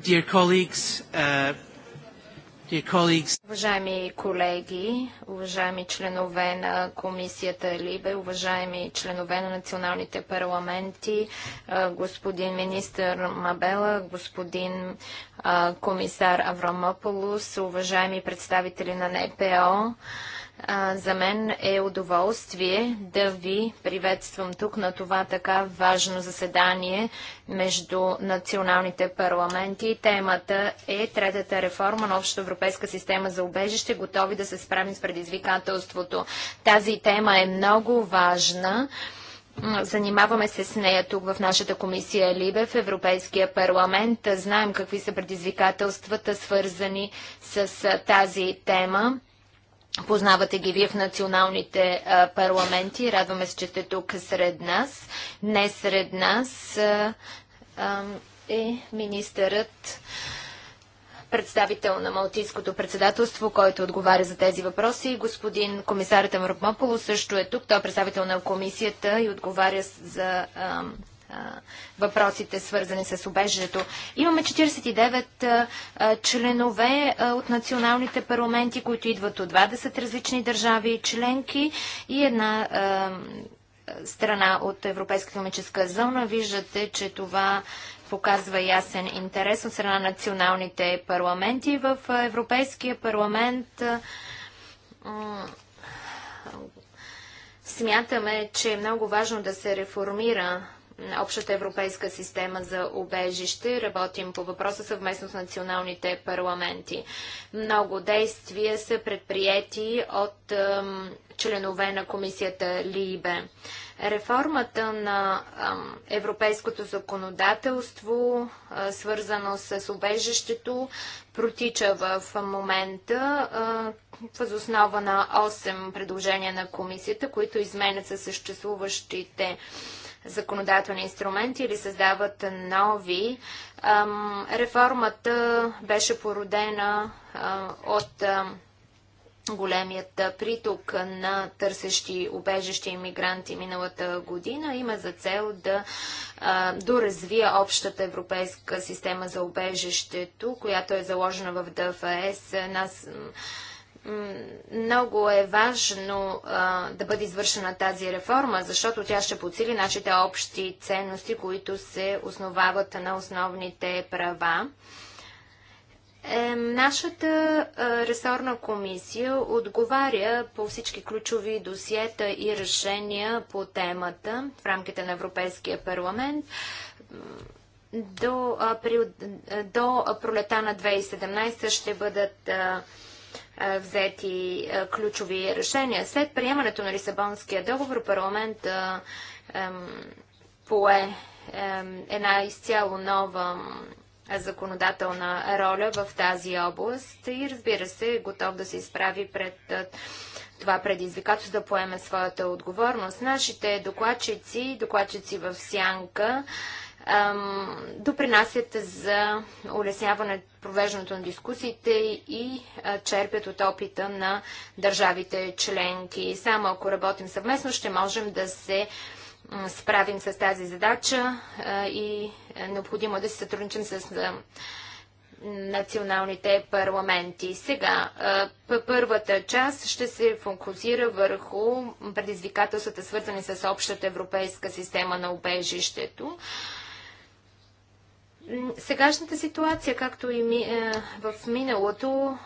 Dear colleagues, uh, dear colleagues. Уважаеми колеги, уважаеми членове на комисията Либе, уважаеми членове на националните парламенти, господин министър Мабела, господин комисар Аврамополус, уважаеми представители на НПО, за мен е удоволствие да ви приветствам тук на това така важно заседание между националните парламенти. Темата е третата реформа на Общата европейска система за убежище, готови да се справим с предизвикателството. Тази тема е много важна. Занимаваме се с нея тук в нашата комисия Либе в Европейския парламент. Знаем какви са предизвикателствата, свързани с тази тема Познавате ги вие в националните парламенти. Радваме се, че сте тук сред нас. Днес сред нас е министърът представител на Малтийското председателство, който отговаря за тези въпроси. Господин комисарът Амропополо също е тук. Той е представител на комисията и отговаря за въпросите, свързани с обеждането. Имаме 49 членове от националните парламенти, които идват от 20 различни държави и членки и една страна от Европейска економическа зона. Виждате, че това показва ясен интерес от страна на националните парламенти. В Европейския парламент смятаме, че е много важно да се реформира общата европейска система за убежище. Работим по въпроса съвместно с националните парламенти. Много действия са предприяти от членове на комисията Либе. Реформата на европейското законодателство, свързано с убежището, протича в момента въз основа на 8 предложения на комисията, които изменят със съществуващите законодателни инструменти или създават нови. реформата беше породена от големият приток на търсещи обежещи иммигранти миналата година има за цел да а, доразвие общата европейска система за обежището, която е заложена в ДФС. Нас много е важно а, да бъде извършена тази реформа, защото тя ще подсили нашите общи ценности, които се основават на основните права. Е, нашата ресорна комисия отговаря по всички ключови досиета и решения по темата в рамките на Европейския парламент до, до пролета на 2017 ще бъдат взети ключови решения. След приемането на Лисабонския договор парламент пое една изцяло нова законодателна роля в тази област и разбира се е готов да се изправи пред това предизвикателство да поеме своята отговорност. Нашите докладчици, докладчици в Сянка, допринасят за улесняване провеждането на дискусиите и черпят от опита на държавите членки. Само ако работим съвместно, ще можем да се справим с тази задача и е, необходимо е да се сътрудничим с националните парламенти. Сега, първата част ще се фокусира върху предизвикателствата, свързани с общата европейска система на убежището. Сегашната ситуация, както и ми, е, в миналото,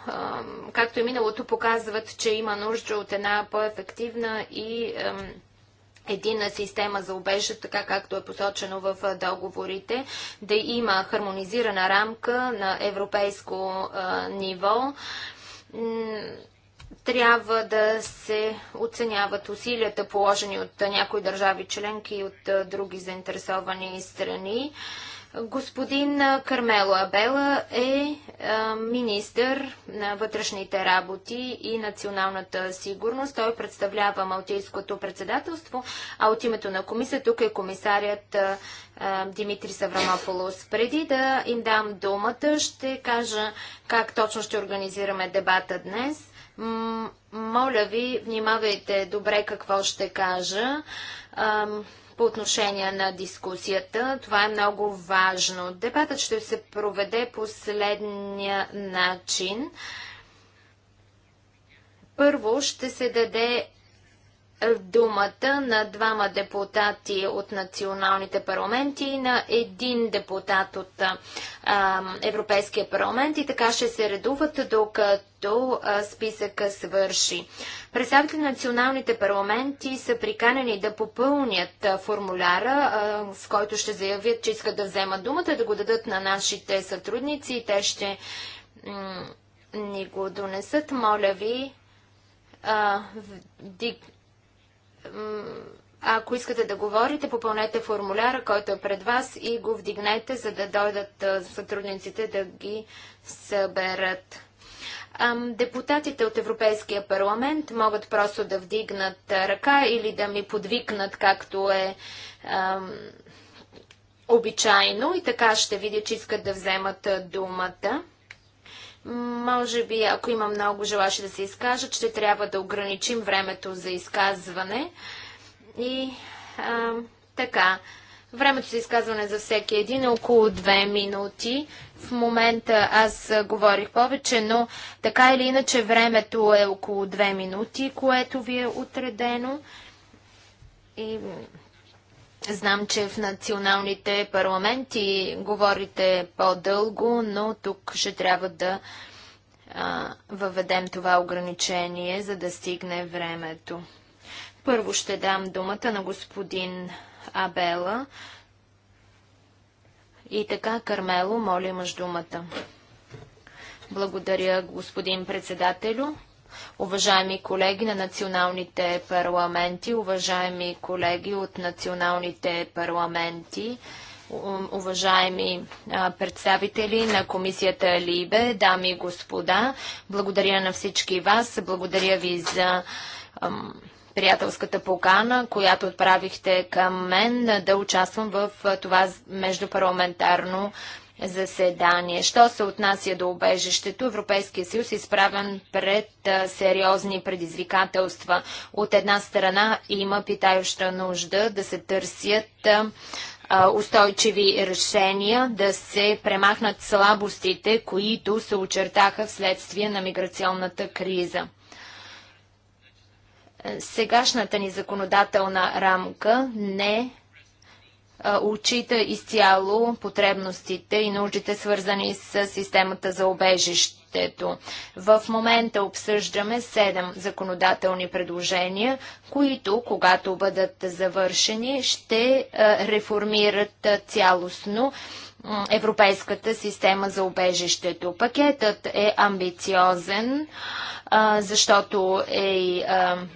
както и миналото показват, че има нужда от една по-ефективна и едина единна система за обежа, така както е посочено в договорите, да има хармонизирана рамка на европейско ниво трябва да се оценяват усилията, положени от някои държави членки и от други заинтересовани страни. Господин Кармело Абела е министър на вътрешните работи и националната сигурност. Той представлява Малтийското председателство, а от името на комисия тук е комисарият Димитри Саврамополос. Преди да им дам думата, ще кажа как точно ще организираме дебата днес. Моля ви, внимавайте добре какво ще кажа по отношение на дискусията. Това е много важно. Дебатът ще се проведе по следния начин. Първо ще се даде думата на двама депутати от националните парламенти и на един депутат от а, Европейския парламент и така ще се редуват докато а, списъка свърши. Представители на националните парламенти са приканени да попълнят а, формуляра, с който ще заявят, че искат да вземат думата, да го дадат на нашите сътрудници и те ще ни го донесат. Моля ви, дик- ако искате да говорите, попълнете формуляра, който е пред вас и го вдигнете, за да дойдат сътрудниците да ги съберат. Депутатите от Европейския парламент могат просто да вдигнат ръка или да ми подвикнат, както е обичайно, и така ще видя, че искат да вземат думата. Може би, ако има много желащи да се изкажат, ще трябва да ограничим времето за изказване. И а, така, времето за изказване за всеки един е около 2 минути. В момента аз говорих повече, но така или иначе времето е около 2 минути, което ви е отредено. И Знам, че в националните парламенти говорите по-дълго, но тук ще трябва да а, въведем това ограничение, за да стигне времето. Първо ще дам думата на господин Абела. И така, Кармело, моля, имаш думата. Благодаря, господин председателю. Уважаеми колеги на националните парламенти, уважаеми колеги от националните парламенти, уважаеми представители на комисията Либе, дами и господа, благодаря на всички вас, благодаря ви за приятелската покана, която отправихте към мен да участвам в това междупарламентарно заседание. Що се отнася до обежището, Европейския съюз е изправен пред сериозни предизвикателства. От една страна има питающа нужда да се търсят устойчиви решения, да се премахнат слабостите, които се очертаха вследствие на миграционната криза. Сегашната ни законодателна рамка не отчита изцяло потребностите и нуждите, свързани с системата за обежището. В момента обсъждаме 7 законодателни предложения, които, когато бъдат завършени, ще реформират цялостно Европейската система за обежището. Пакетът е амбициозен, защото е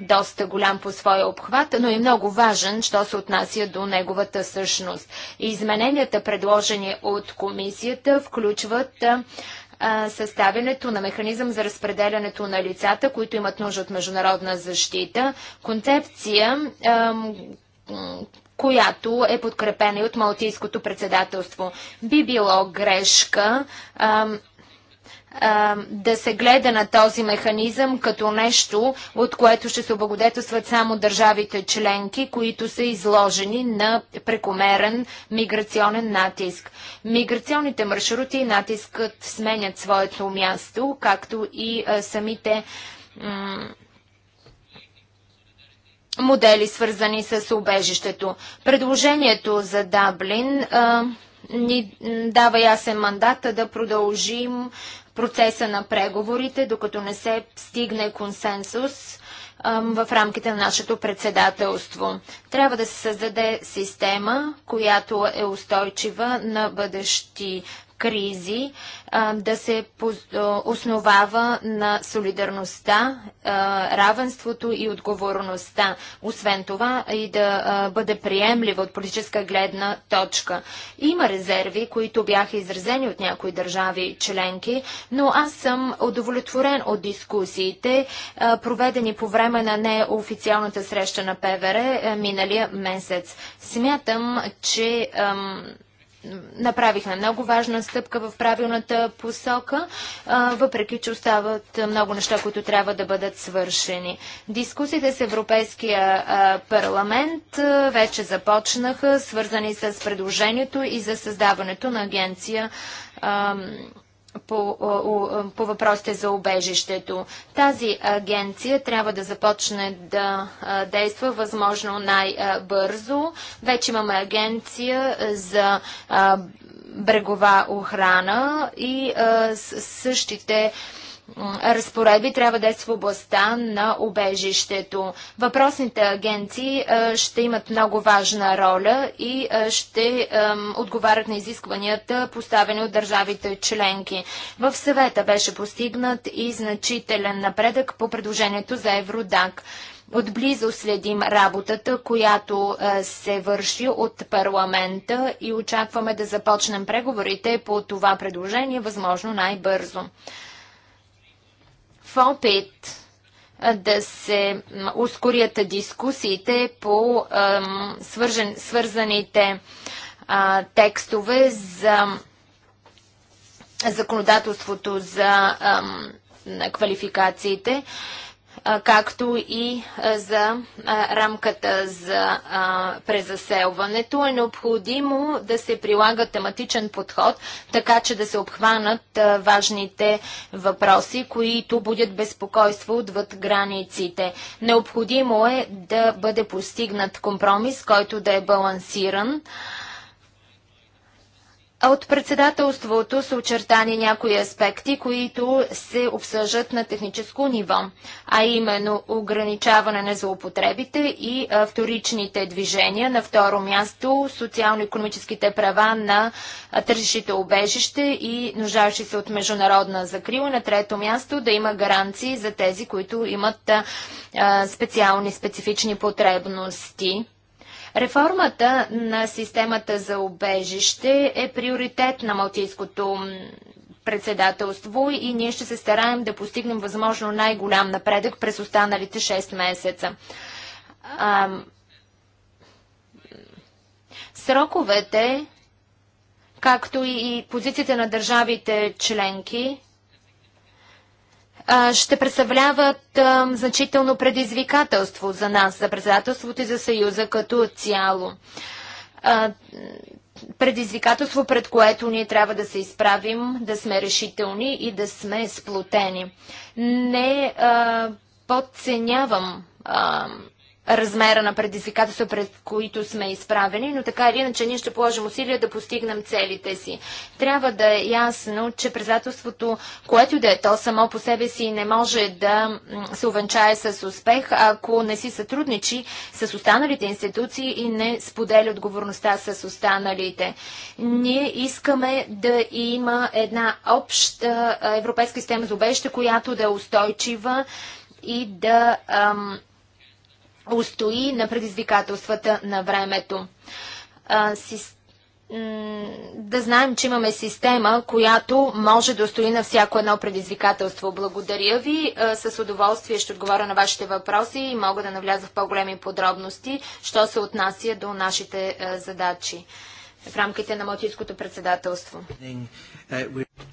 доста голям по своя обхват, но е много важен, що се отнася до неговата същност. Измененията, предложени от комисията, включват съставянето на механизъм за разпределянето на лицата, които имат нужда от международна защита, концепция, която е подкрепена и от Малтийското председателство. Би било грешка а, а, да се гледа на този механизъм като нещо, от което ще се облагодетелстват само държавите членки, които са изложени на прекомерен миграционен натиск. Миграционните маршрути и натискът сменят своето място, както и а, самите модели, свързани с убежището. Предложението за Даблин а, ни дава ясен мандат да продължим процеса на преговорите, докато не се стигне консенсус в рамките на нашето председателство. Трябва да се създаде система, която е устойчива на бъдещи кризи да се основава на солидарността, равенството и отговорността. Освен това и да бъде приемлива от политическа гледна точка. Има резерви, които бяха изразени от някои държави членки, но аз съм удовлетворен от дискусиите, проведени по време на неофициалната среща на ПВР миналия месец. Смятам, че Направихме много важна стъпка в правилната посока, въпреки че остават много неща, които трябва да бъдат свършени. Дискусиите с Европейския парламент вече започнаха, свързани с предложението и за създаването на агенция по, по въпросите за убежището. Тази агенция трябва да започне да действа възможно най-бързо. Вече имаме агенция за брегова охрана и същите разпоредби трябва да е в областта на убежището. Въпросните агенции ще имат много важна роля и ще отговарят на изискванията, поставени от държавите членки. В съвета беше постигнат и значителен напредък по предложението за Евродак. Отблизо следим работата, която се върши от парламента и очакваме да започнем преговорите по това предложение възможно най-бързо в опит да се ускорят дискусиите по свържен, свързаните а, текстове за законодателството за квалификациите както и за рамката за презаселването. Е необходимо да се прилага тематичен подход, така че да се обхванат важните въпроси, които будят безпокойство отвъд границите. Необходимо е да бъде постигнат компромис, който да е балансиран. От председателството са очертани някои аспекти, които се обсъждат на техническо ниво, а именно ограничаване на злоупотребите и вторичните движения. На второ място социално-економическите права на тържищите обежище и нуждаващи се от международна закрила. На трето място да има гаранции за тези, които имат специални, специфични потребности. Реформата на системата за обежище е приоритет на Малтийското председателство и ние ще се стараем да постигнем възможно най-голям напредък през останалите 6 месеца. А, сроковете, както и позицията на държавите членки, ще представляват значително предизвикателство за нас, за председателството и за Съюза като цяло. предизвикателство, пред което ние трябва да се изправим, да сме решителни и да сме сплотени. Не подценявам размера на предизвикателства, пред които сме изправени, но така или иначе ние ще положим усилия да постигнем целите си. Трябва да е ясно, че председателството, което да е то само по себе си, не може да се увенчае с успех, ако не си сътрудничи с останалите институции и не споделя отговорността с останалите. Ние искаме да има една обща европейска система за обеща, която да е устойчива и да ам, устои на предизвикателствата на времето. А, си, да знаем, че имаме система, която може да устои на всяко едно предизвикателство. Благодаря ви. А, с удоволствие ще отговоря на вашите въпроси и мога да навляза в по-големи подробности, що се отнася до нашите а, задачи в рамките на Малтийското председателство.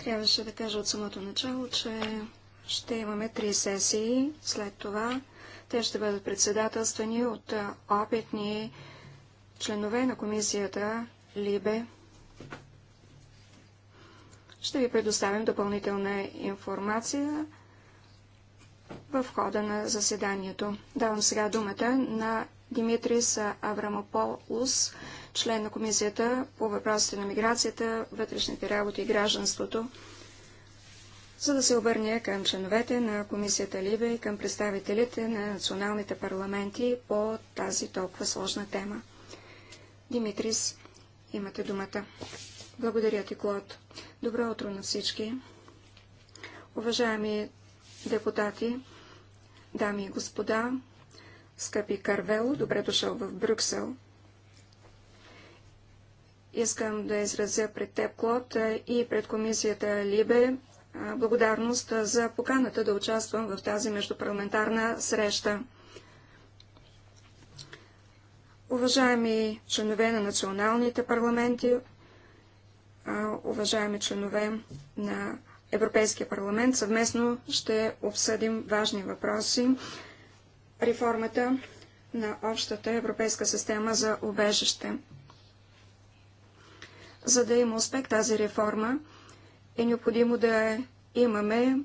Трябваше да кажа от самото начало, че ще имаме три сесии. След това те ще бъдат председателствани от опитни членове на комисията Либе. Ще ви предоставим допълнителна информация в хода на заседанието. Давам сега думата на Димитрис Аврамополус, член на Комисията по въпросите на миграцията, вътрешните работи и гражданството за да се обърне към членовете на комисията Либе и към представителите на националните парламенти по тази толкова сложна тема. Димитрис, имате думата. Благодаря ти, Клод. Добро утро на всички. Уважаеми депутати, дами и господа, скъпи Карвело, добре дошъл в Брюксел. Искам да изразя пред теб, Клод, и пред комисията Либе благодарност за поканата да участвам в тази междупарламентарна среща. Уважаеми членове на националните парламенти, уважаеми членове на Европейския парламент, съвместно ще обсъдим важни въпроси. Реформата на общата европейска система за обежище. За да има успех тази реформа, е необходимо да имаме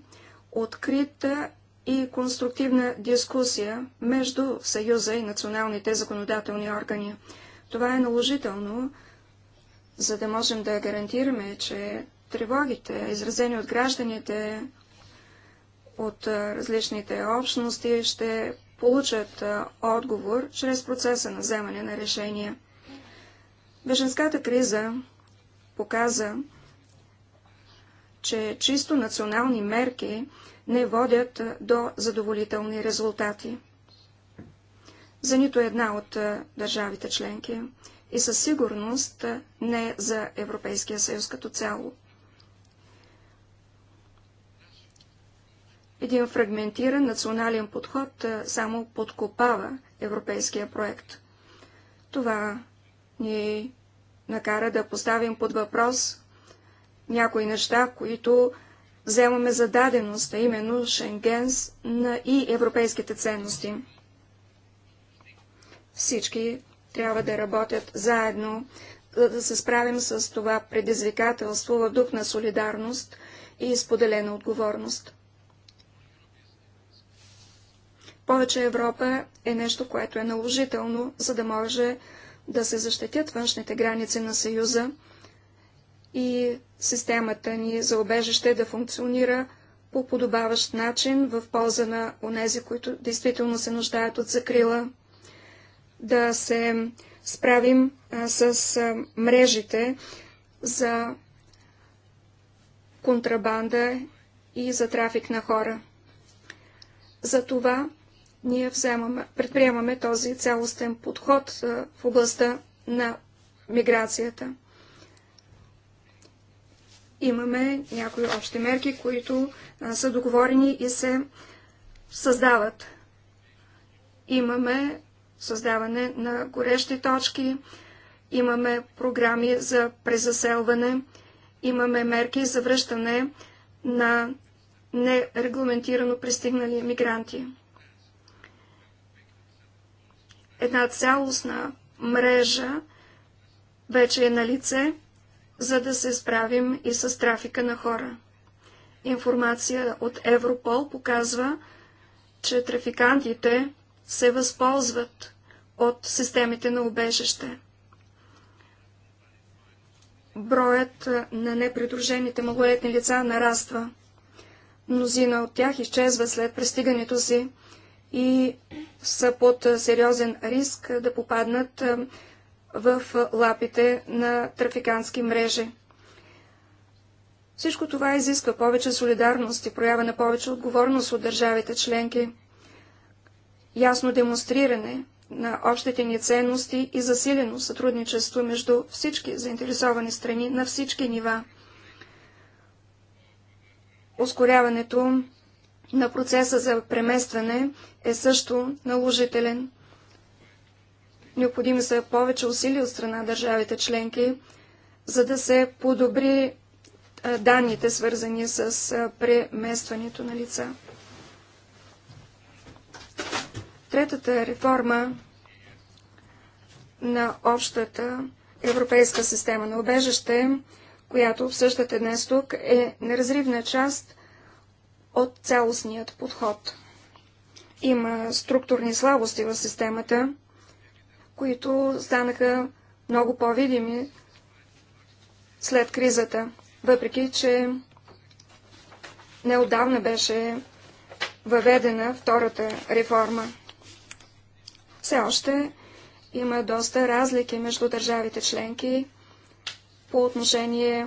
открита и конструктивна дискусия между Съюза и националните законодателни органи. Това е наложително, за да можем да гарантираме, че тревогите, изразени от гражданите, от различните общности, ще получат отговор чрез процеса на вземане на решения. Беженската криза показа, че чисто национални мерки не водят до задоволителни резултати за нито една от държавите членки и със сигурност не за Европейския съюз като цяло. Един фрагментиран национален подход само подкопава европейския проект. Това ни накара да поставим под въпрос някои неща, които вземаме за даденост, а именно Шенгенс и европейските ценности. Всички трябва да работят заедно, за да се справим с това предизвикателство в дух на солидарност и споделена отговорност. Повече Европа е нещо, което е наложително, за да може да се защитят външните граници на Съюза, и системата ни за обежище да функционира по подобаващ начин в полза на онези, които действително се нуждаят от закрила, да се справим а, с а, мрежите за контрабанда и за трафик на хора. Затова ние вземаме, предприемаме този цялостен подход а, в областта на миграцията имаме някои общи мерки, които а, са договорени и се създават. Имаме създаване на горещи точки, имаме програми за презаселване, имаме мерки за връщане на нерегламентирано пристигнали мигранти. Една цялостна мрежа вече е на лице – за да се справим и с трафика на хора. Информация от Европол показва, че трафикантите се възползват от системите на убежище. Броят на непридружените малолетни лица нараства. Мнозина от тях изчезват след пристигането си и са под сериозен риск да попаднат в лапите на трафикански мрежи. Всичко това изисква повече солидарност и проява на повече отговорност от държавите членки, ясно демонстриране на общите ни ценности и засилено сътрудничество между всички заинтересовани страни на всички нива. Ускоряването на процеса за преместване е също наложителен. Необходими са повече усилия от страна държавите членки, за да се подобри данните, свързани с преместването на лица. Третата реформа на общата европейска система на обежище, която обсъждате днес тук, е неразривна част от цялостният подход. Има структурни слабости в системата, които станаха много по-видими след кризата, въпреки че неодавна беше въведена втората реформа. Все още има доста разлики между държавите членки по отношение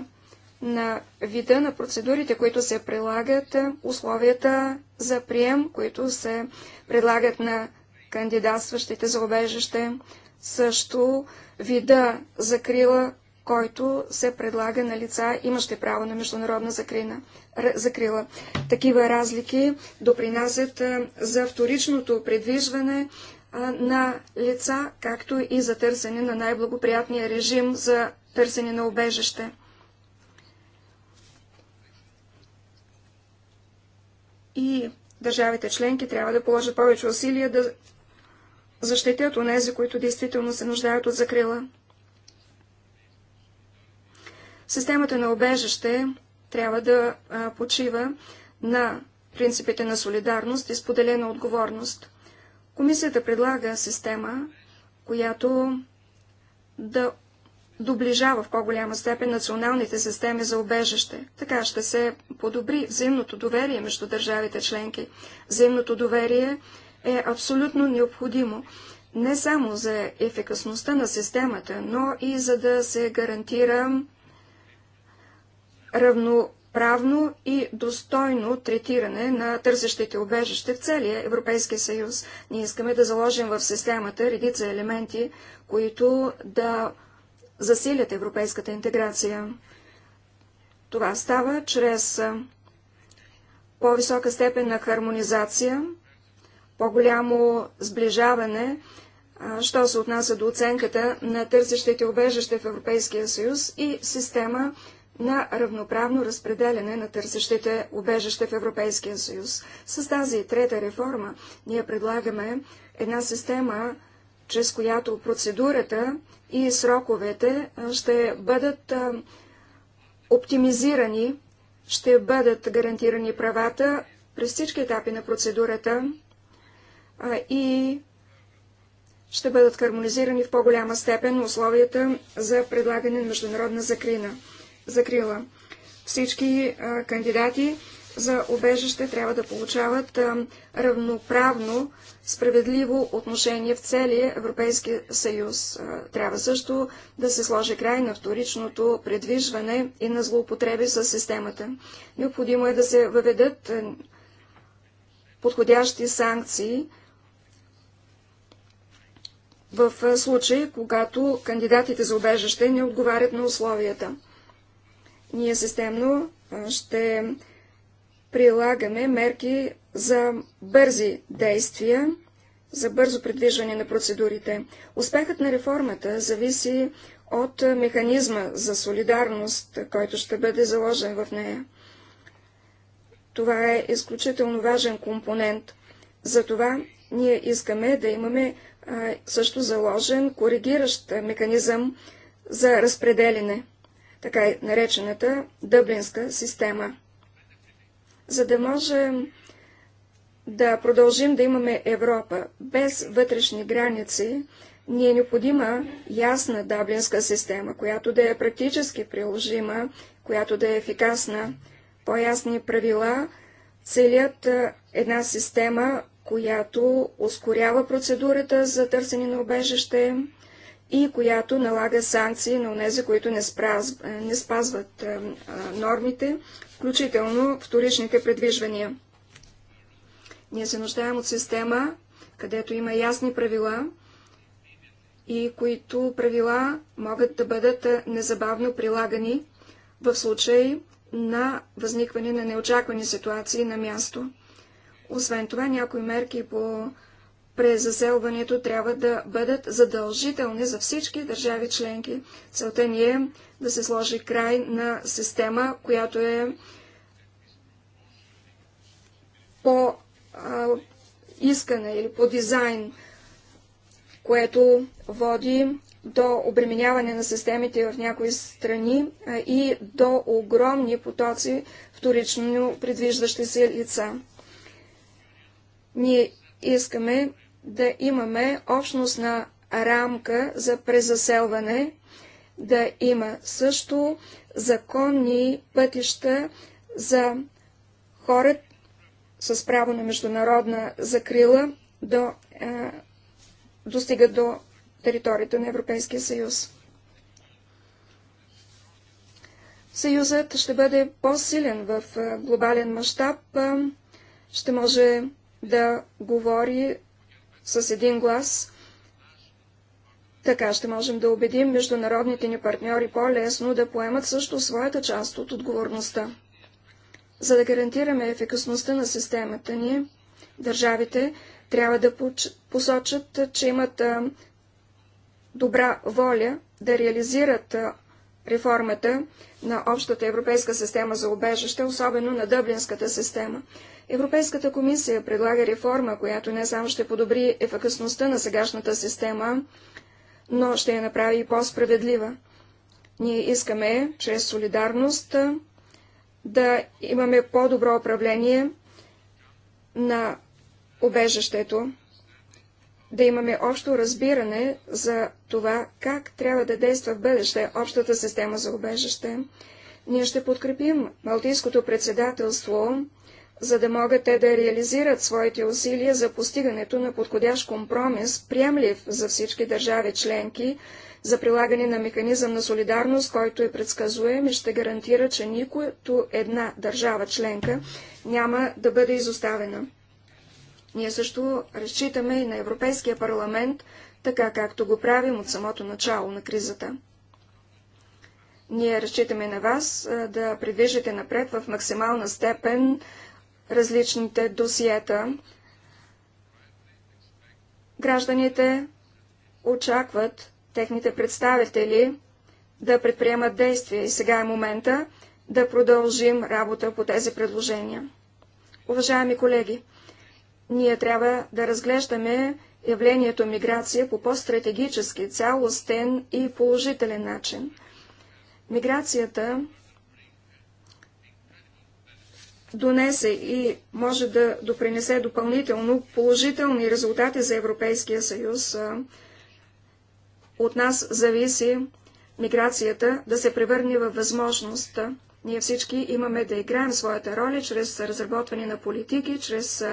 на вида на процедурите, които се прилагат, условията за прием, които се предлагат на кандидатстващите за обежище, също вида закрила, който се предлага на лица, имащи право на международна закрина, закрила. Такива разлики допринасят за вторичното предвижване на лица, както и за търсене на най-благоприятния режим за търсене на обежище. И държавите членки трябва да положат повече усилия да защитят онези, които действително се нуждаят от закрила. Системата на обежище трябва да почива на принципите на солидарност и споделена отговорност. Комисията предлага система, която да доближава в по-голяма степен националните системи за обежище. Така ще се подобри взаимното доверие между държавите членки. Взаимното доверие е абсолютно необходимо не само за ефикасността на системата, но и за да се гарантира равноправно и достойно третиране на търсещите обежище в целия Европейски съюз. Ние искаме да заложим в системата редица елементи, които да засилят европейската интеграция. Това става чрез по-висока степен на хармонизация – по-голямо сближаване, що се отнася до оценката на търсещите обежище в Европейския съюз и система на равноправно разпределяне на търсещите обежище в Европейския съюз. С тази трета реформа ние предлагаме една система, чрез която процедурата и сроковете ще бъдат оптимизирани, ще бъдат гарантирани правата през всички етапи на процедурата и ще бъдат хармонизирани в по-голяма степен условията за предлагане на международна закрина, закрила. Всички а, кандидати за обежище трябва да получават а, равноправно, справедливо отношение в целия Европейски съюз. А, трябва също да се сложи край на вторичното предвижване и на злоупотреби с системата. Необходимо е да се въведат подходящи санкции, в случай, когато кандидатите за убежище не отговарят на условията. Ние системно ще прилагаме мерки за бързи действия, за бързо придвижване на процедурите. Успехът на реформата зависи от механизма за солидарност, който ще бъде заложен в нея. Това е изключително важен компонент. Затова ние искаме да имаме също заложен коригиращ механизъм за разпределене, така наречената дъблинска система. За да можем да продължим да имаме Европа без вътрешни граници, ни е необходима ясна дъблинска система, която да е практически приложима, която да е ефикасна. По-ясни правила целият една система, която ускорява процедурата за търсене на убежище и която налага санкции на онези, които не, спраз... не спазват а, нормите, включително вторичните предвижвания. Ние се нуждаем от система, където има ясни правила и които правила могат да бъдат незабавно прилагани в случай на възникване на неочаквани ситуации на място. Освен това, някои мерки по презаселването трябва да бъдат задължителни за всички държави членки. Целта ни е да се сложи край на система, която е по а, искане или по дизайн, което води до обременяване на системите в някои страни а, и до огромни потоци вторично предвиждащи се лица. Ние искаме да имаме общностна рамка за презаселване, да има също законни пътища за хора с право на международна закрила да е, достигат до територията на Европейския съюз. Съюзът ще бъде по-силен в е, глобален мащаб, е, ще може да говори с един глас. Така ще можем да убедим международните ни партньори по-лесно да поемат също своята част от отговорността. За да гарантираме ефикасността на системата ни, държавите трябва да посочат, че имат добра воля да реализират реформата на общата европейска система за обежище, особено на дъблинската система. Европейската комисия предлага реформа, която не само ще подобри ефикасността на сегашната система, но ще я направи и по-справедлива. Ние искаме, чрез солидарност, да имаме по-добро управление на обежището да имаме общо разбиране за това, как трябва да действа в бъдеще общата система за убежище. Ние ще подкрепим Малтийското председателство, за да могат те да реализират своите усилия за постигането на подходящ компромис, приемлив за всички държави членки, за прилагане на механизъм на солидарност, който е предсказуем и ще гарантира, че никото една държава членка няма да бъде изоставена. Ние също разчитаме и на Европейския парламент, така както го правим от самото начало на кризата. Ние разчитаме на вас да придвижите напред в максимална степен различните досиета. Гражданите очакват техните представители да предприемат действия и сега е момента да продължим работа по тези предложения. Уважаеми колеги, ние трябва да разглеждаме явлението миграция по по-стратегически, цялостен и положителен начин. Миграцията донесе и може да допринесе допълнително положителни резултати за Европейския съюз. От нас зависи миграцията да се превърне във възможност. Ние всички имаме да играем своята роля чрез разработване на политики, чрез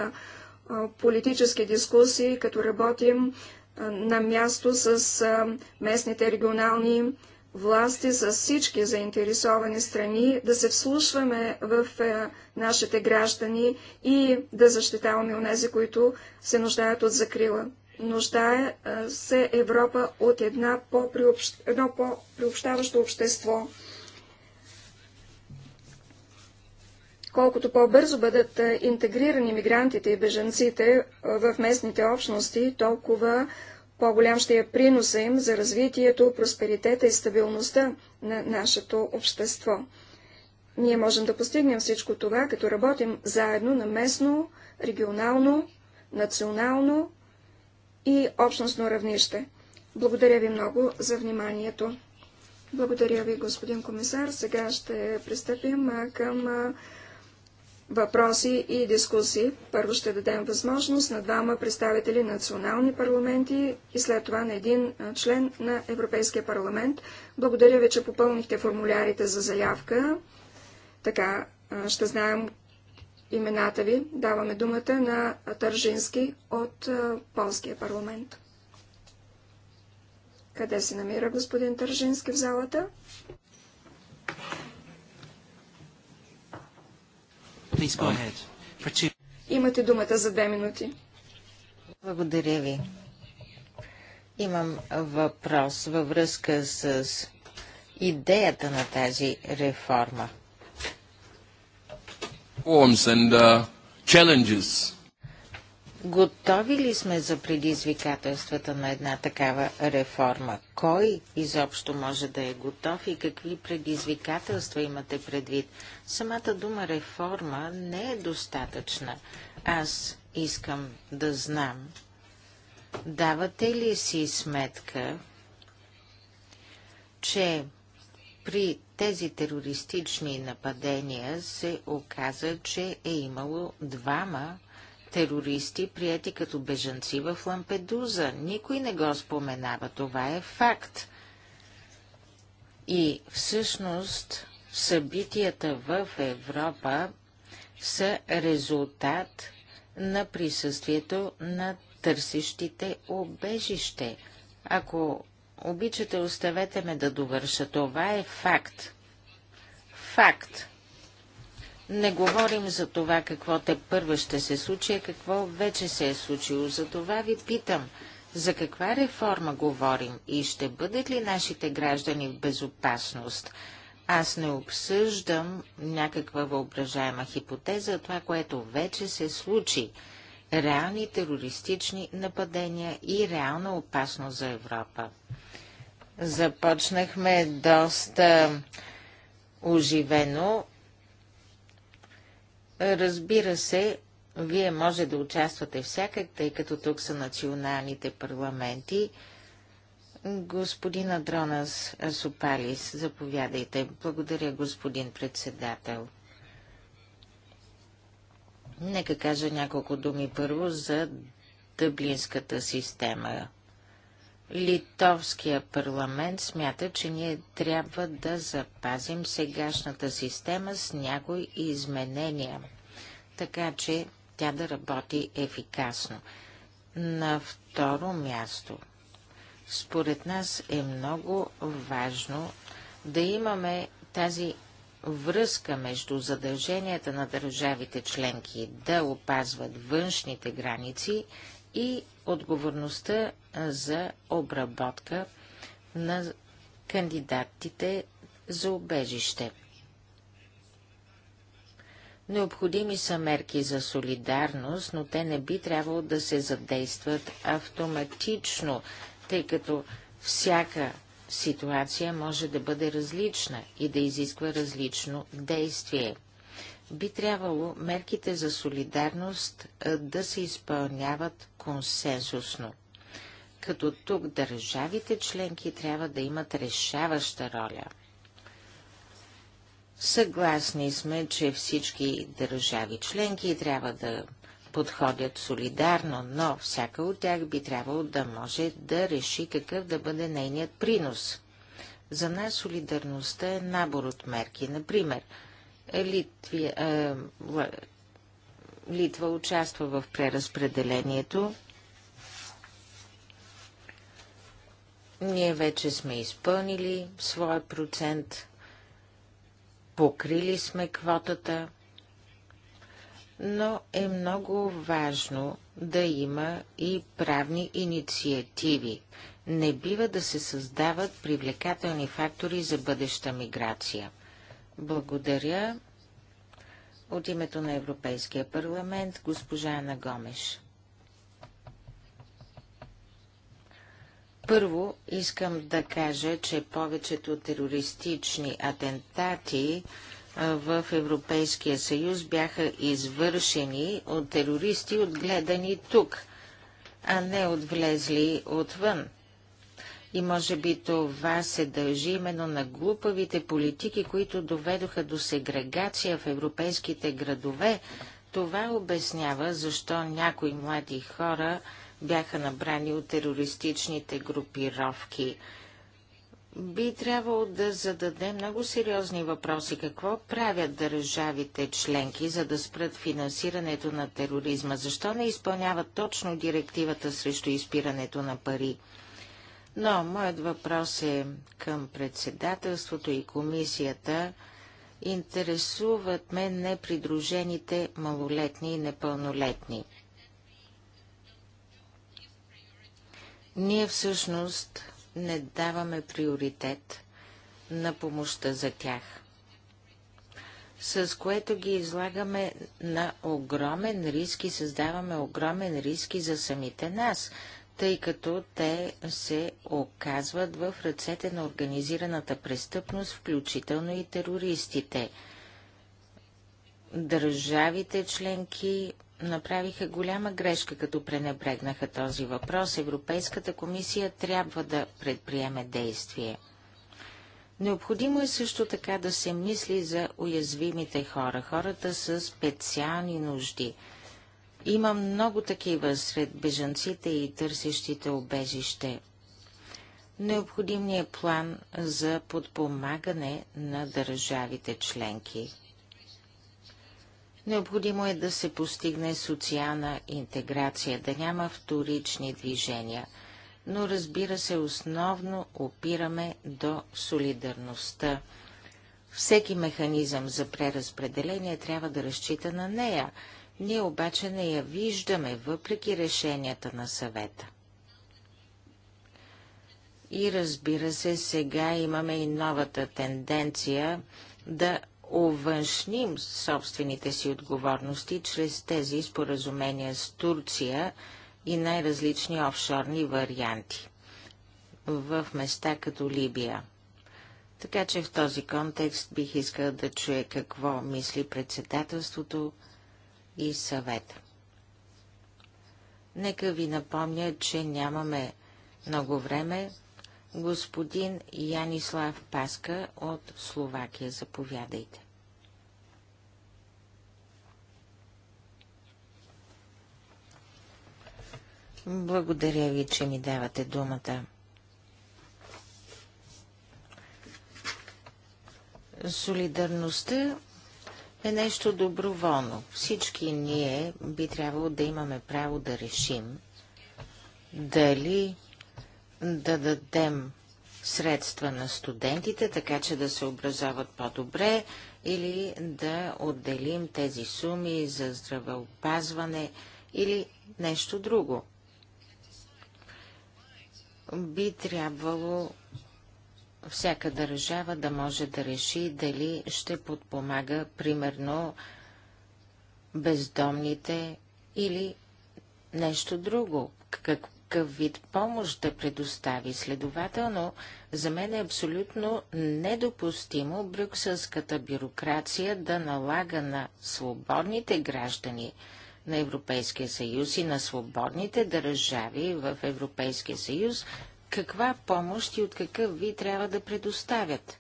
политически дискусии, като работим на място с местните регионални власти, с всички заинтересовани страни, да се вслушваме в нашите граждани и да защитаваме онези, които се нуждаят от закрила. Нуждае се Европа от една по едно по-приобщаващо общество. Колкото по-бързо бъдат интегрирани мигрантите и беженците в местните общности, толкова по-голям ще е приноса им за развитието, просперитета и стабилността на нашето общество. Ние можем да постигнем всичко това, като работим заедно на местно, регионално, национално и общностно равнище. Благодаря ви много за вниманието. Благодаря ви, господин комисар. Сега ще пристъпим към въпроси и дискусии. Първо ще дадем възможност на двама представители на национални парламенти и след това на един член на Европейския парламент. Благодаря ви, че попълнихте формулярите за заявка. Така ще знаем имената ви. Даваме думата на Тържински от Полския парламент. Къде се намира господин Тържински в залата? Имате думата за две минути. Благодаря ви. Имам въпрос във връзка с идеята на тази реформа. Forms and uh, challenges Готови ли сме за предизвикателствата на една такава реформа? Кой изобщо може да е готов и какви предизвикателства имате предвид? Самата дума реформа не е достатъчна. Аз искам да знам. Давате ли си сметка, че при тези терористични нападения се оказа, че е имало двама терористи, прияти като бежанци в Лампедуза. Никой не го споменава. Това е факт. И всъщност събитията в Европа са резултат на присъствието на търсещите обежище. Ако обичате, оставете ме да довърша. Това е факт. Факт. Не говорим за това какво те първо ще се случи, а какво вече се е случило. За това ви питам, за каква реформа говорим и ще бъдат ли нашите граждани в безопасност? Аз не обсъждам някаква въображаема хипотеза, това, което вече се случи. Реални терористични нападения и реална опасност за Европа. Започнахме доста оживено Разбира се, вие може да участвате всякак, тъй като тук са националните парламенти. Господина Дронас Асопалис, заповядайте. Благодаря, господин председател. Нека кажа няколко думи първо за дъблинската система. Литовския парламент смята, че ние трябва да запазим сегашната система с някои изменения, така че тя да работи ефикасно. На второ място, според нас е много важно да имаме тази връзка между задълженията на държавите членки да опазват външните граници и отговорността за обработка на кандидатите за убежище. Необходими са мерки за солидарност, но те не би трябвало да се задействат автоматично, тъй като всяка ситуация може да бъде различна и да изисква различно действие би трябвало мерките за солидарност да се изпълняват консенсусно. Като тук държавите членки трябва да имат решаваща роля. Съгласни сме, че всички държави членки трябва да подходят солидарно, но всяка от тях би трябвало да може да реши какъв да бъде нейният принос. За нас солидарността е набор от мерки. Например, Литвия, э, Литва участва в преразпределението. Ние вече сме изпълнили своя процент, покрили сме квотата, но е много важно да има и правни инициативи. Не бива да се създават привлекателни фактори за бъдеща миграция. Благодаря. От името на Европейския парламент, госпожа Ана Гомеш. Първо искам да кажа, че повечето терористични атентати в Европейския съюз бяха извършени от терористи, отгледани тук, а не от влезли отвън. И може би това се дължи именно на глупавите политики, които доведоха до сегрегация в европейските градове. Това обяснява защо някои млади хора бяха набрани от терористичните групировки. Би трябвало да зададе много сериозни въпроси. Какво правят държавите членки, за да спрат финансирането на тероризма? Защо не изпълняват точно директивата срещу изпирането на пари? Но моят въпрос е към председателството и комисията. Интересуват ме непридружените малолетни и непълнолетни. Ние всъщност не даваме приоритет на помощта за тях, с което ги излагаме на огромен риск и създаваме огромен риск и за самите нас, тъй като те се оказват в ръцете на организираната престъпност, включително и терористите. Държавите членки направиха голяма грешка, като пренебрегнаха този въпрос. Европейската комисия трябва да предприеме действие. Необходимо е също така да се мисли за уязвимите хора, хората с специални нужди – има много такива сред бежанците и търсещите обежище. Необходимният план за подпомагане на държавите членки. Необходимо е да се постигне социална интеграция, да няма вторични движения, но разбира се, основно опираме до солидарността. Всеки механизъм за преразпределение трябва да разчита на нея – ние обаче не я виждаме, въпреки решенията на съвета. И разбира се, сега имаме и новата тенденция да увъншним собствените си отговорности чрез тези споразумения с Турция и най-различни офшорни варианти в места като Либия. Така че в този контекст бих искал да чуя какво мисли председателството и съвета. Нека ви напомня, че нямаме много време. Господин Янислав Паска от Словакия, заповядайте. Благодаря ви, че ми давате думата. Солидарността е нещо доброволно. Всички ние би трябвало да имаме право да решим дали да дадем средства на студентите, така че да се образоват по-добре, или да отделим тези суми за здравеопазване или нещо друго. Би трябвало всяка държава да може да реши дали ще подпомага, примерно, бездомните или нещо друго, какъв вид помощ да предостави. Следователно, за мен е абсолютно недопустимо брюкселската бюрокрация да налага на свободните граждани на Европейския съюз и на свободните държави в Европейския съюз каква помощ и от какъв ви трябва да предоставят.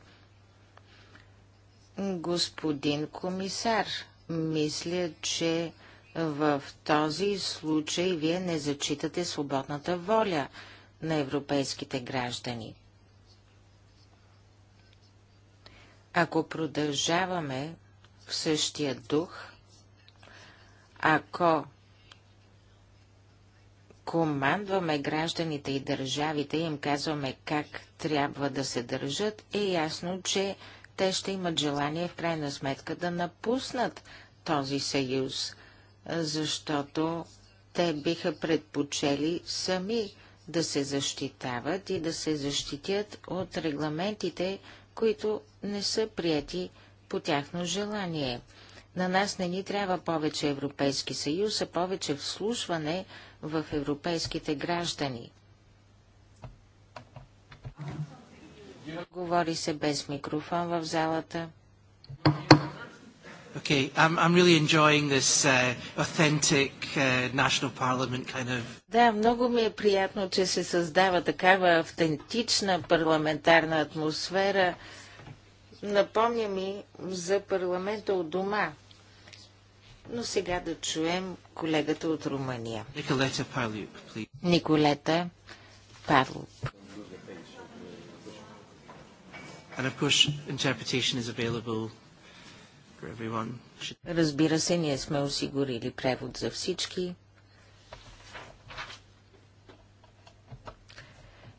Господин комисар, мисля, че в този случай вие не зачитате свободната воля на европейските граждани. Ако продължаваме в същия дух, ако командваме гражданите и държавите и им казваме как трябва да се държат, е ясно, че те ще имат желание в крайна сметка да напуснат този съюз, защото те биха предпочели сами да се защитават и да се защитят от регламентите, които не са прияти по тяхно желание. На нас не ни трябва повече Европейски съюз, а повече вслушване в европейските граждани. Говори се без микрофон в залата. Okay, I'm, I'm really enjoying this uh, authentic uh, national parliament kind of. Да, много ми е приятно, че се създава такава автентична парламентарна атмосфера. Напомня ми за парламента от дома. Но сега да чуем колегата от Румъния. Николета Парлюк, Николета Парлюк. And of course, interpretation is available for everyone. Разбира се, ние сме осигурили превод за всички.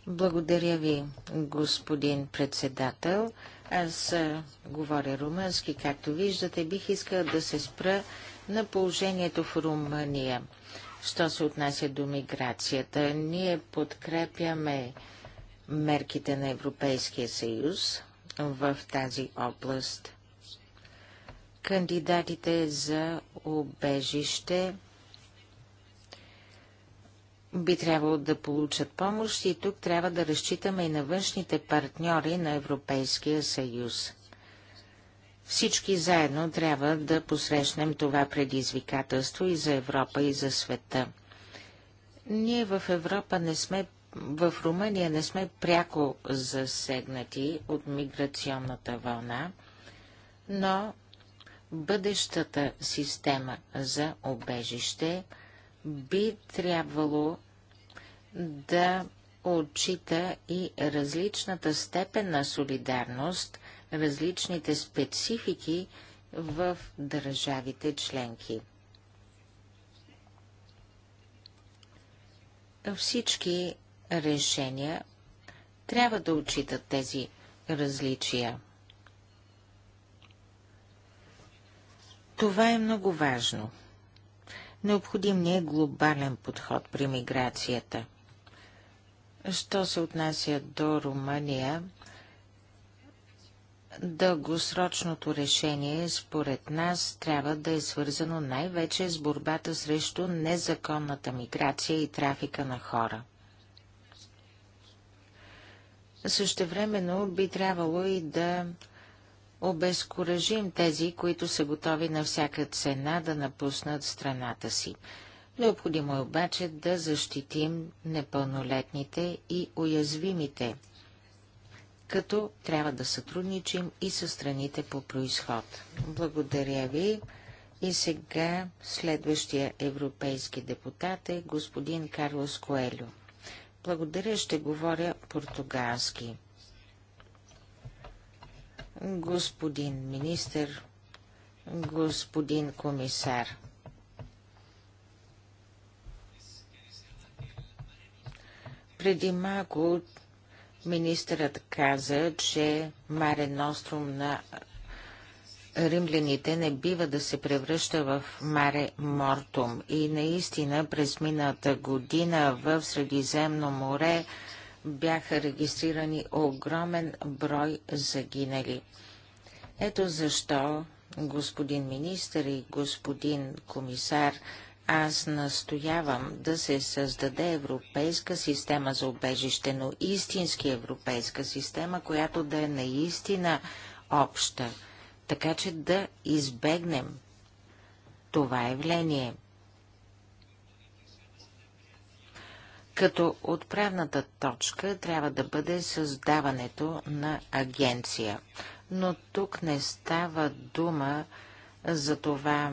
Благодаря ви, господин председател. Аз говоря румънски, както виждате. Бих искал да се спра на положението в Румъния. Що се отнася до миграцията, ние подкрепяме мерките на Европейския съюз в тази област. Кандидатите за обежище би трябвало да получат помощ и тук трябва да разчитаме и на външните партньори на Европейския съюз. Всички заедно трябва да посрещнем това предизвикателство и за Европа, и за света. Ние в Европа не сме, в Румъния не сме пряко засегнати от миграционната вълна, но бъдещата система за обежище би трябвало да отчита и различната степен на солидарност различните специфики в държавите членки. Всички решения трябва да отчитат тези различия. Това е много важно. Необходим ни е глобален подход при миграцията. Що се отнася до Румъния, Дългосрочното решение, според нас, трябва да е свързано най-вече с борбата срещу незаконната миграция и трафика на хора. Същевременно би трябвало и да обезкуражим тези, които са готови на всяка цена да напуснат страната си. Необходимо е обаче да защитим непълнолетните и уязвимите – като трябва да сътрудничим и с страните по происход. Благодаря ви. И сега следващия европейски депутат е господин Карлос Коелю. Благодаря, ще говоря португалски. Господин министър, господин комисар. Преди малко Министърът каза, че Маре Ностром на римляните не бива да се превръща в Маре Мортум. И наистина през мината година в Средиземно море бяха регистрирани огромен брой загинали. Ето защо, господин министър и господин комисар, аз настоявам да се създаде европейска система за убежище, но истински европейска система, която да е наистина обща, така че да избегнем това явление. Като отправната точка трябва да бъде създаването на агенция. Но тук не става дума за това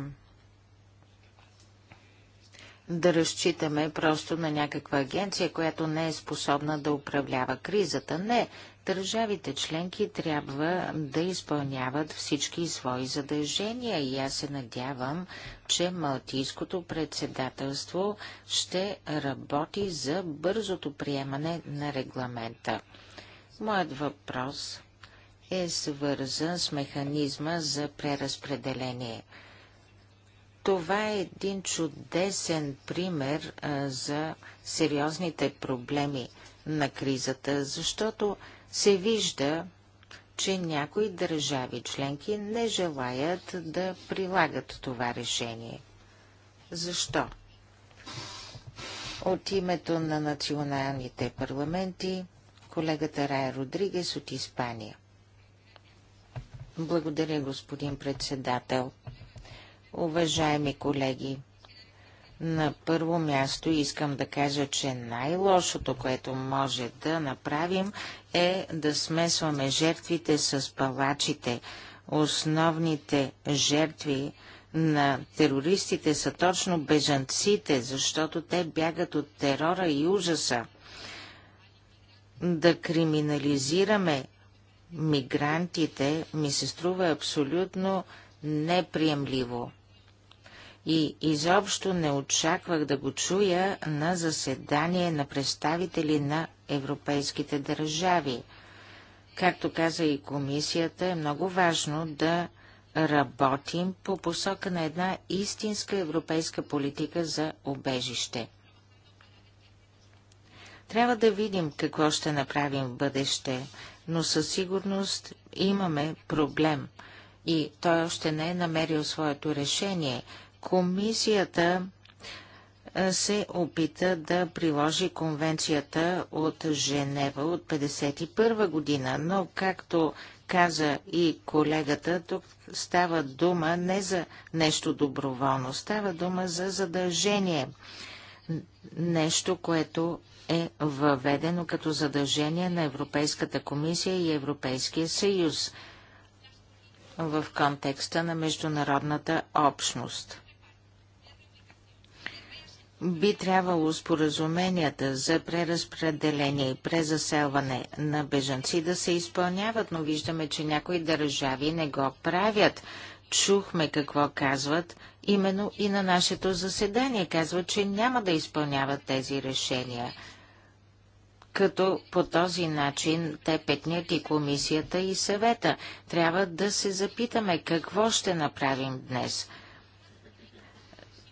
да разчитаме просто на някаква агенция, която не е способна да управлява кризата. Не, държавите членки трябва да изпълняват всички свои задължения и аз се надявам, че Малтийското председателство ще работи за бързото приемане на регламента. Моят въпрос е свързан с механизма за преразпределение – това е един чудесен пример а, за сериозните проблеми на кризата, защото се вижда, че някои държави членки не желаят да прилагат това решение. Защо? От името на националните парламенти, колегата Рая Родригес от Испания. Благодаря, господин председател. Уважаеми колеги, на първо място искам да кажа, че най-лошото, което може да направим е да смесваме жертвите с палачите. Основните жертви на терористите са точно бежанците, защото те бягат от терора и ужаса. Да криминализираме мигрантите ми се струва абсолютно неприемливо и изобщо не очаквах да го чуя на заседание на представители на европейските държави. Както каза и комисията, е много важно да работим по посока на една истинска европейска политика за обежище. Трябва да видим какво ще направим в бъдеще, но със сигурност имаме проблем и той още не е намерил своето решение – Комисията се опита да приложи конвенцията от Женева от 1951 година, но както каза и колегата, тук става дума не за нещо доброволно, става дума за задължение. Нещо, което е въведено като задължение на Европейската комисия и Европейския съюз в контекста на международната общност би трябвало споразуменията за преразпределение и презаселване на бежанци да се изпълняват, но виждаме, че някои държави не го правят. Чухме какво казват именно и на нашето заседание. Казват, че няма да изпълняват тези решения. Като по този начин те петнят и комисията и съвета. Трябва да се запитаме какво ще направим днес –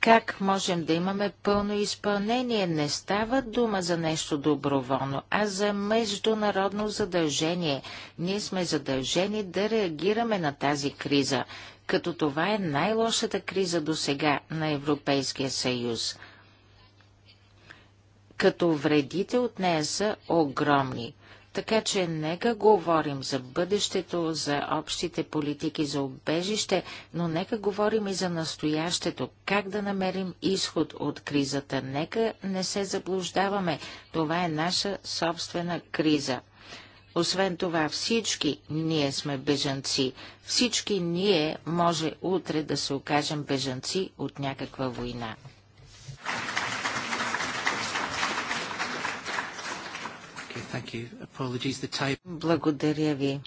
как можем да имаме пълно изпълнение? Не става дума за нещо доброволно, а за международно задължение. Ние сме задължени да реагираме на тази криза, като това е най-лошата криза до сега на Европейския съюз. Като вредите от нея са огромни. Така че нека говорим за бъдещето, за общите политики, за обежище, но нека говорим и за настоящето, как да намерим изход от кризата. Нека не се заблуждаваме. Това е наша собствена криза. Освен това, всички ние сме бежанци. Всички ние може утре да се окажем бежанци от някаква война. Благодаря ви.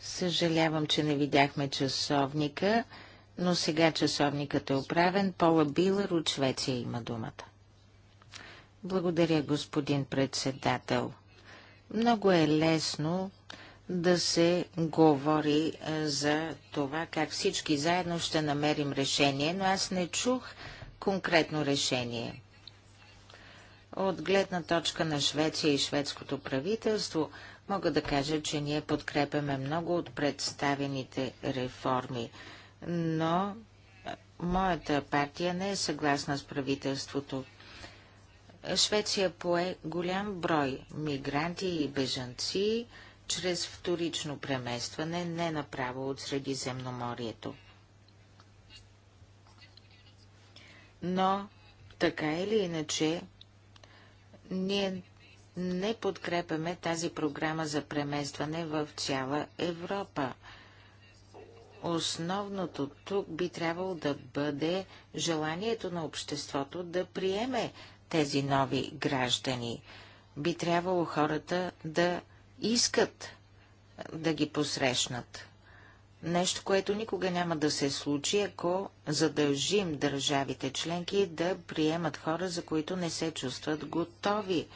Съжалявам, че не видяхме часовника, но сега часовникът е оправен. Пола Билър от Швеция има думата. Благодаря, господин председател. Много е лесно да се говори за това, как всички заедно ще намерим решение, но аз не чух конкретно решение. От гледна точка на Швеция и шведското правителство мога да кажа, че ние подкрепяме много от представените реформи, но моята партия не е съгласна с правителството. Швеция пое голям брой мигранти и бежанци чрез вторично преместване, не направо от Средиземноморието. Но, така или иначе, ние не подкрепяме тази програма за преместване в цяла Европа. Основното тук би трябвало да бъде желанието на обществото да приеме тези нови граждани. Би трябвало хората да искат да ги посрещнат. Нещо, което никога няма да се случи, ако задължим държавите членки да приемат хора, за които не се чувстват готови.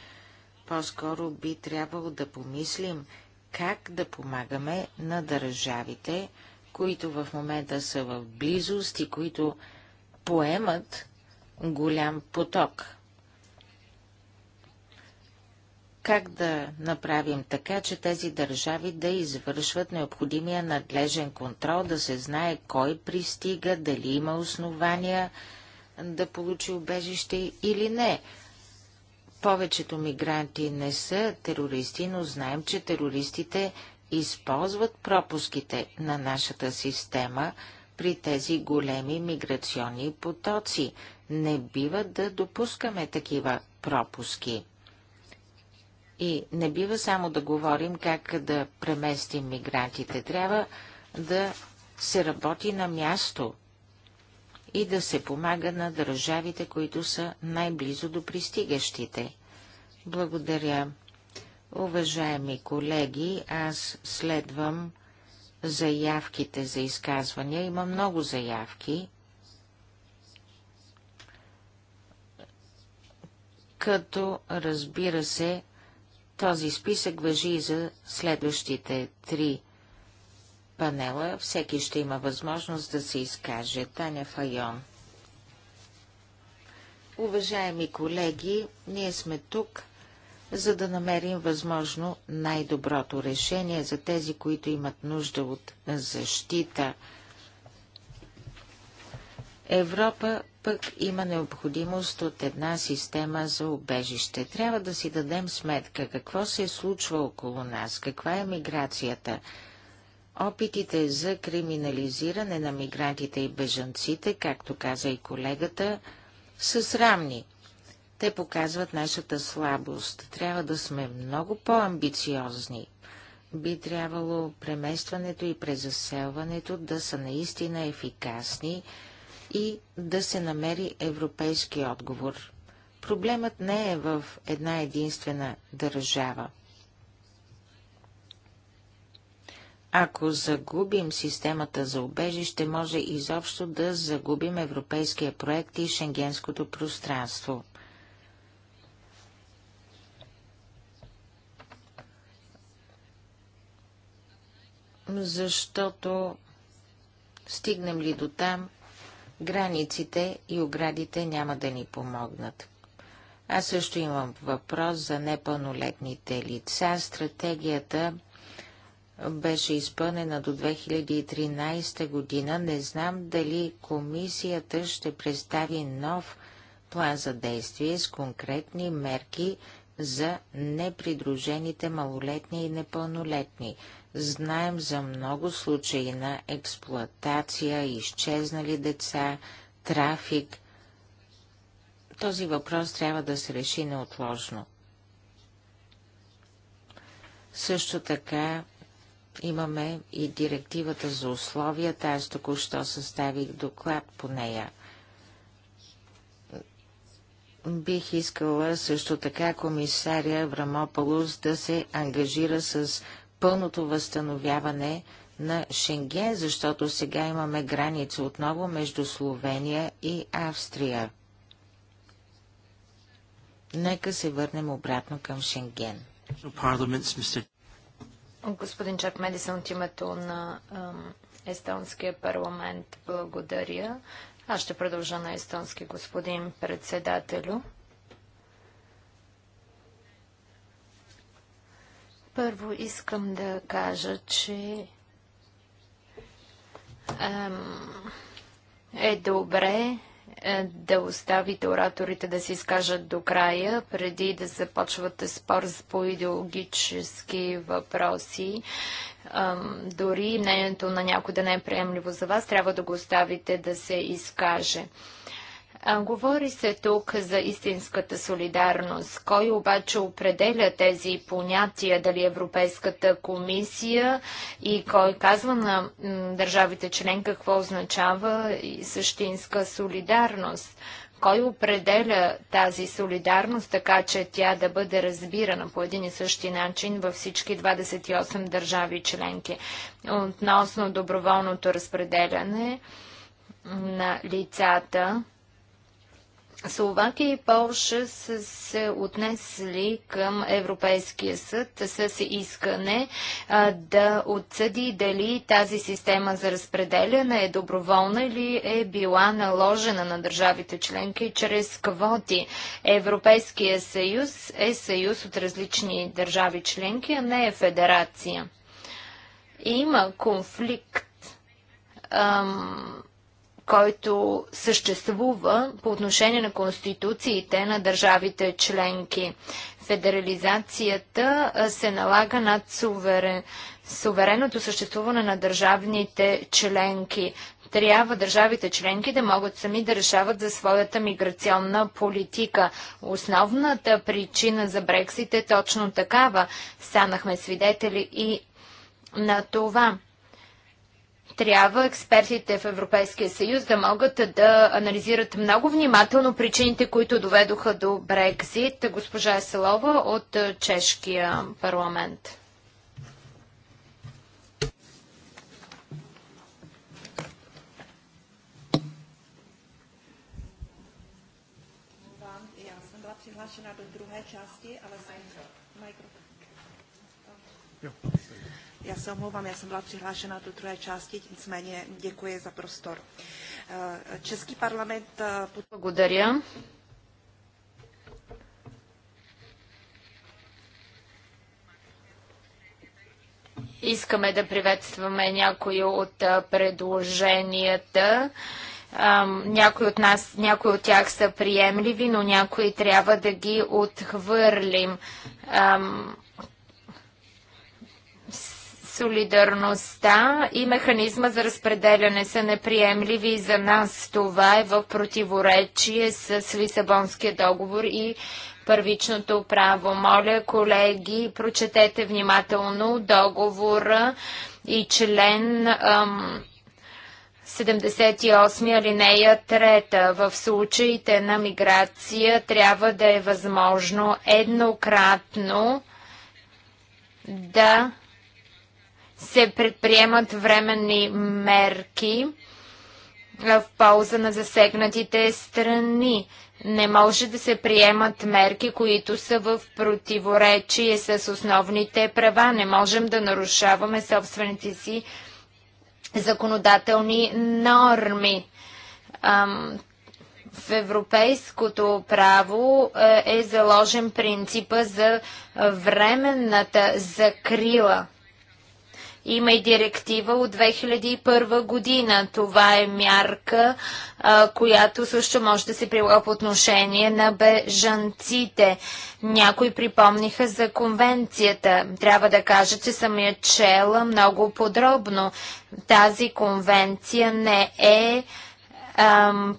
По-скоро би трябвало да помислим как да помагаме на държавите, които в момента са в близост и които поемат голям поток. Как да направим така, че тези държави да извършват необходимия надлежен контрол, да се знае кой пристига, дали има основания да получи убежище или не? Повечето мигранти не са терористи, но знаем, че терористите използват пропуските на нашата система при тези големи миграционни потоци. Не бива да допускаме такива пропуски. И не бива само да говорим как да преместим мигрантите. Трябва да се работи на място и да се помага на държавите, които са най-близо до пристигащите. Благодаря. Уважаеми колеги, аз следвам заявките за изказвания. Има много заявки. Като, разбира се, този списък въжи и за следващите три панела. Всеки ще има възможност да се изкаже. Таня Файон. Уважаеми колеги, ние сме тук, за да намерим възможно най-доброто решение за тези, които имат нужда от защита. Европа пък има необходимост от една система за убежище. Трябва да си дадем сметка какво се случва около нас, каква е миграцията. Опитите за криминализиране на мигрантите и бежанците, както каза и колегата, са срамни. Те показват нашата слабост. Трябва да сме много по-амбициозни. Би трябвало преместването и презаселването да са наистина ефикасни и да се намери европейски отговор. Проблемът не е в една единствена държава. Ако загубим системата за убежище, може изобщо да загубим европейския проект и шенгенското пространство. Защото стигнем ли до там, Границите и оградите няма да ни помогнат. Аз също имам въпрос за непълнолетните лица. Стратегията беше изпълнена до 2013 година. Не знам дали комисията ще представи нов план за действие с конкретни мерки за непридружените малолетни и непълнолетни. Знаем за много случаи на експлоатация, изчезнали деца, трафик. Този въпрос трябва да се реши неотложно. Също така имаме и директивата за условията. Аз току-що съставих доклад по нея. Бих искала също така комисаря Врамополус да се ангажира с пълното възстановяване на Шенген, защото сега имаме граница отново между Словения и Австрия. Нека се върнем обратно към Шенген. Господин Чак Медисън от името на Естонския парламент благодаря. Аз ще продължа на естонски господин председателю. Първо искам да кажа, че е добре е, да оставите ораторите да се изкажат до края, преди да започвате спор по идеологически въпроси. Дори мнението на някой да не е приемливо за вас, трябва да го оставите да се изкаже говори се тук за истинската солидарност. Кой обаче определя тези понятия? Дали Европейската комисия и кой казва на държавите член какво означава същинска солидарност? Кой определя тази солидарност така, че тя да бъде разбирана по един и същи начин във всички 28 държави членки? Относно доброволното разпределяне на лицата, Словакия и Полша са се отнесли към Европейския съд с искане да отсъди дали тази система за разпределяне е доброволна или е била наложена на държавите членки чрез квоти. Европейския съюз е съюз от различни държави членки, а не е федерация. Има конфликт. Ам който съществува по отношение на конституциите на държавите членки. Федерализацията се налага над суверен, сувереното съществуване на държавните членки. Трябва държавите членки да могат сами да решават за своята миграционна политика. Основната причина за Брексит е точно такава. Станахме свидетели и на това трябва експертите в Европейския съюз да могат да анализират много внимателно причините, които доведоха до Брекзит. Госпожа Еселова от е, Чешкия парламент. přihlášena Já se omlouvám, já jsem byla přihlášena do druhé části, nicméně děkuji za prostor. Eh, český parlament... Eh, Благодаря. Искаме да приветстваме някои от предложенията. Някои от, нас, някои от тях са приемливи, но някои трябва да ги отхвърлим. Солидарността и механизма за разпределяне са неприемливи и за нас. Това е в противоречие с Лисабонския договор и първичното право. Моля, колеги, прочетете внимателно договора и член ам, 78 алинея 3. В случаите на миграция трябва да е възможно еднократно да се предприемат временни мерки в полза на засегнатите страни. Не може да се приемат мерки, които са в противоречие с основните права. Не можем да нарушаваме собствените си законодателни норми. в европейското право е заложен принципа за временната закрила. Има и директива от 2001 година. Това е мярка, а, която също може да се прилага по отношение на бежанците. Някои припомниха за конвенцията. Трябва да кажа, че съм я чела много подробно. Тази конвенция не е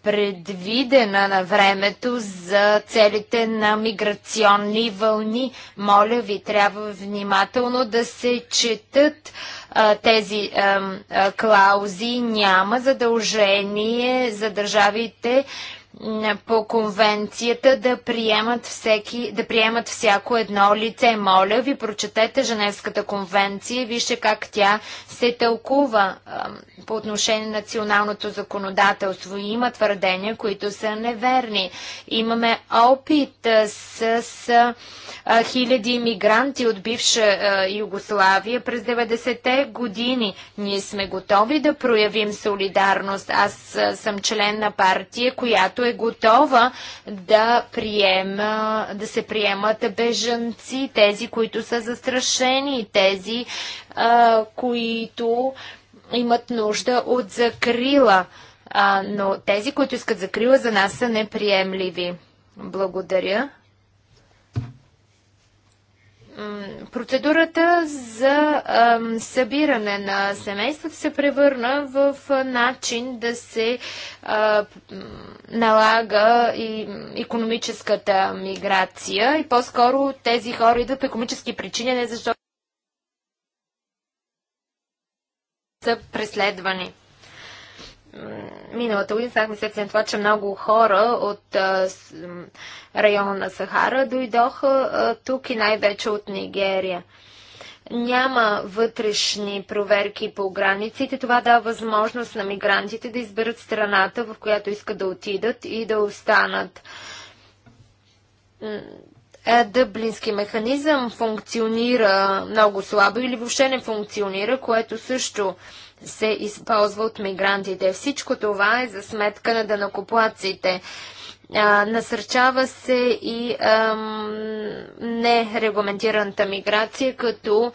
предвидена на времето за целите на миграционни вълни. Моля ви, трябва внимателно да се четат а, тези а, клаузи. Няма задължение за държавите по конвенцията да приемат, всеки, да приемат всяко едно лице. Моля ви, прочетете Женевската конвенция и вижте как тя се тълкува а, по отношение на националното законодателство. Има твърдения, които са неверни. Имаме опит а, с, с а, хиляди иммигранти от бивша Югославия през 90-те години. Ние сме готови да проявим солидарност. Аз съм член на партия, която е е готова да приема, да се приемат бежанци, тези, които са застрашени, тези, а, които имат нужда от закрила. А, но тези, които искат закрила, за нас са неприемливи. Благодаря. Процедурата за събиране на семейството се превърна в начин да се налага и економическата миграция и по-скоро тези хора идват по економически причини, не защото са преследвани миналата година станахме следствие на това, че много хора от а, с, района на Сахара дойдоха а, тук и най-вече от Нигерия. Няма вътрешни проверки по границите. Това дава възможност на мигрантите да изберат страната, в която искат да отидат и да останат. Е, дъблински механизъм функционира много слабо или въобще не функционира, което също се използва от мигрантите. Всичко това е за сметка на данакоплаците. насърчава се и нерегламентираната миграция, като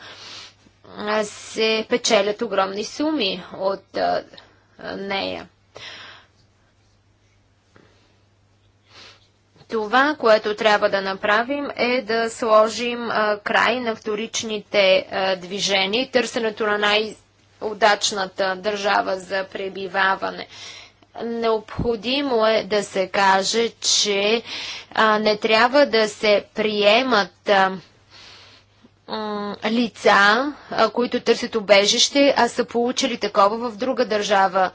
се печелят огромни суми от нея. Това, което трябва да направим е да сложим край на вторичните движения и търсенето на най- удачната държава за пребиваване. Необходимо е да се каже, че а, не трябва да се приемат а, лица, а, които търсят убежище, а са получили такова в друга държава.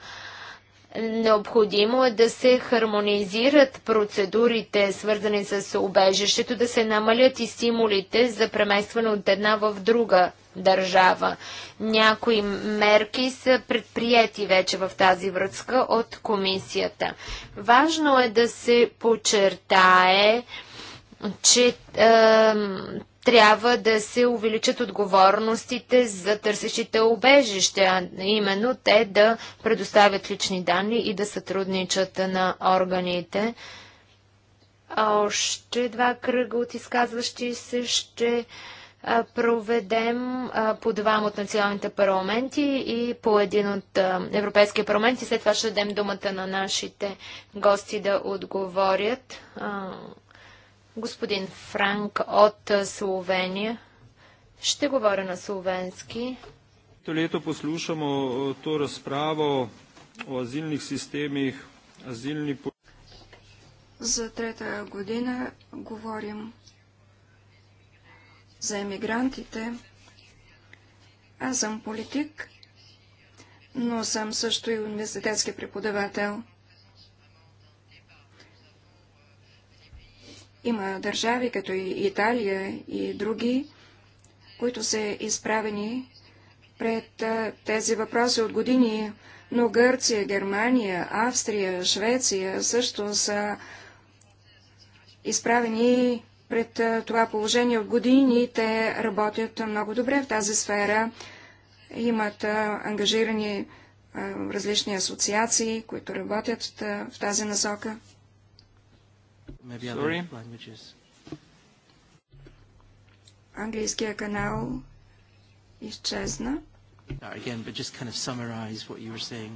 Необходимо е да се хармонизират процедурите, свързани с убежището, да се намалят и стимулите за преместване от една в друга държава. Някои мерки са предприяти вече в тази връзка от комисията. Важно е да се подчертае, че е, трябва да се увеличат отговорностите за търсещите обежища, а именно те да предоставят лични данни и да сътрудничат на органите. А още два кръга от изказващи се ще проведем по двама от националните парламенти и по един от Европейския парламент и след това ще дадем думата на нашите гости да отговорят. Господин Франк от Словения. Ще говоря на словенски. To лето послушамо то разправо о азилних sistemih, азилни... За трета година говорим за емигрантите. Аз съм политик, но съм също и университетски преподавател. Има държави, като и Италия и други, които са изправени пред тези въпроси от години, но Гърция, Германия, Австрия, Швеция също са изправени пред това положение от години. Те работят много добре в тази сфера. Имат ангажирани различни асоциации, които работят в тази насока. Английския канал изчезна. Again, but just kind of summarize what you were saying.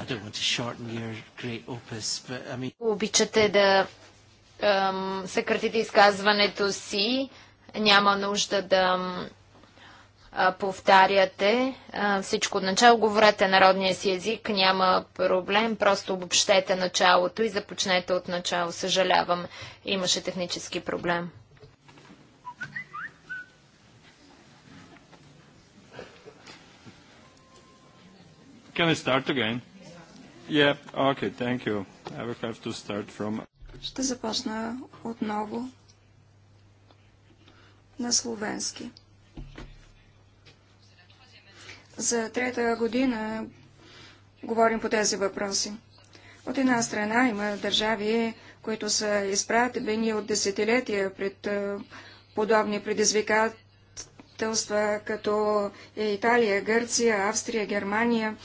I don't want to shorten your great opus, but I mean... Обичате да съкратите изказването си. Няма нужда да повтаряте всичко от начало. Говорете народния си език, няма проблем. Просто обобщете началото и започнете от начало. Съжалявам, имаше технически проблем. Can I start again? Yeah, okay, thank you. I will have to start from... Ще започна отново на словенски. За трета година говорим по тези въпроси. От една страна има държави, които са изпратени от десетилетия пред е, подобни предизвикателства, като е Италия, Гърция, Австрия, Германия.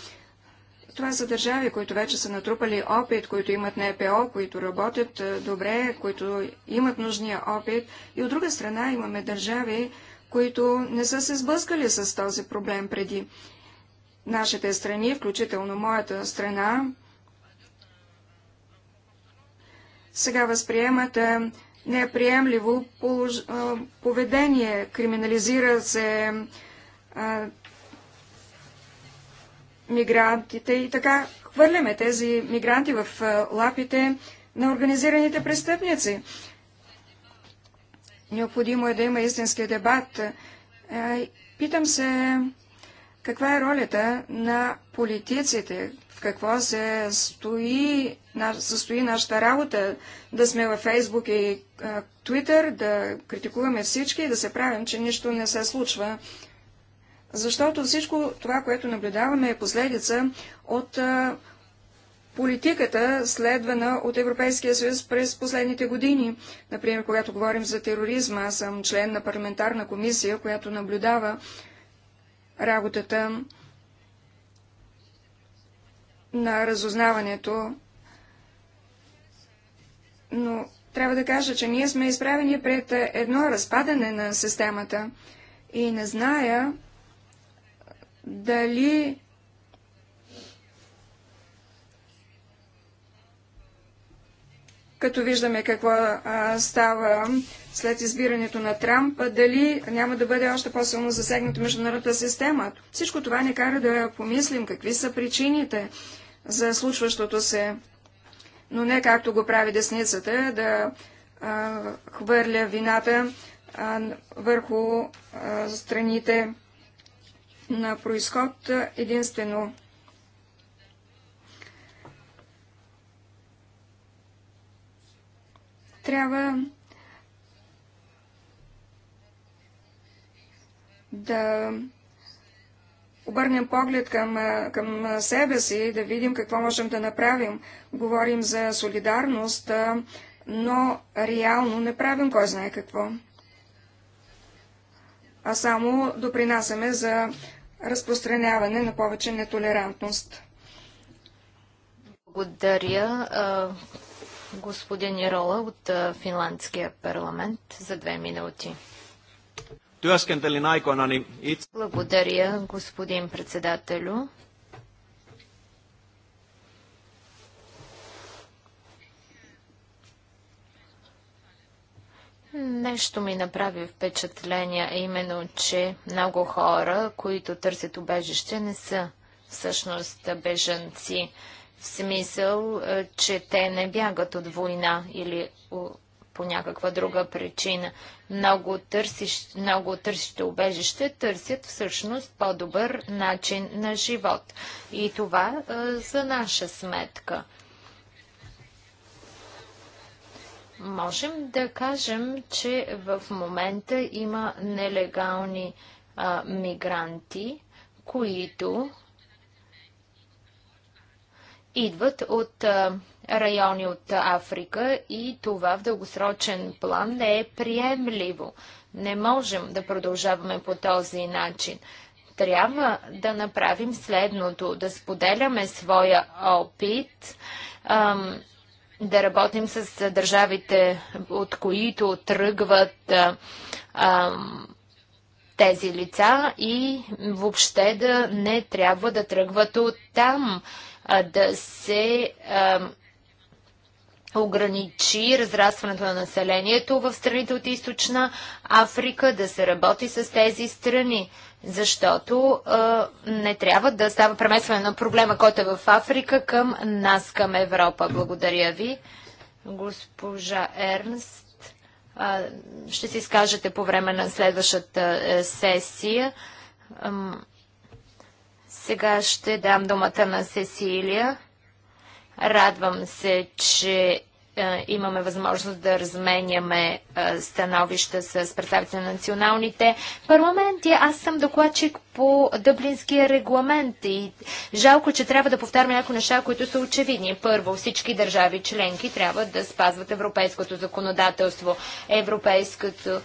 Това са държави, които вече са натрупали опит, които имат НПО, които работят е, добре, които имат нужния опит. И от друга страна имаме държави, които не са се сблъскали с този проблем преди. Нашите страни, включително моята страна, сега възприемат е, неприемливо е, поведение. Криминализира се мигрантите и така хвърляме тези мигранти в лапите на организираните престъпници. Необходимо е да има истински дебат. Питам се, каква е ролята на политиците, в какво се стои, състои нашата работа, да сме във Фейсбук и Твитър, да критикуваме всички и да се правим, че нищо не се случва защото всичко това, което наблюдаваме, е последица от политиката, следвана от Европейския съюз през последните години. Например, когато говорим за тероризма, аз съм член на парламентарна комисия, която наблюдава работата на разузнаването. Но трябва да кажа, че ние сме изправени пред едно разпадане на системата и не зная дали като виждаме какво а, става след избирането на Трамп, дали няма да бъде още по-силно засегната международната система. Всичко това ни кара да помислим какви са причините за случващото се, но не както го прави десницата, да а, хвърля вината а, върху а, страните на происход единствено. Трябва да обърнем поглед към, към себе си, да видим какво можем да направим. Говорим за солидарност, но реално не правим кой знае какво. А само допринасяме за разпространяване на повече нетолерантност. Благодаря, господин Ирола от Финландския парламент за две минути. Благодаря, господин председателю. Нещо ми направи впечатление, именно, че много хора, които търсят убежище, не са всъщност бежанци. В смисъл, е, че те не бягат от война или по някаква друга причина. Много, търсище, много търсище убежище търсят всъщност по-добър начин на живот. И това е, за наша сметка. Можем да кажем, че в момента има нелегални а, мигранти, които идват от а, райони от Африка и това в дългосрочен план не е приемливо. Не можем да продължаваме по този начин. Трябва да направим следното, да споделяме своя опит. Ам, да работим с държавите, от които тръгват а, тези лица и въобще да не трябва да тръгват от там, а, да се а, ограничи разрастването на населението в страните от източна Африка, да се работи с тези страни, защото а, не трябва да става преместване на проблема, който е в Африка, към нас, към Европа. Благодаря ви, госпожа Ернст. А, ще се изкажете по време на следващата е, сесия. сега ще дам думата на Сесилия. Радвам се, че е, имаме възможност да разменяме е, становища с представите на националните парламенти. Аз съм докладчик по Дъблинския регламент и жалко, че трябва да повтаряме някои неща, които са очевидни. Първо, всички държави членки трябва да спазват европейското законодателство. Европейското, е,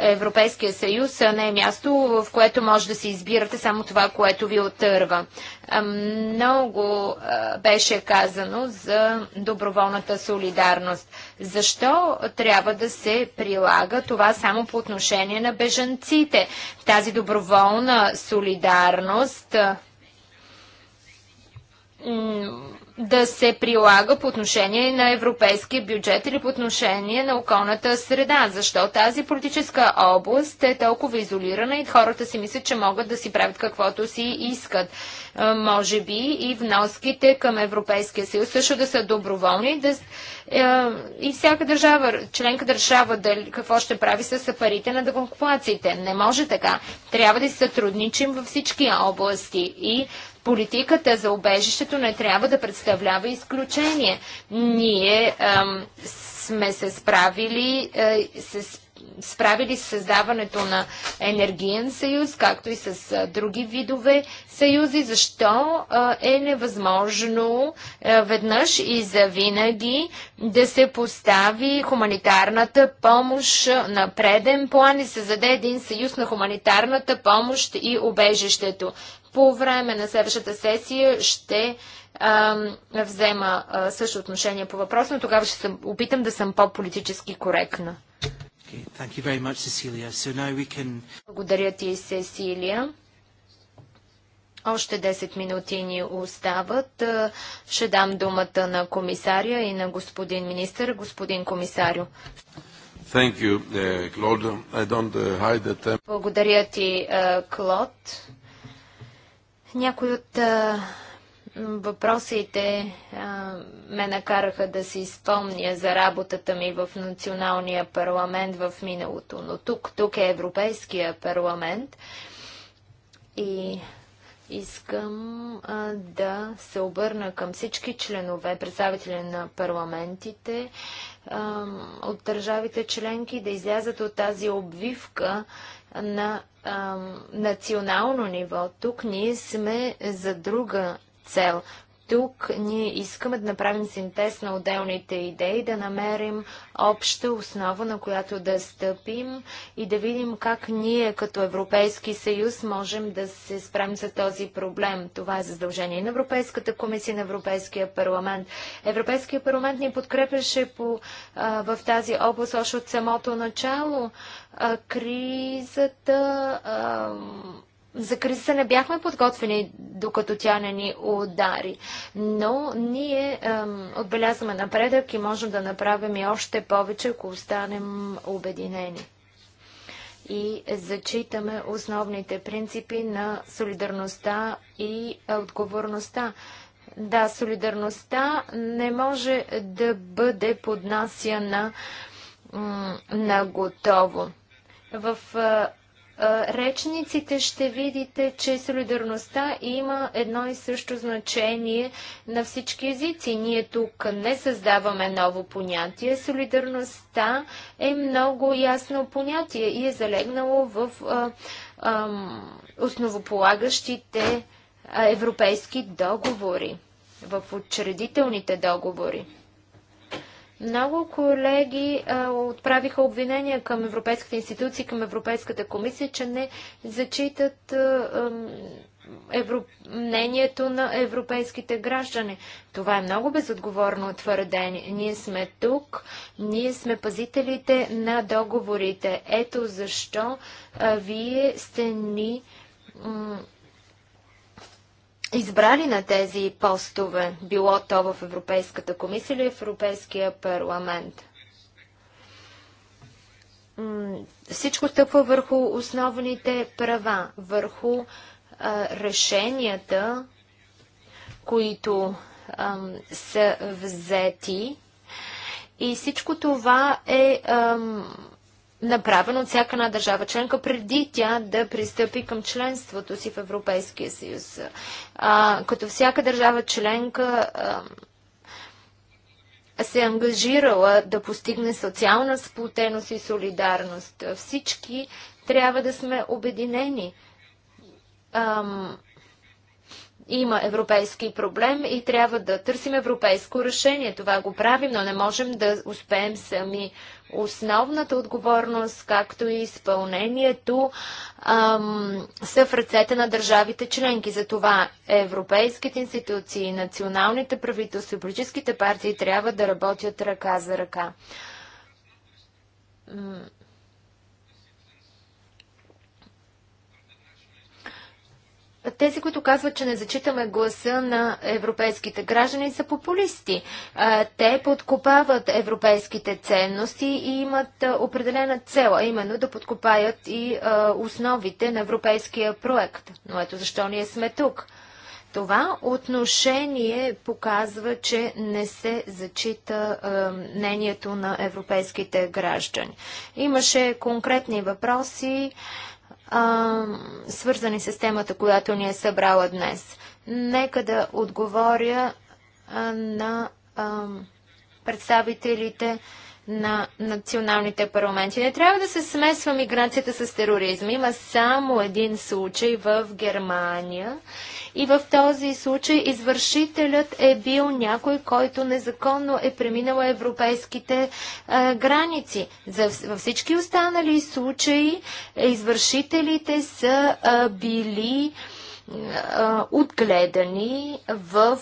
Европейския съюз не е място, в което може да се избирате само това, което ви отърва. Много беше казано за доброволната солидарност. Защо трябва да се прилага това само по отношение на бежанците? Тази доброволна солидарност да се прилага по отношение на европейския бюджет или по отношение на околната среда. Защо тази политическа област е толкова изолирана и хората си мислят, че могат да си правят каквото си искат. Може би и вноските към Европейския съюз също да са доброволни да, е, и всяка държава, членка държава дали, какво ще прави с парите на дъконкупаците. Не може така. Трябва да се сътрудничим във всички области и Политиката за обежището не трябва да представлява изключение. Ние ам, сме се справили а, е, с справили с създаването на енергиен съюз, както и с а, други видове съюзи. Защо а, е невъзможно а, е, веднъж и завинаги да се постави хуманитарната помощ на преден план и създаде един съюз на хуманитарната помощ и обежището? По време на следващата сесия ще взема също отношение по въпроса, но тогава ще се опитам да съм по-политически коректна. Благодаря ти, Сесилия. Още 10 минути ни остават. Ще дам думата на комисаря и на господин министър. Господин комисарю. Uh, uh, Благодаря ти, uh, Клод. Някои от а, въпросите а, ме накараха да си изпомня за работата ми в националния парламент в миналото, но тук, тук е Европейския парламент и искам а, да се обърна към всички членове, представители на парламентите а, от държавите членки, да излязат от тази обвивка на а, национално ниво. Тук ние сме за друга цел. Тук ние искаме да направим синтез на отделните идеи, да намерим обща основа, на която да стъпим и да видим как ние като Европейски съюз можем да се справим за този проблем. Това е задължение и на Европейската комисия, на Европейския парламент. Европейския парламент ни подкрепяше по, в тази област още от самото начало. кризата. А, за кризата не бяхме подготвени, докато тя не ни удари. Но ние ем, отбелязваме напредък и можем да направим и още повече, ако останем обединени. И зачитаме основните принципи на солидарността и отговорността. Да, солидарността не може да бъде поднасяна на готово. В е, речниците ще видите, че солидарността има едно и също значение на всички езици. Ние тук не създаваме ново понятие. Солидарността е много ясно понятие и е залегнало в а, а, основополагащите европейски договори, в учредителните договори. Много колеги а, отправиха обвинения към европейските институции, към Европейската комисия, че не зачитат а, евро... мнението на европейските граждани. Това е много безотговорно твърдение. Ние сме тук, ние сме пазителите на договорите. Ето защо а, вие сте ни избрали на тези постове, било то в Европейската комисия или в Европейския парламент. Всичко стъпва върху основните права, върху решенията, които са взети. И всичко това е ам, направен от всяка една държава членка, преди тя да пристъпи към членството си в Европейския съюз. А, като всяка държава членка а, се е ангажирала да постигне социална сплотеност и солидарност. Всички трябва да сме обединени. А, има европейски проблем и трябва да търсим европейско решение. Това го правим, но не можем да успеем сами основната отговорност, както и изпълнението ам, са в ръцете на държавите членки. Затова европейските институции, националните правителства и политическите партии трябва да работят ръка за ръка. Тези, които казват, че не зачитаме гласа на европейските граждани, са популисти. Те подкопават европейските ценности и имат определена цел, а именно да подкопаят и основите на европейския проект. Но ето защо ние сме тук. Това отношение показва, че не се зачита е, мнението на европейските граждани. Имаше конкретни въпроси а, свързани с темата, която ни е събрала днес. Нека да отговоря а, на а, представителите на националните парламенти. Не трябва да се смесва миграцията с тероризма. Има само един случай в Германия и в този случай извършителят е бил някой, който незаконно е преминал европейските а, е, граници. За, във всички останали случаи е, извършителите са а, е, били отгледани в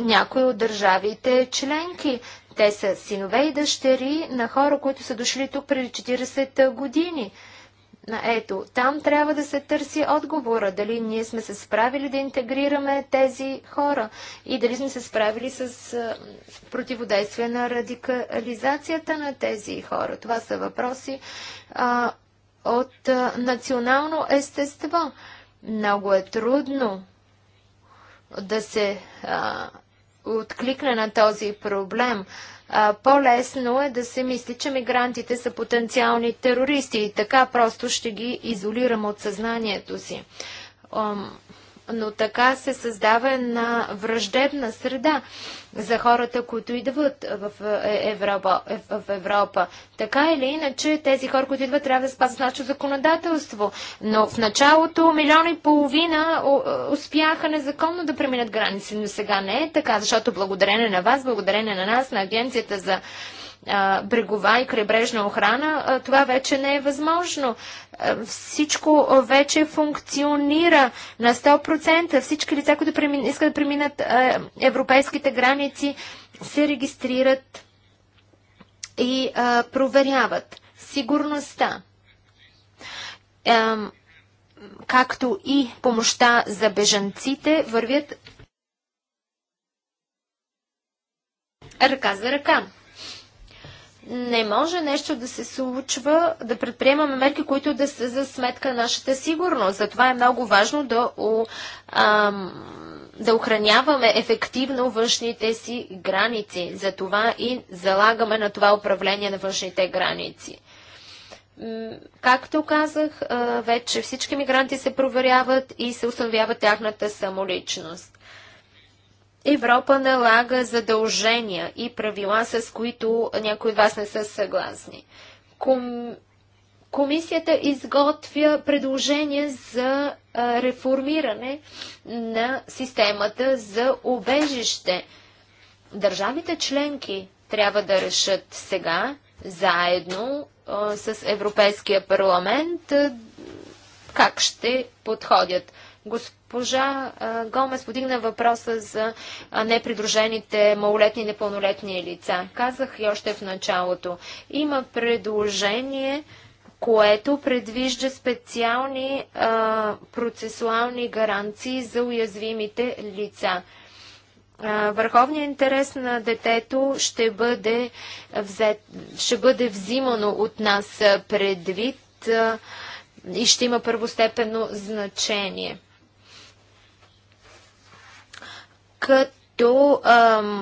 някои от държавите членки. Те са синове и дъщери на хора, които са дошли тук преди 40 години. Ето, там трябва да се търси отговора, дали ние сме се справили да интегрираме тези хора и дали сме се справили с противодействие на радикализацията на тези хора. Това са въпроси а, от а, национално естество. Много е трудно да се а, откликне на този проблем. По-лесно е да се мисли, че мигрантите са потенциални терористи и така просто ще ги изолирам от съзнанието си но така се създава една враждебна среда за хората, които идват в е, Европа. Е, в Европа. Така или иначе, тези хора, които идват, трябва да спазват нашето законодателство. Но в началото милион и половина е, успяха незаконно да преминат граници, но сега не е така, защото благодарение на вас, благодарение на нас, на Агенцията за брегова и крайбрежна охрана, това вече не е възможно. Всичко вече функционира на 100%. Всички лица, които искат да преминат европейските граници, се регистрират и проверяват сигурността, както и помощта за бежанците вървят ръка за ръка. Не може нещо да се случва, да предприемаме мерки, които да са за сметка на нашата сигурност. Затова е много важно да, ам, да охраняваме ефективно външните си граници. Затова и залагаме на това управление на външните граници. Както казах, вече всички мигранти се проверяват и се установява тяхната самоличност. Европа налага задължения и правила, с които някои от вас не са съгласни. Ком... Комисията изготвя предложение за а, реформиране на системата за обежище. Държавите членки трябва да решат сега, заедно а, с Европейския парламент, а, как ще подходят. Госпожа Гомес подигна въпроса за непридружените малолетни и непълнолетни лица. Казах и още в началото. Има предложение което предвижда специални а, процесуални гаранции за уязвимите лица. върховният интерес на детето ще бъде, взет, ще бъде взимано от нас предвид и ще има първостепенно значение. като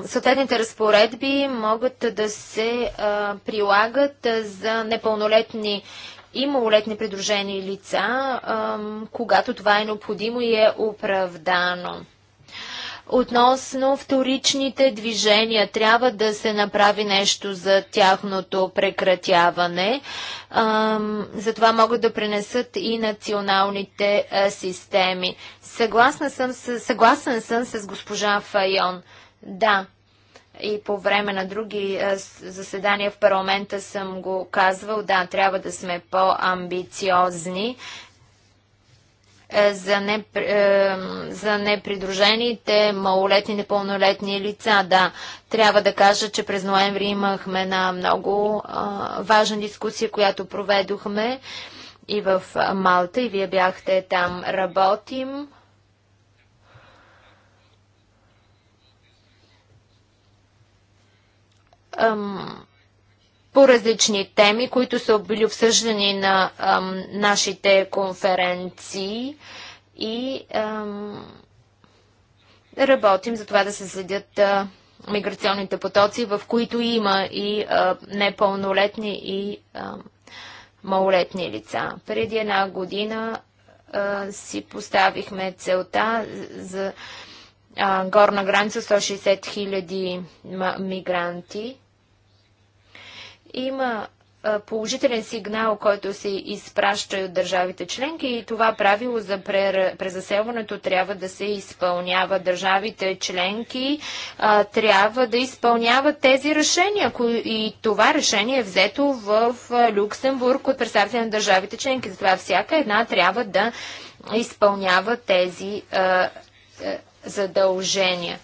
съответните разпоредби могат да се прилагат за непълнолетни и малолетни придружени лица, когато това е необходимо и е оправдано. Относно вторичните движения, трябва да се направи нещо за тяхното прекратяване. Затова могат да пренесат и националните системи. Съгласна съм с, съгласен съм с госпожа Файон. Да, и по време на други заседания в парламента съм го казвал, да, трябва да сме по-амбициозни. Е, за, не, е, за непридружените малолетни, непълнолетни лица. Да, трябва да кажа, че през ноември имахме една много важна дискусия, която проведохме и в Малта, и вие бяхте там. Работим. Um по различни теми, които са били обсъждани на ам, нашите конференции и ам, работим за това да се следят а, миграционните потоци, в които има и а, непълнолетни и а, малолетни лица. Преди една година а, си поставихме целта за а, горна граница 160 000 мигранти. Има положителен сигнал, който се изпраща от държавите членки и това правило за презаселването трябва да се изпълнява. Държавите членки а, трябва да изпълняват тези решения и това решение е взето в Люксембург от представители на държавите членки. Затова всяка една трябва да изпълнява тези а, задължения.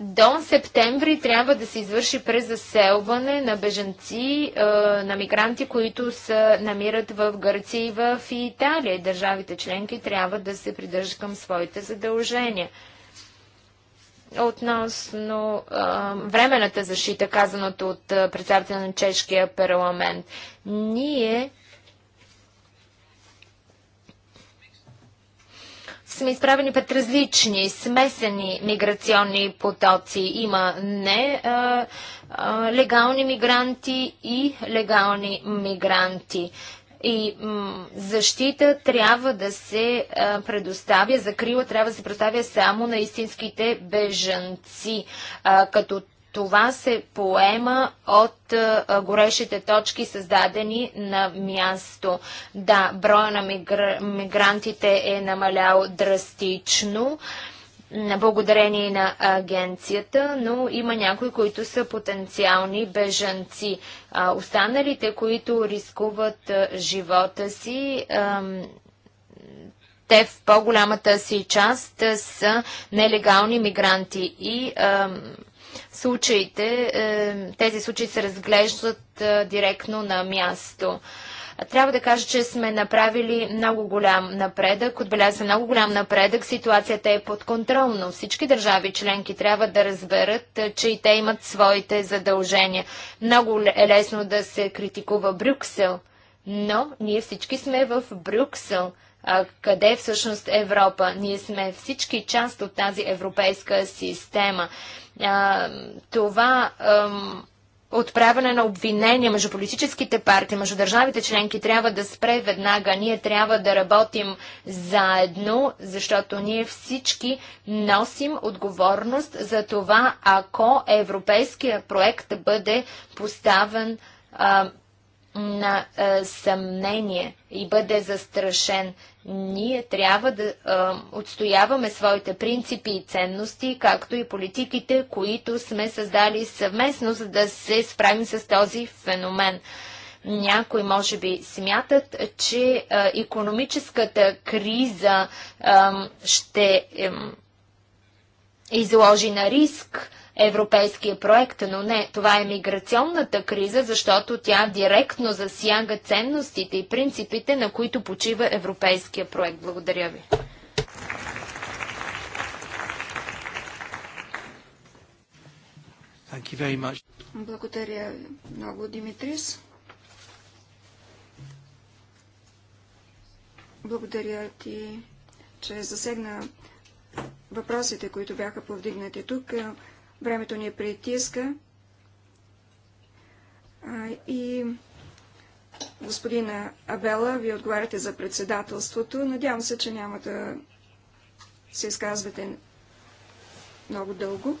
До септември трябва да се извърши презаселване на бежанци, на мигранти, които се намират в Гърция и в Италия. държавите членки трябва да се придържат към своите задължения. Относно а, времената защита, казаното от председателя на чешкия парламент, ние сме изправени пред различни, смесени миграционни потоци. Има не а, а, легални мигранти и легални мигранти. И защита трябва да се а, предоставя, закрила трябва да се предоставя само на истинските бежанци, а, като това се поема от е, е, горещите точки, създадени на място. Да, броя на мигр... мигрантите е намалял драстично благодарение на агенцията, но има някои, които са потенциални бежанци. А останалите, които рискуват е, живота си, те в по-голямата си част са нелегални мигранти и случаите, е, тези случаи се разглеждат е, директно на място. Трябва да кажа, че сме направили много голям напредък, отбеляза много голям напредък, ситуацията е под контрол, но всички държави членки трябва да разберат, е, че и те имат своите задължения. Много е лесно да се критикува Брюксел, но ние всички сме в Брюксел – къде всъщност Европа. Ние сме всички част от тази европейска система. това отправяне на обвинения между политическите партии, между държавите членки трябва да спре веднага. Ние трябва да работим заедно, защото ние всички носим отговорност за това, ако европейския проект бъде поставен а, на а, съмнение и бъде застрашен. Ние трябва да а, отстояваме своите принципи и ценности, както и политиките, които сме създали съвместно, за да се справим с този феномен. Някои може би смятат, че а, економическата криза а, ще а, изложи на риск а, европейския проект, но не, това е миграционната криза, защото тя директно засяга ценностите и принципите, на които почива европейския проект. Благодаря ви. Благодаря много, Димитрис. Благодаря ти, че засегна въпросите, които бяха повдигнати тук. Времето ни е притиска. И господина Абела, вие отговаряте за председателството. Надявам се, че няма да се изказвате много дълго.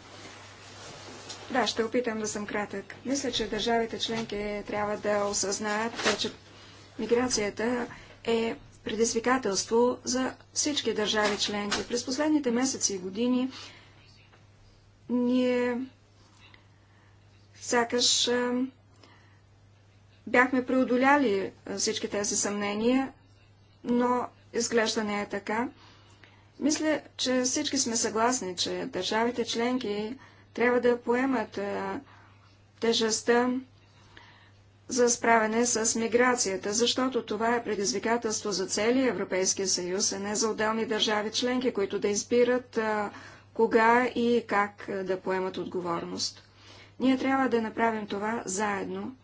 Да, ще опитам да съм кратък. Мисля, че държавите членки трябва да осъзнаят, че миграцията е предизвикателство за всички държави членки. През последните месеци и години ние сякаш бяхме преодоляли всички тези съмнения, но изглежда не е така. Мисля, че всички сме съгласни, че държавите членки трябва да поемат тежестта за справяне с миграцията, защото това е предизвикателство за целия Европейския съюз, а не за отделни държави членки, които да избират а, кога и как да поемат отговорност. Ние трябва да направим това заедно.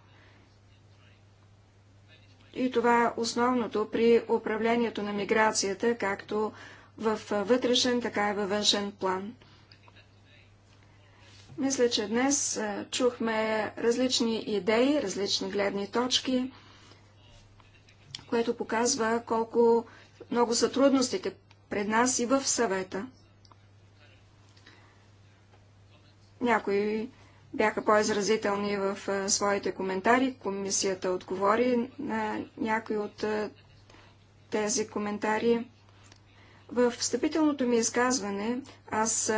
И това е основното при управлението на миграцията, както в вътрешен, така и във външен план. Мисля, че днес чухме различни идеи, различни гледни точки, което показва колко много са трудностите пред нас и в съвета. Някои бяха по-изразителни в своите коментари. Комисията отговори на някои от тези коментари. В встъпителното ми изказване аз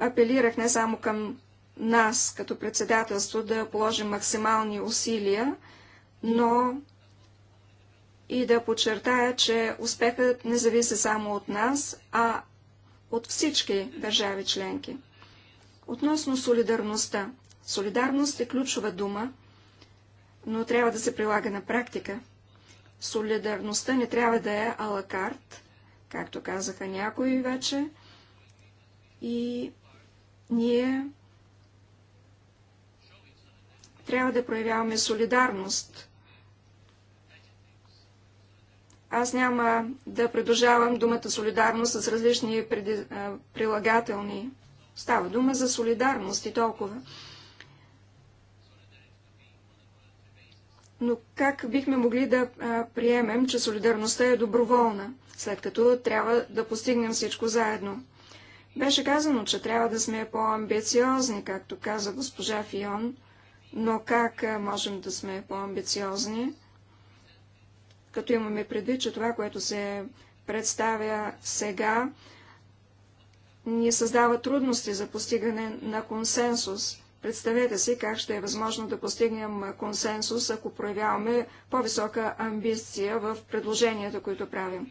апелирах не само към нас като председателство да положим максимални усилия, но и да подчертая, че успехът не зависи само от нас, а от всички държави членки. Относно солидарността. Солидарност е ключова дума, но трябва да се прилага на практика. Солидарността не трябва да е алакарт, както казаха някои вече, и ние трябва да проявяваме солидарност. Аз няма да предложавам думата солидарност с различни прилагателни Става дума за солидарност и толкова. Но как бихме могли да приемем, че солидарността е доброволна, след като трябва да постигнем всичко заедно? Беше казано, че трябва да сме по-амбициозни, както каза госпожа Фион, но как можем да сме по-амбициозни, като имаме предвид, че това, което се представя сега, ни създава трудности за постигане на консенсус. Представете си как ще е възможно да постигнем консенсус, ако проявяваме по-висока амбиция в предложенията, които правим.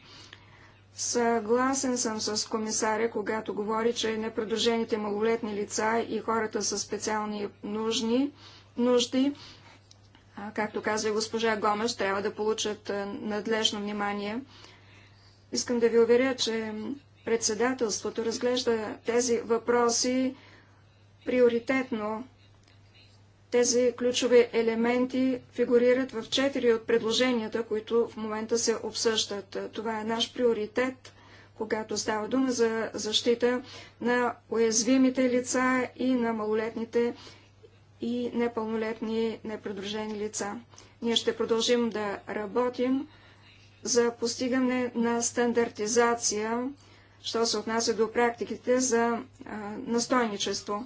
Съгласен съм с комисаря, когато говори, че непредложените малолетни лица и хората с специални нужни, нужди, както каза госпожа Гомеш, трябва да получат надлежно внимание. Искам да ви уверя, че Председателството разглежда тези въпроси приоритетно. Тези ключови елементи фигурират в четири от предложенията, които в момента се обсъждат. Това е наш приоритет, когато става дума за защита на уязвимите лица и на малолетните и непълнолетни непредружени лица. Ние ще продължим да работим за постигане на стандартизация що се отнася до практиките за а, настойничество.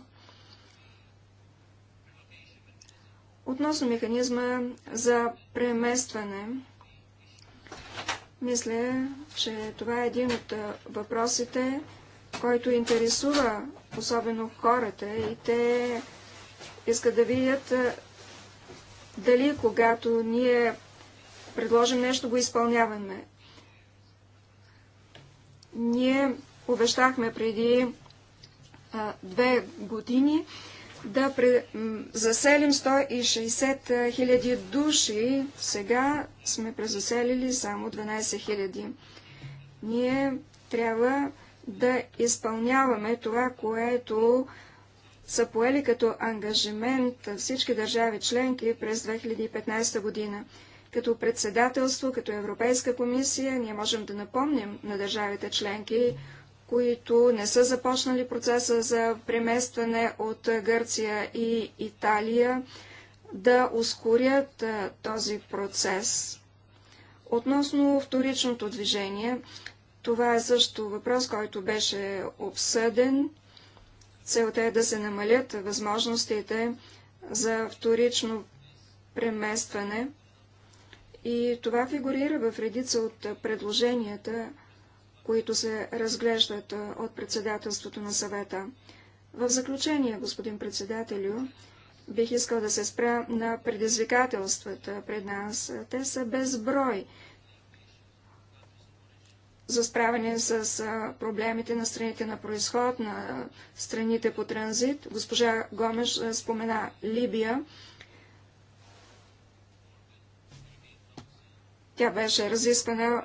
Относно механизма за преместване, мисля, че това е един от въпросите, който интересува особено хората и те искат да видят дали когато ние предложим нещо, го изпълняваме. Ние обещахме преди а, две години да заселим 160 хиляди души. Сега сме презаселили само 12 хиляди. Ние трябва да изпълняваме това, което са поели като ангажимент всички държави членки през 2015 година. Като председателство, като Европейска комисия, ние можем да напомним на държавите членки, които не са започнали процеса за преместване от Гърция и Италия, да ускорят този процес. Относно вторичното движение, това е също въпрос, който беше обсъден. Целта е да се намалят възможностите за вторично преместване. И това фигурира в редица от предложенията, които се разглеждат от председателството на съвета. В заключение, господин председателю, бих искал да се спра на предизвикателствата пред нас. Те са безброй за справяне с проблемите на страните на происход, на страните по транзит. Госпожа Гомеш спомена Либия. Тя беше разискана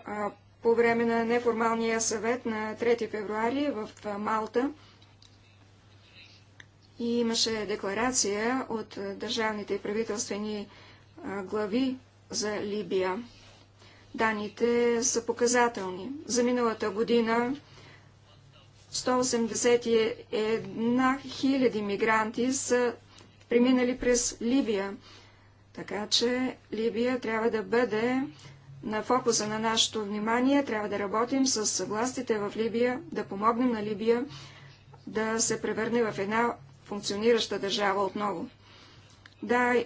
по време на неформалния съвет на 3 февруари в Малта. И имаше декларация от държавните и правителствени глави за Либия. Даните са показателни. За миналата година 181 хиляди мигранти са преминали през Либия. Така че Либия трябва да бъде на фокуса на нашето внимание. Трябва да работим с властите в Либия, да помогнем на Либия да се превърне в една функционираща държава отново. Да,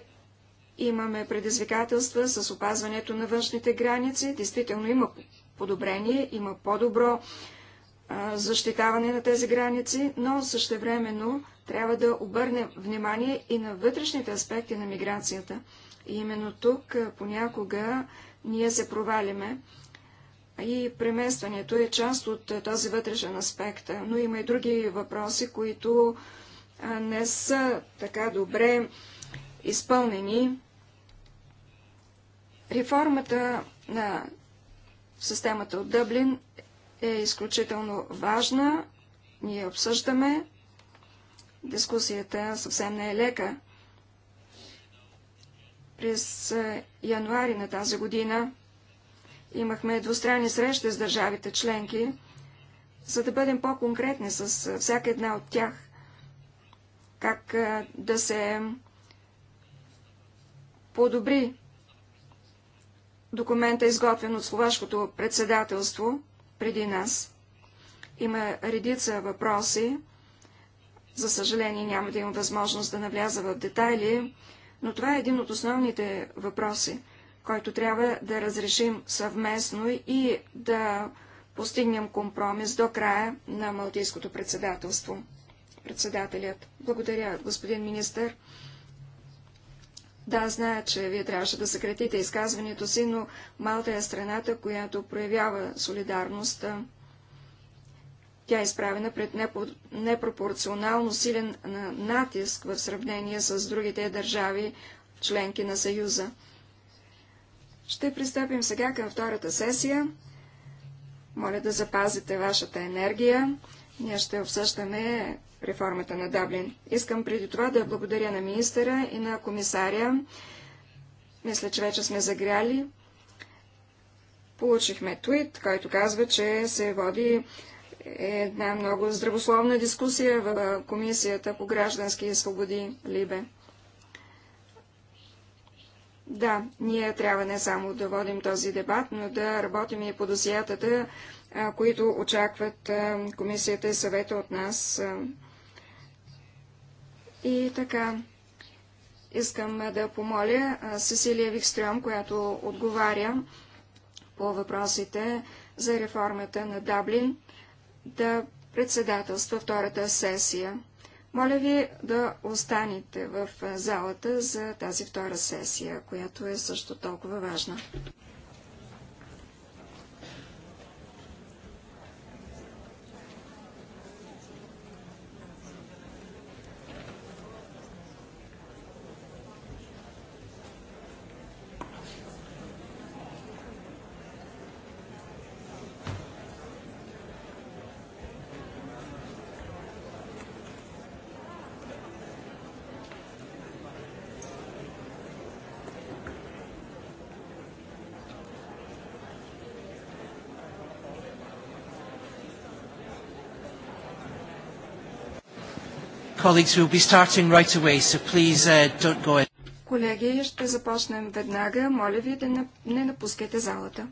имаме предизвикателства с опазването на външните граници. Действително има подобрение, има по-добро защитаване на тези граници, но същевременно трябва да обърнем внимание и на вътрешните аспекти на миграцията. И именно тук понякога ние се провалиме. И преместването е част от е, този вътрешен аспект. Но има и други въпроси, които не са така добре изпълнени. Реформата на системата от Дъблин е изключително важна. Ние обсъждаме. Дискусията съвсем не е лека. През е, януари на тази година имахме двустранни срещи с държавите членки, за да бъдем по-конкретни с е, всяка една от тях, как е, да се подобри документа, изготвен от словашкото председателство преди нас. Има редица въпроси. За съжаление няма да имам възможност да навляза в детайли, но това е един от основните въпроси, който трябва да разрешим съвместно и да постигнем компромис до края на Малтийското председателство. Председателят. Благодаря, господин министър. Да, зная, че вие трябваше да съкратите изказването си, но Малта е страната, която проявява солидарност тя е изправена пред непропорционално силен натиск в сравнение с другите държави, членки на Съюза. Ще пристъпим сега към втората сесия. Моля да запазите вашата енергия. Ние ще обсъждаме реформата на Даблин. Искам преди това да благодаря на министъра и на комисаря. Мисля, че вече сме загряли. Получихме твит, който казва, че се води една много здравословна дискусия в Комисията по граждански свободи Либе. Да, ние трябва не само да водим този дебат, но да работим и по досиятата, които очакват комисията и съвета от нас. И така, искам да помоля Сесилия Викстрем, която отговаря по въпросите за реформата на Даблин, да председателства втората сесия. Моля ви да останете в залата за тази втора сесия, която е също толкова важна. Colleagues, we'll be starting right away, so please uh, don't go in. Колеги, ще започнем веднага. Моля ви да не напускайте залата.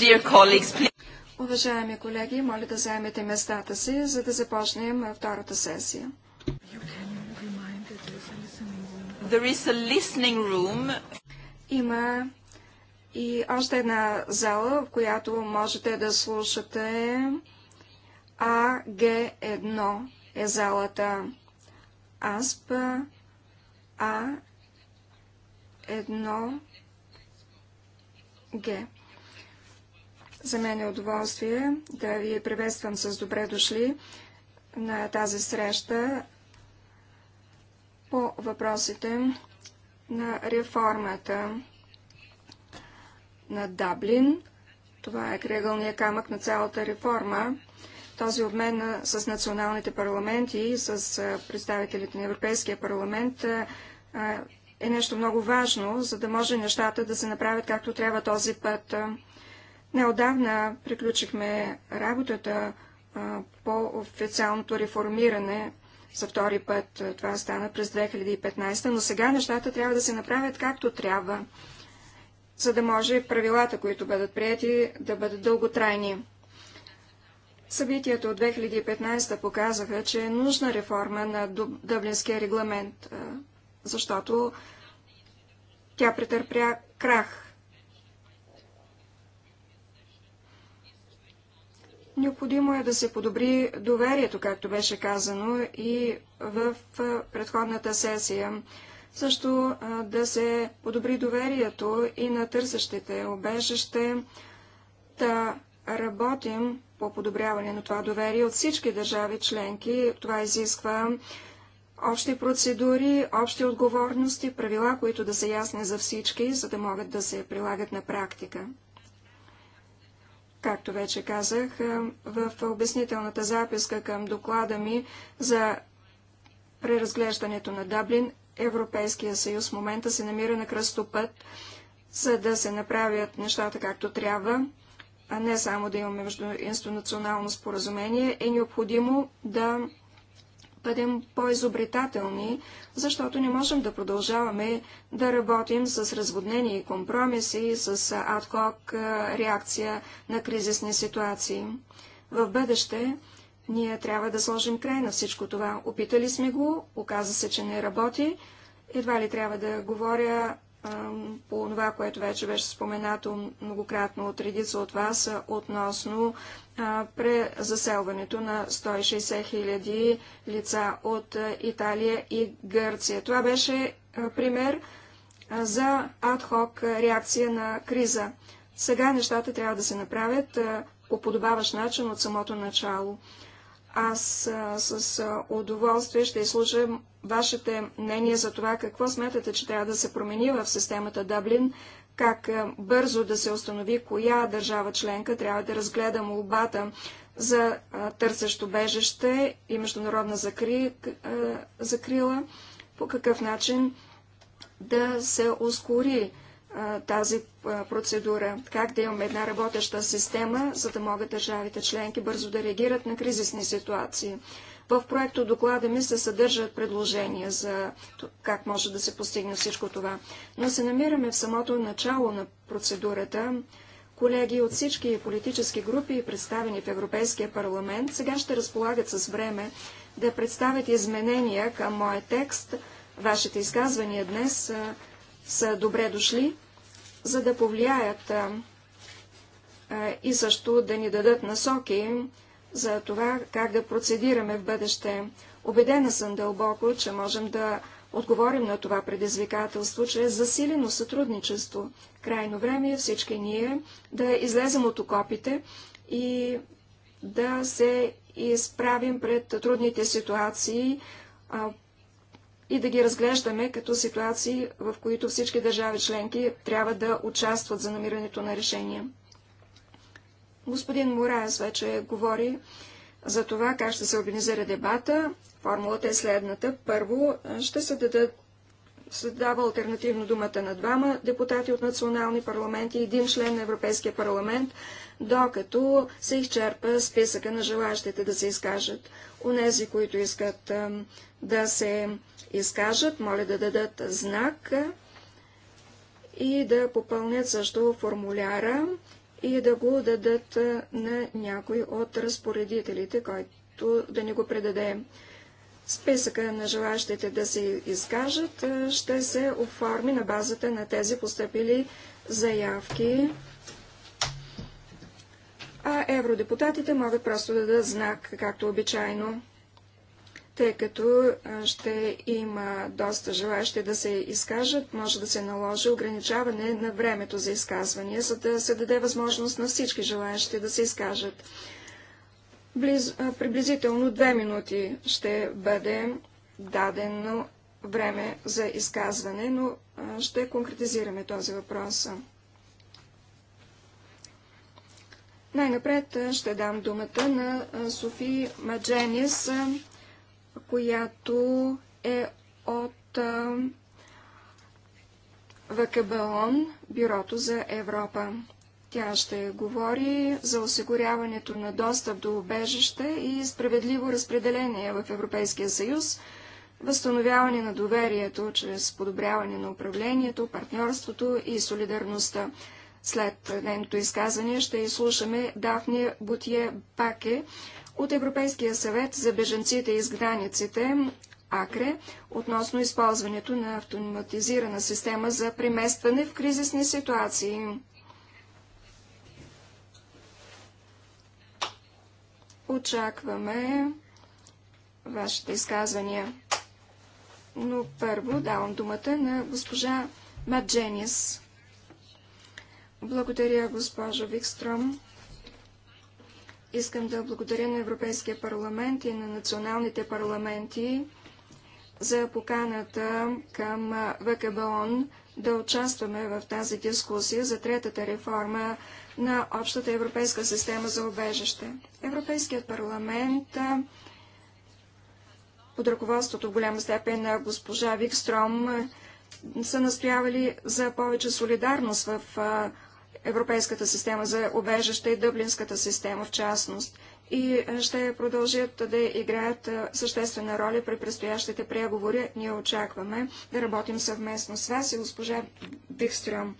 Dear colleagues, please... Уважаеми колеги, моля да заемете местата си, за да започнем втората сесия. There is a listening room. Има и още една зала, в която можете да слушате АГ1 е залата АСП А1 Г. За мен е удоволствие да ви приветствам с добре дошли на тази среща по въпросите на реформата на Даблин. Това е кръгълния камък на цялата реформа. Този обмен с националните парламенти и с представителите на Европейския парламент е нещо много важно, за да може нещата да се направят както трябва този път. Неодавна приключихме работата по официалното реформиране за втори път. Това стана през 2015, но сега нещата трябва да се направят както трябва, за да може правилата, които бъдат прияти, да бъдат дълготрайни. Събитията от 2015 показаха, че е нужна реформа на Дъблинския регламент, защото тя претърпя крах Необходимо е да се подобри доверието, както беше казано и в предходната сесия. Също да се подобри доверието и на търсещите обежище, да работим по подобряване на това доверие от всички държави членки. Това изисква общи процедури, общи отговорности, правила, които да са ясни за всички, за да могат да се прилагат на практика. Както вече казах, е, в обяснителната записка към доклада ми за преразглеждането на Даблин, Европейския съюз в момента се намира на кръстопът, за да се направят нещата както трябва, а не само да имаме междуинституционално споразумение, е необходимо да бъдем по-изобретателни, защото не можем да продължаваме да работим с разводнени и компромиси, с адхок реакция на кризисни ситуации. В бъдеще ние трябва да сложим край на всичко това. Опитали сме го, оказа се, че не работи. Едва ли трябва да говоря по това, което вече беше споменато многократно от редица от вас, относно презаселването на 160 хиляди лица от Италия и Гърция. Това беше пример за адхок реакция на криза. Сега нещата трябва да се направят по подобаващ начин от самото начало. Аз а, с а, удоволствие ще изслушам вашите мнения за това какво смятате, че трябва да се промени в системата Дъблин, как а, бързо да се установи коя държава членка трябва да разгледа молбата за търсещо бежеще и международна закри... закрила, по какъв начин да се ускори тази процедура. Как да имаме една работеща система, за да могат държавите членки бързо да реагират на кризисни ситуации. В проекто доклада ми се съдържат предложения за как може да се постигне всичко това. Но се намираме в самото начало на процедурата. Колеги от всички политически групи, представени в Европейския парламент, сега ще разполагат с време да представят изменения към моя текст. Вашите изказвания днес са добре дошли, за да повлияят и също да ни дадат насоки за това как да процедираме в бъдеще. Обедена съм дълбоко, че можем да отговорим на това предизвикателство чрез е засилено сътрудничество. Крайно време е всички ние да излезем от окопите и да се изправим пред трудните ситуации, и да ги разглеждаме като ситуации, в които всички държави членки трябва да участват за намирането на решения. Господин Мораес вече говори за това как ще се организира дебата. Формулата е следната. Първо ще се дадат се дава альтернативно думата на двама депутати от национални парламенти и един член на Европейския парламент, докато се изчерпа списъка на желащите да се изкажат. Унези, които искат да се изкажат, моля да дадат знак и да попълнят също формуляра и да го дадат на някой от разпоредителите, който да ни го предаде. Списъка на желащите да се изкажат ще се оформи на базата на тези поступили заявки. А евродепутатите могат просто да дадат знак, както обичайно тъй като ще има доста желащи да се изкажат, може да се наложи ограничаване на времето за изказвания, за да се даде възможност на всички желаящи да се изкажат. Близ, приблизително две минути ще бъде дадено време за изказване, но ще конкретизираме този въпрос. Най-напред ще дам думата на Софи Мадженис, която е от ВКБОН, Бюрото за Европа. Тя ще говори за осигуряването на достъп до убежище и справедливо разпределение в Европейския съюз, възстановяване на доверието чрез подобряване на управлението, партньорството и солидарността. След нейното изказване ще изслушаме Дафния Бутие Паке, от Европейския съвет за беженците из границите АКРЕ относно използването на автоматизирана система за преместване в кризисни ситуации. Очакваме вашите изказвания. Но първо давам думата на госпожа Мадженис. Благодаря, госпожо Викстром. Искам да благодаря на Европейския парламент и на националните парламенти за поканата към ВКБОН да участваме в тази дискусия за третата реформа на общата европейска система за обежище. Европейският парламент под ръководството в голяма степен на госпожа Викстром са настоявали за повече солидарност в Европейската система за обежище и Дъблинската система в частност и е, ще продължат да играят е, съществена роля при предстоящите преговори. Ние очакваме да работим съвместно с вас и госпожа Бихстрюм.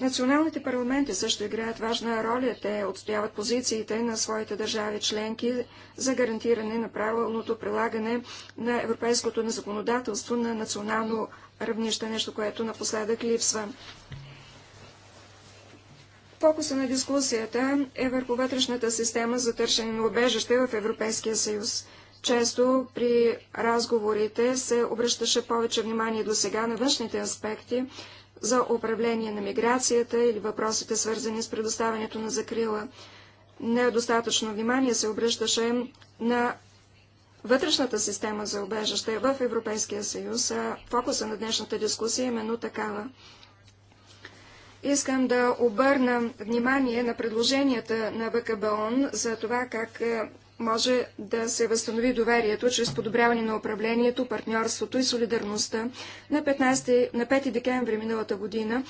Националните парламенти също играят важна роля. Те отстояват позициите на своите държави членки за гарантиране на правилното прилагане на европейското законодателство на национално равнище, нещо, което напоследък липсва. Фокуса на дискусията е върху вътрешната система за търсене на убежище в Европейския съюз. Често при разговорите се обръщаше повече внимание до сега на външните аспекти за управление на миграцията или въпросите свързани с предоставянето на закрила. Недостатъчно внимание се обръщаше на вътрешната система за убежище в Европейския съюз, а фокуса на днешната дискусия е именно такава. Искам да обърна внимание на предложенията на ВКБОН за това как е, може да се възстанови доверието чрез подобряване на управлението, партньорството и солидарността. На, 15, на 5 декември миналата година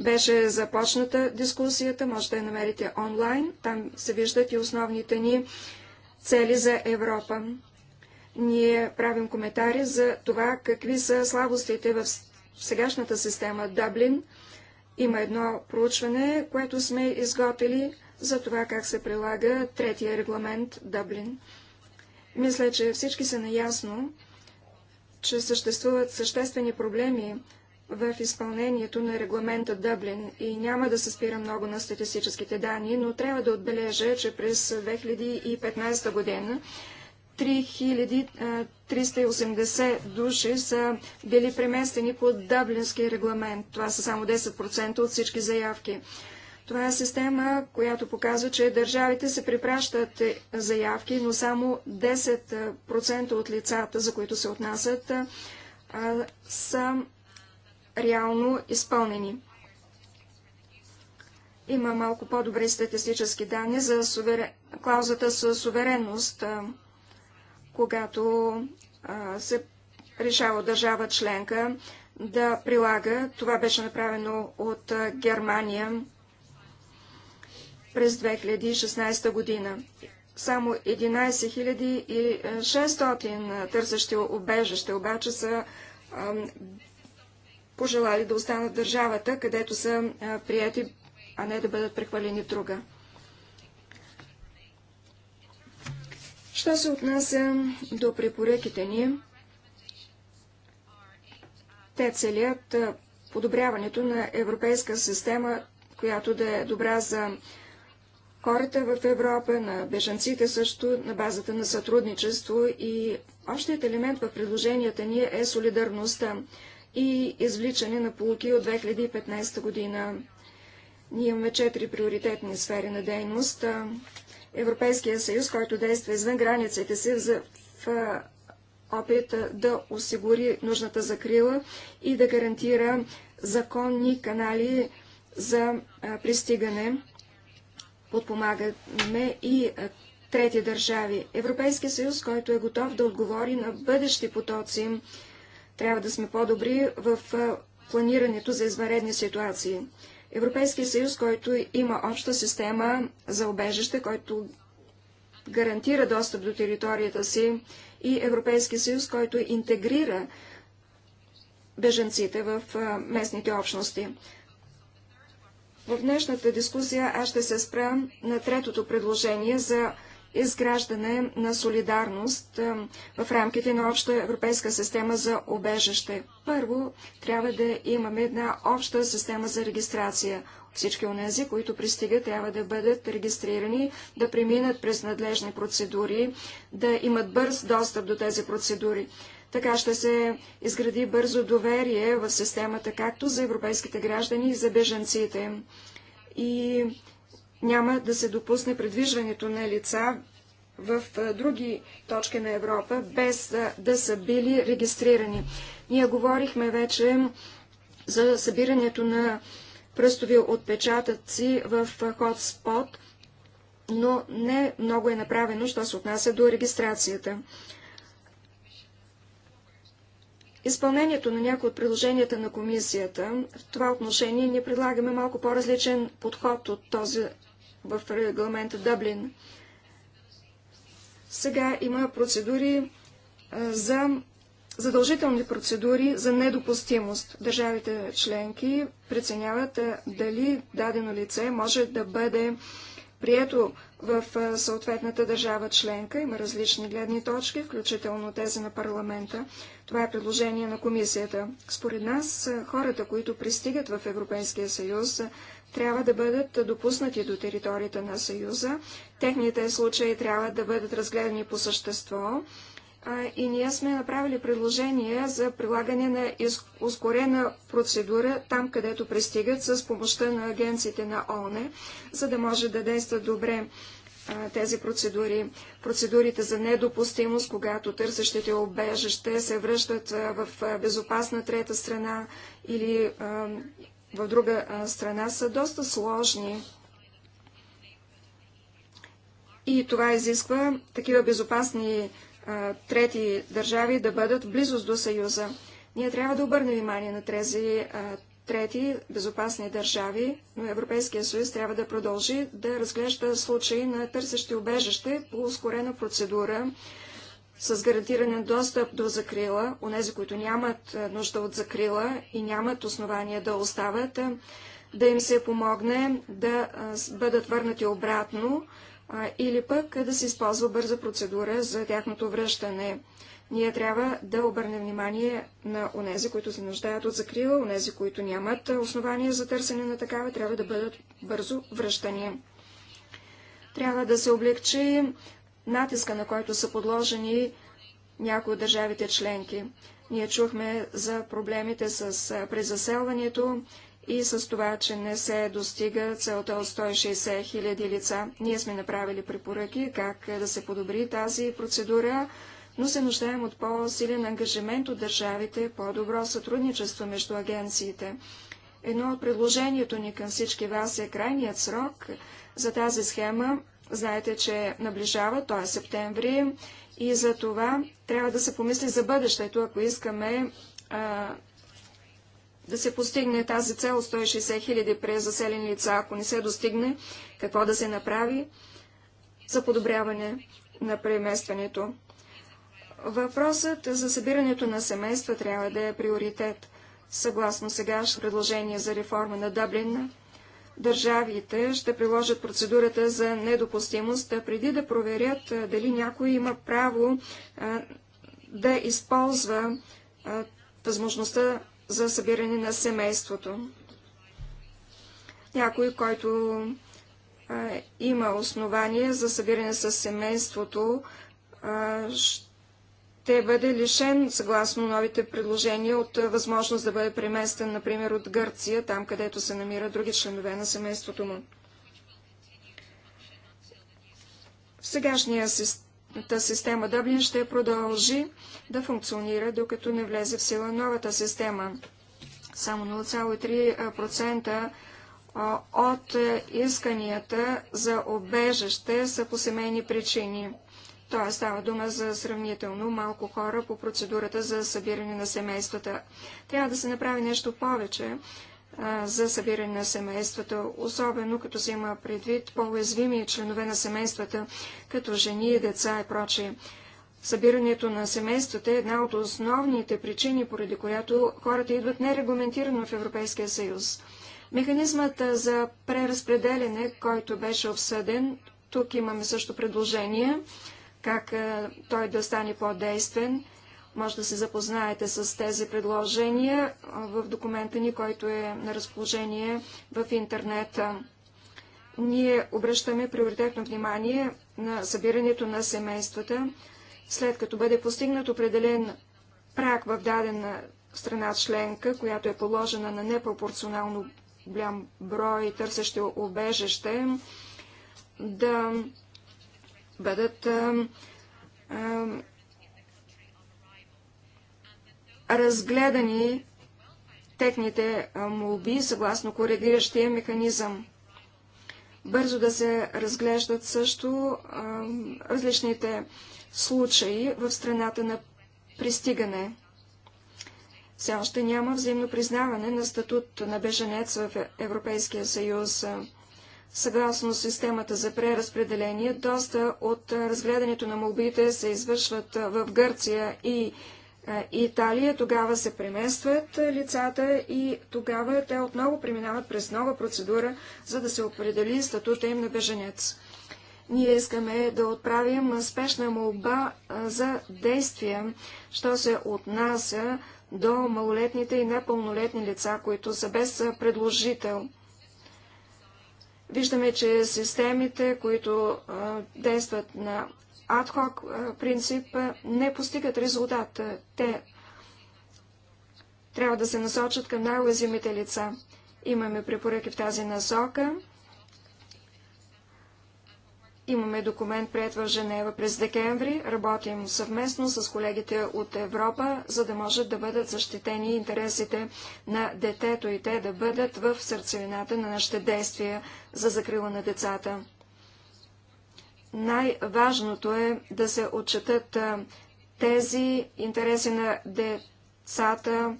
беше започната дискусията, може да я намерите онлайн. Там се виждат и основните ни цели за Европа. Ние правим коментари за това какви са слабостите в сегашната система Дъблин – има едно проучване, което сме изготвили за това как се прилага третия регламент Дъблин. Мисля, че всички са наясно, че съществуват съществени проблеми в изпълнението на регламента Дъблин и няма да се спира много на статистическите данни, но трябва да отбележа, че през 2015 година 3380 души са били преместени по дъблинския регламент. Това са само 10% от всички заявки. Това е система, която показва, че държавите се припращат е, заявки, но само 10% от лицата, за които се отнасят, са реално изпълнени. Има малко по-добри статистически данни за суверен... клаузата с суверенност когато а, се решава държава членка да прилага. Това беше направено от а, Германия през 2016 година. Само 11 600 търсещи обежище обаче са а, пожелали да останат държавата, където са прияти, а не да бъдат прехвалени в друга. Що се отнася до препоръките ни, те целят подобряването на европейска система, която да е добра за хората в Европа, на бежанците също, на базата на сътрудничество и общият елемент в предложенията ни е солидарността и извличане на полуки от 2015 година. Ние имаме четири приоритетни сфери на дейност Европейския съюз, който действа извън границите си в опит да осигури нужната закрила и да гарантира законни канали за пристигане. Подпомагаме и трети държави. Европейския съюз, който е готов да отговори на бъдещи потоци, трябва да сме по-добри в планирането за изваредни ситуации. Европейския съюз, който има обща система за обежище, който гарантира достъп до територията си и Европейския съюз, който интегрира беженците в местните общности. В днешната дискусия аз ще се спра на третото предложение за изграждане на солидарност е, в рамките на обща европейска система за обежище. Първо, трябва да имаме една обща система за регистрация. Всички онези, които пристигат, трябва да бъдат регистрирани, да преминат през надлежни процедури, да имат бърз достъп до тези процедури. Така ще се изгради бързо доверие в системата както за европейските граждани и за беженците. И няма да се допусне предвижването на лица в други точки на Европа, без да са били регистрирани. Ние говорихме вече за събирането на пръстови отпечатъци в хотспот, но не много е направено, що се отнася до регистрацията. Изпълнението на някои от предложенията на комисията в това отношение ние предлагаме малко по-различен подход от този в регламента Дъблин. Сега има процедури за задължителни процедури за недопустимост. Държавите членки преценяват дали дадено лице може да бъде прието в съответната държава членка. Има различни гледни точки, включително тези на парламента. Това е предложение на комисията. Според нас, хората, които пристигат в Европейския съюз, трябва да бъдат допуснати до територията на Съюза. Техните случаи трябва да бъдат разгледани по същество. и ние сме направили предложение за прилагане на ускорена процедура там, където пристигат с помощта на агенциите на ОНЕ, за да може да действат добре тези процедури. Процедурите за недопустимост, когато търсещите обежище се връщат в безопасна трета страна или в друга страна са доста сложни. И това изисква такива безопасни а, трети държави да бъдат в близост до Съюза. Ние трябва да обърнем внимание на тези а, трети безопасни държави, но Европейския съюз трябва да продължи да разглежда случаи на търсещи убежище по ускорена процедура, с гарантиране достъп до закрила, нези, които нямат е, нужда от закрила и нямат основания да остават, е, да им се помогне да е, бъдат върнати обратно или пък да се използва бърза процедура за тяхното връщане. Ние трябва да обърнем внимание на онези, които се нуждаят от закрила, онези, които нямат основания за търсене на такава, трябва да бъдат бързо връщани. Трябва да се облегчи натиска, на който са подложени някои от държавите членки. Ние чухме за проблемите с презаселването и с това, че не се достига целта от 160 хиляди лица. Ние сме направили препоръки как е, да се подобри тази процедура, но се нуждаем от по-силен ангажимент от държавите, по-добро сътрудничество между агенциите. Едно от предложението ни към всички вас е крайният срок за тази схема знаете, че наближава, то е септември, и за това трябва да се помисли за бъдещето, ако искаме а, да се постигне тази цел 160 хиляди през заселени лица, ако не се достигне, какво да се направи за подобряване на преместването. Въпросът за събирането на семейства трябва да е приоритет. Съгласно сегашно предложение за реформа на Дъблин, държавите ще приложат процедурата за недопустимост, преди да проверят дали някой има право да използва възможността за събиране на семейството. Някой, който има основание за събиране с семейството, ще ще бъде лишен, съгласно новите предложения, от възможност да бъде преместен, например, от Гърция, там където се намират други членове на семейството му. В сегашния система Та система Дъблин ще продължи да функционира, докато не влезе в сила новата система. Само 0,3% от исканията за обежаще са по семейни причини. Тоест става дума за сравнително малко хора по процедурата за събиране на семействата. Трябва да се направи нещо повече за събиране на семействата, особено като се има предвид по-уязвими членове на семействата, като жени, деца и прочие. Събирането на семействата е една от основните причини, поради която хората идват нерегламентирано в Европейския съюз. Механизмът за преразпределене, който беше обсъден, тук имаме също предложение как той да стане по-действен. Може да се запознаете с тези предложения в документа ни, който е на разположение в интернет. Ние обръщаме приоритетно внимание на събирането на семействата, след като бъде постигнат определен прак в дадена страна членка, която е положена на непропорционално голям брой търсещи обежище, да бъдат а, а, разгледани техните молби съгласно коригиращия механизъм. Бързо да се разглеждат също а, различните случаи в страната на пристигане. Все още няма взаимно признаване на статут на беженец в Европейския съюз. Съгласно системата за преразпределение, доста от разгледането на молбите се извършват в Гърция и Италия. Тогава се преместват лицата и тогава те отново преминават през нова процедура, за да се определи статута им на беженец. Ние искаме да отправим спешна молба за действия, що се отнася до малолетните и непълнолетни лица, които са без предложител. Виждаме, че системите, които действат на адхок принцип, не постигат резултат. Те трябва да се насочат към най-уязвимите лица. Имаме препоръки в тази насока. Имаме документ пред в Женева през декември. Работим съвместно с колегите от Европа, за да може да бъдат защитени интересите на детето и те да бъдат в сърцевината на нашите действия за закрила на децата. Най-важното е да се отчетат тези интереси на децата,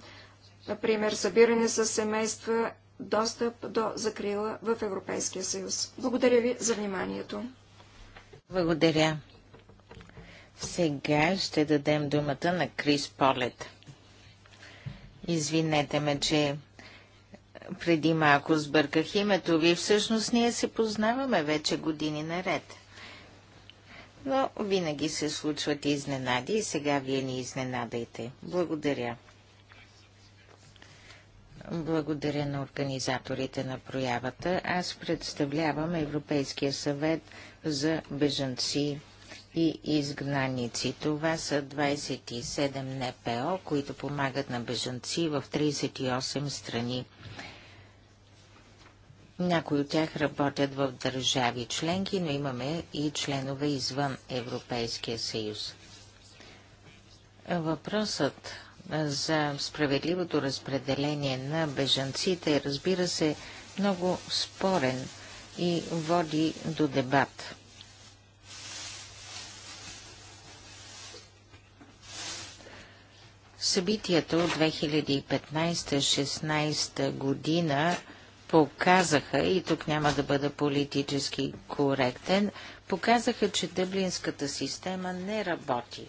например събиране с семейства, достъп до закрила в Европейския съюз. Благодаря ви за вниманието. Благодаря. Сега ще дадем думата на Крис Полет. Извинете ме, че преди малко сбърках името ви. Всъщност ние се познаваме вече години наред. Но винаги се случват изненади и сега вие ни изненадайте. Благодаря. Благодаря на организаторите на проявата. Аз представлявам Европейския съвет за бежанци и изгнаници. Това са 27 НПО, които помагат на бежанци в 38 страни. Някои от тях работят в държави членки, но имаме и членове извън Европейския съюз. Въпросът за справедливото разпределение на бежанците е, разбира се, много спорен – и води до дебат. Събитията от 2015-16 година показаха, и тук няма да бъда политически коректен, показаха, че дъблинската система не работи.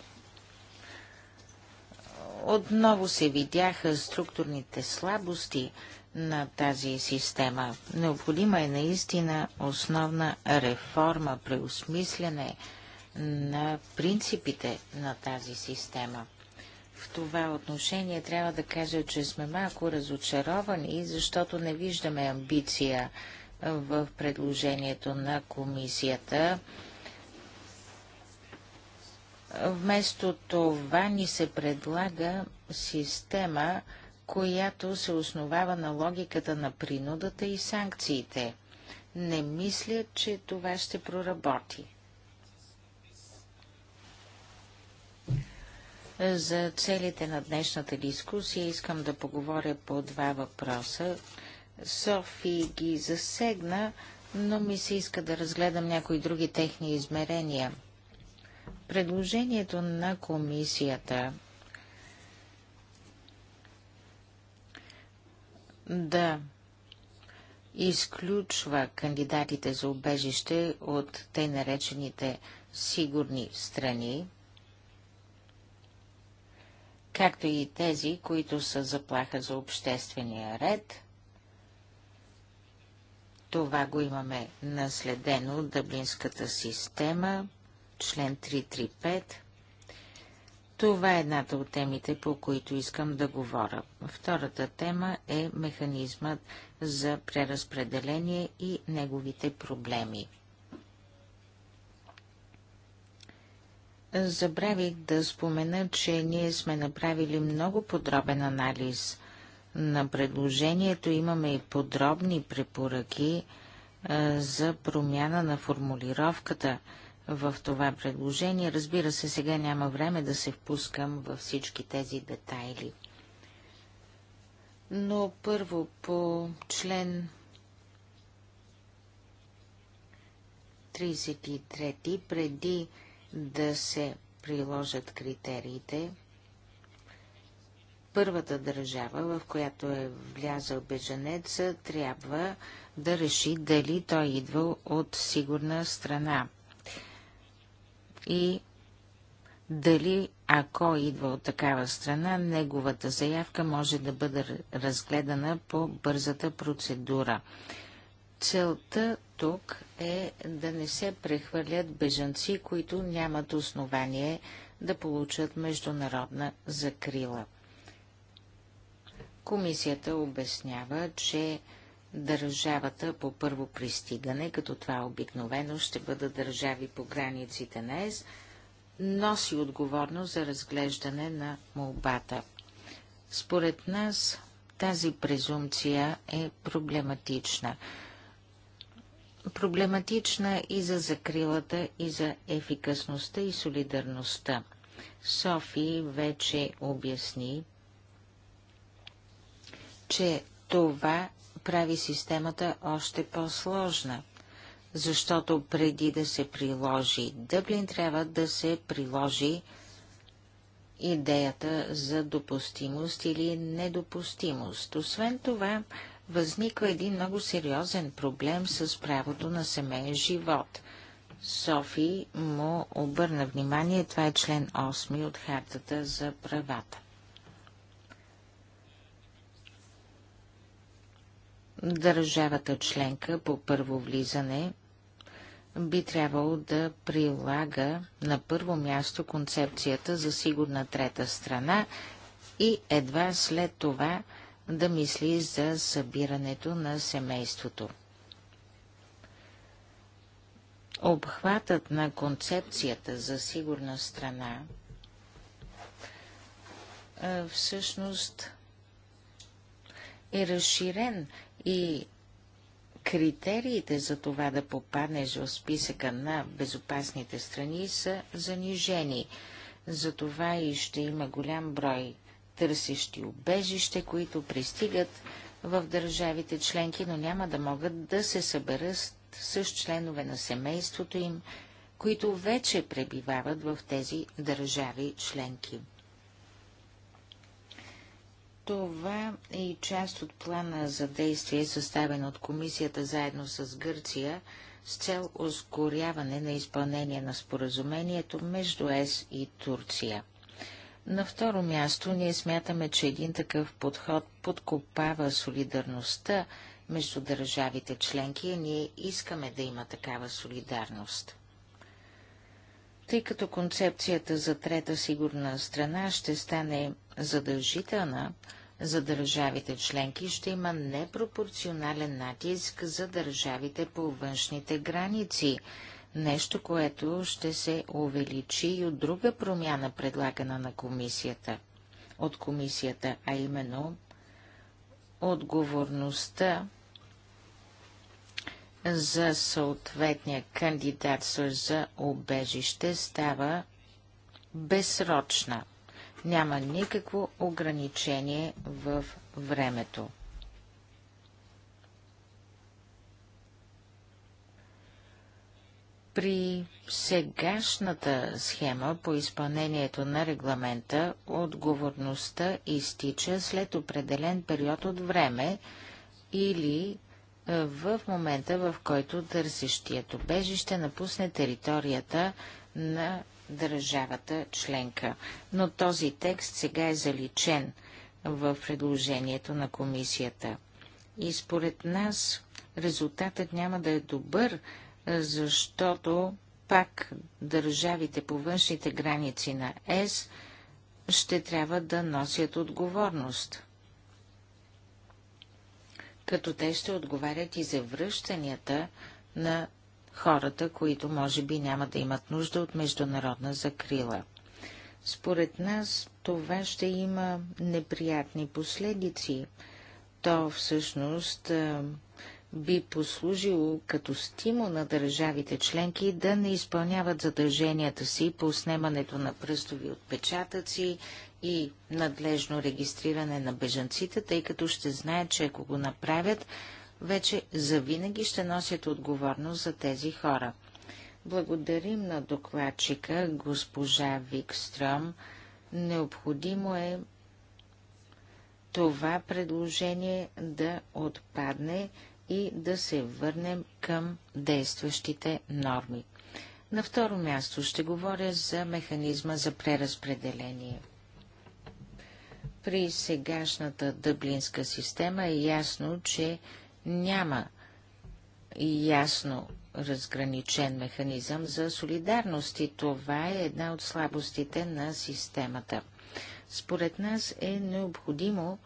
Отново се видяха структурните слабости – на тази система. Необходима е наистина основна реформа, преосмислене на принципите на тази система. В това отношение трябва да кажа, че сме малко разочаровани, защото не виждаме амбиция в предложението на комисията. Вместо това ни се предлага система, която се основава на логиката на принудата и санкциите. Не мисля, че това ще проработи. За целите на днешната дискусия искам да поговоря по два въпроса. Софи ги засегна, но ми се иска да разгледам някои други техни измерения. Предложението на комисията да изключва кандидатите за убежище от тъй наречените сигурни страни, както и тези, които са заплаха за обществения ред. Това го имаме наследено от дъблинската система, член 335. Това е едната от темите, по които искам да говоря. Втората тема е механизмът за преразпределение и неговите проблеми. Забравих да спомена, че ние сме направили много подробен анализ на предложението. Имаме и подробни препоръки за промяна на формулировката – в това предложение. Разбира се, сега няма време да се впускам във всички тези детайли. Но първо по член 33, преди да се приложат критериите, първата държава, в която е влязъл беженец, трябва да реши дали той идва от сигурна страна и дали, ако идва от такава страна, неговата заявка може да бъде разгледана по бързата процедура. Целта тук е да не се прехвърлят бежанци, които нямат основание да получат международна закрила. Комисията обяснява, че държавата по първо пристигане, като това обикновено ще бъдат държави по границите на ЕС, носи отговорност за разглеждане на молбата. Според нас тази презумпция е проблематична. Проблематична и за закрилата, и за ефикасността и солидарността. Софи вече обясни, че това прави системата още по-сложна, защото преди да се приложи Дъблин, трябва да се приложи идеята за допустимост или недопустимост. Освен това, възниква един много сериозен проблем с правото на семейен живот. Софи му обърна внимание, това е член 8 от Хартата за правата. държавата членка по първо влизане би трябвало да прилага на първо място концепцията за сигурна трета страна и едва след това да мисли за събирането на семейството. Обхватът на концепцията за сигурна страна всъщност е разширен и критериите за това да попаднеш в списъка на безопасните страни са занижени. Затова и ще има голям брой търсещи убежище, които пристигат в държавите членки, но няма да могат да се съберат с членове на семейството им, които вече пребивават в тези държави членки. Това е и част от плана за действие, съставен от комисията заедно с Гърция, с цел ускоряване на изпълнение на споразумението между ЕС и Турция. На второ място ние смятаме, че един такъв подход подкопава солидарността между държавите членки и ние искаме да има такава солидарност. Тъй като концепцията за трета сигурна страна ще стане задължителна за държавите членки, ще има непропорционален натиск за държавите по външните граници. Нещо, което ще се увеличи и от друга промяна, предлагана на комисията, от комисията, а именно отговорността за съответния кандидат за обежище става безсрочна. Няма никакво ограничение в времето. При сегашната схема по изпълнението на регламента отговорността изтича след определен период от време или в момента, в който търсещият обежище напусне територията на държавата членка. Но този текст сега е заличен в предложението на комисията. И според нас резултатът няма да е добър, защото пак държавите по външните граници на ЕС ще трябва да носят отговорност като те ще отговарят и за връщанията на хората, които може би няма да имат нужда от международна закрила. Според нас това ще има неприятни последици. То всъщност би послужило като стимул на държавите членки да не изпълняват задълженията си по снемането на пръстови отпечатъци и надлежно регистриране на бежанците, тъй като ще знаят, че ако го направят, вече завинаги ще носят отговорност за тези хора. Благодарим на докладчика, госпожа Викстром. Необходимо е това предложение да отпадне и да се върнем към действащите норми. На второ място ще говоря за механизма за преразпределение. При сегашната дъблинска система е ясно, че няма ясно разграничен механизъм за солидарност и това е една от слабостите на системата. Според нас е необходимо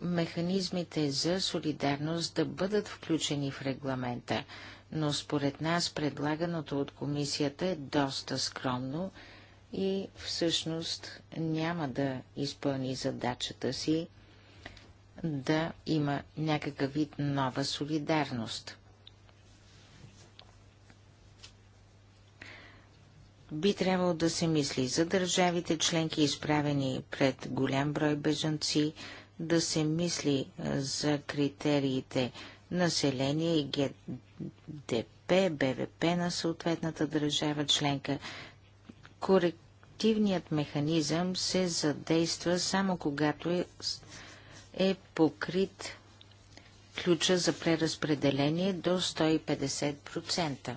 механизмите за солидарност да бъдат включени в регламента, но според нас предлаганото от комисията е доста скромно и всъщност няма да изпълни задачата си да има някакъв вид нова солидарност. Би трябвало да се мисли за държавите членки, изправени пред голям брой бежанци, да се мисли за критериите население и ГДП, БВП на съответната държава членка, Корективният механизъм се задейства само когато е, е покрит ключа за преразпределение до 150%.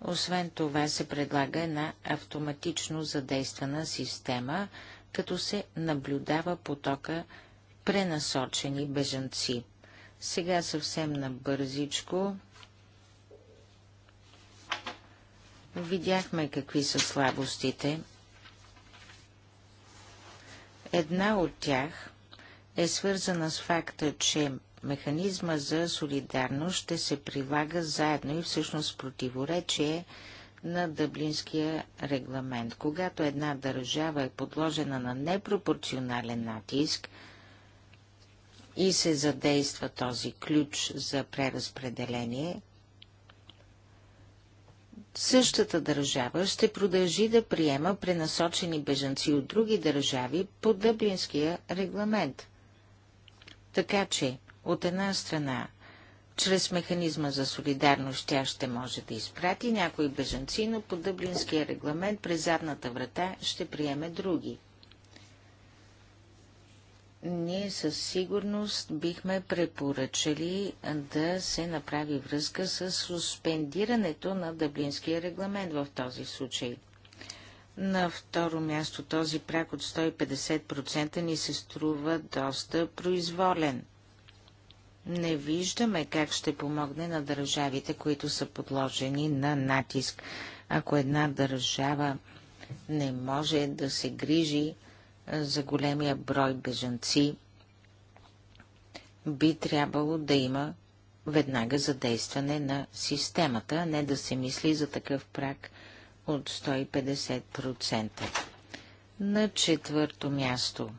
Освен това се предлага една автоматично задействана система, като се наблюдава потока пренасочени бежанци. Сега съвсем набързичко Видяхме какви са слабостите. Една от тях е свързана с факта, че механизма за солидарност ще се прилага заедно и всъщност противоречие на Дъблинския регламент. Когато една държава е подложена на непропорционален натиск и се задейства този ключ за преразпределение, същата държава ще продължи да приема пренасочени бежанци от други държави по Дъблинския регламент. Така че, от една страна, чрез механизма за солидарност тя ще може да изпрати някои бежанци, но по Дъблинския регламент през задната врата ще приеме други – ние със сигурност бихме препоръчали да се направи връзка с суспендирането на Дъблинския регламент в този случай. На второ място този прак от 150% ни се струва доста произволен. Не виждаме как ще помогне на държавите, които са подложени на натиск. Ако една държава не може да се грижи за големия брой бежанци, би трябвало да има веднага задействане на системата, а не да се мисли за такъв прак от 150%. На четвърто място.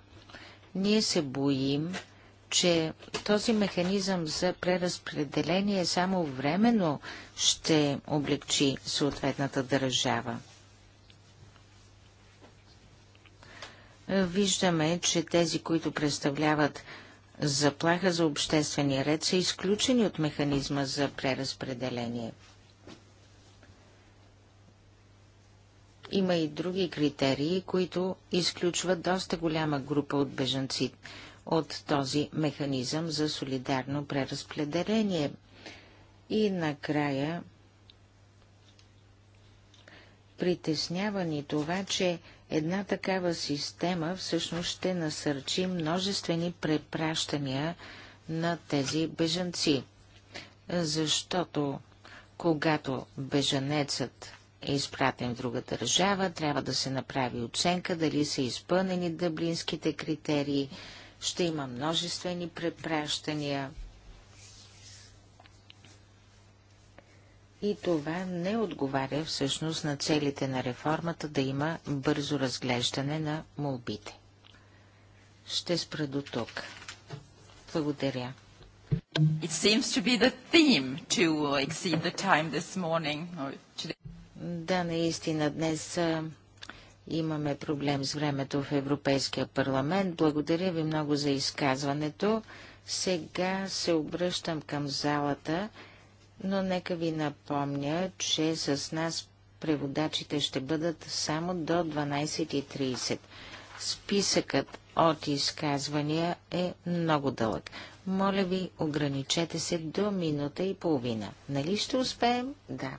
Ние се боим, че този механизъм за преразпределение само временно ще облегчи съответната държава. виждаме, че тези, които представляват заплаха за обществения ред, са изключени от механизма за преразпределение. Има и други критерии, които изключват доста голяма група от бежанци от този механизъм за солидарно преразпределение. И накрая притеснява ни това, че Една такава система всъщност ще насърчи множествени препращания на тези бежанци, защото когато бежанецът е изпратен в друга държава, трябва да се направи оценка дали са изпълнени дъблинските критерии, ще има множествени препращания – И това не отговаря всъщност на целите на реформата да има бързо разглеждане на молбите. Ще спра до тук. Благодаря. It seems to be the theme to exceed the time this morning. Oh, да, наистина днес имаме проблем с времето в Европейския парламент. Благодаря ви много за изказването. Сега се обръщам към залата но нека ви напомня, че с нас преводачите ще бъдат само до 12.30. Списъкът от изказвания е много дълъг. Моля ви, ограничете се до минута и половина. Нали ще успеем? Да.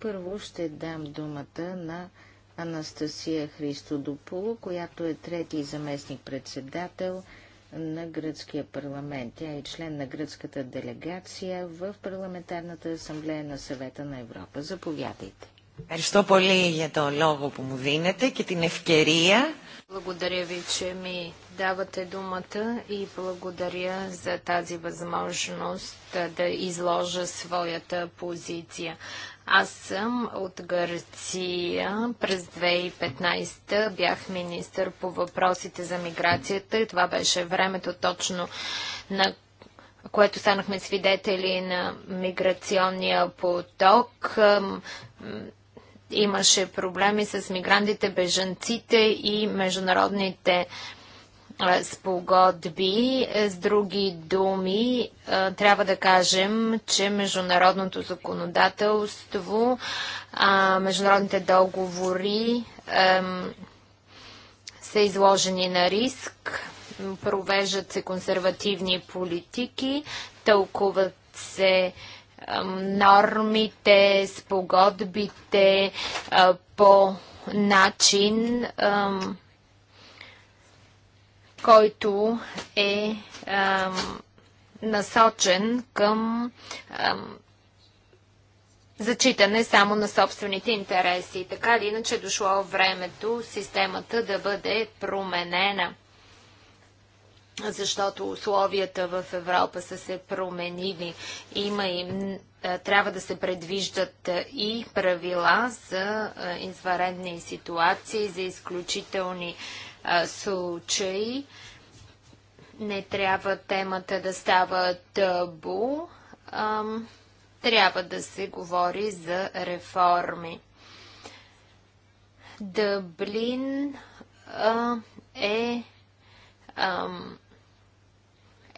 Първо ще дам думата на Анастасия Христодополу, която е трети заместник председател – на гръцкия парламент. Тя е член на гръцката делегация в Парламентарната асамблея на съвета на Европа. Заповядайте. Ευχαριστώ πολύ για το λόγο που μου δίνετε και την ευκαιρία благодаря ви, че ми давате думата и благодаря за тази възможност да изложа своята позиция. Аз съм от Гърция. През 2015 бях министър по въпросите за миграцията и това беше времето точно на което станахме свидетели на миграционния поток Имаше проблеми с мигрантите, бежанците и международните е, спогодби. Е, с други думи, е, трябва да кажем, че международното законодателство, международните договори са изложени на риск, провеждат се консервативни политики, тълкуват се нормите, спогодбите по начин, който е насочен към зачитане само на собствените интереси. Така или иначе дошло времето системата да бъде променена защото условията в Европа са се променили. Има и е, трябва да се предвиждат е, и правила за е, изваредни ситуации, за изключителни случаи. Не трябва темата да става табу. трябва да се говори за реформи. Дъблин е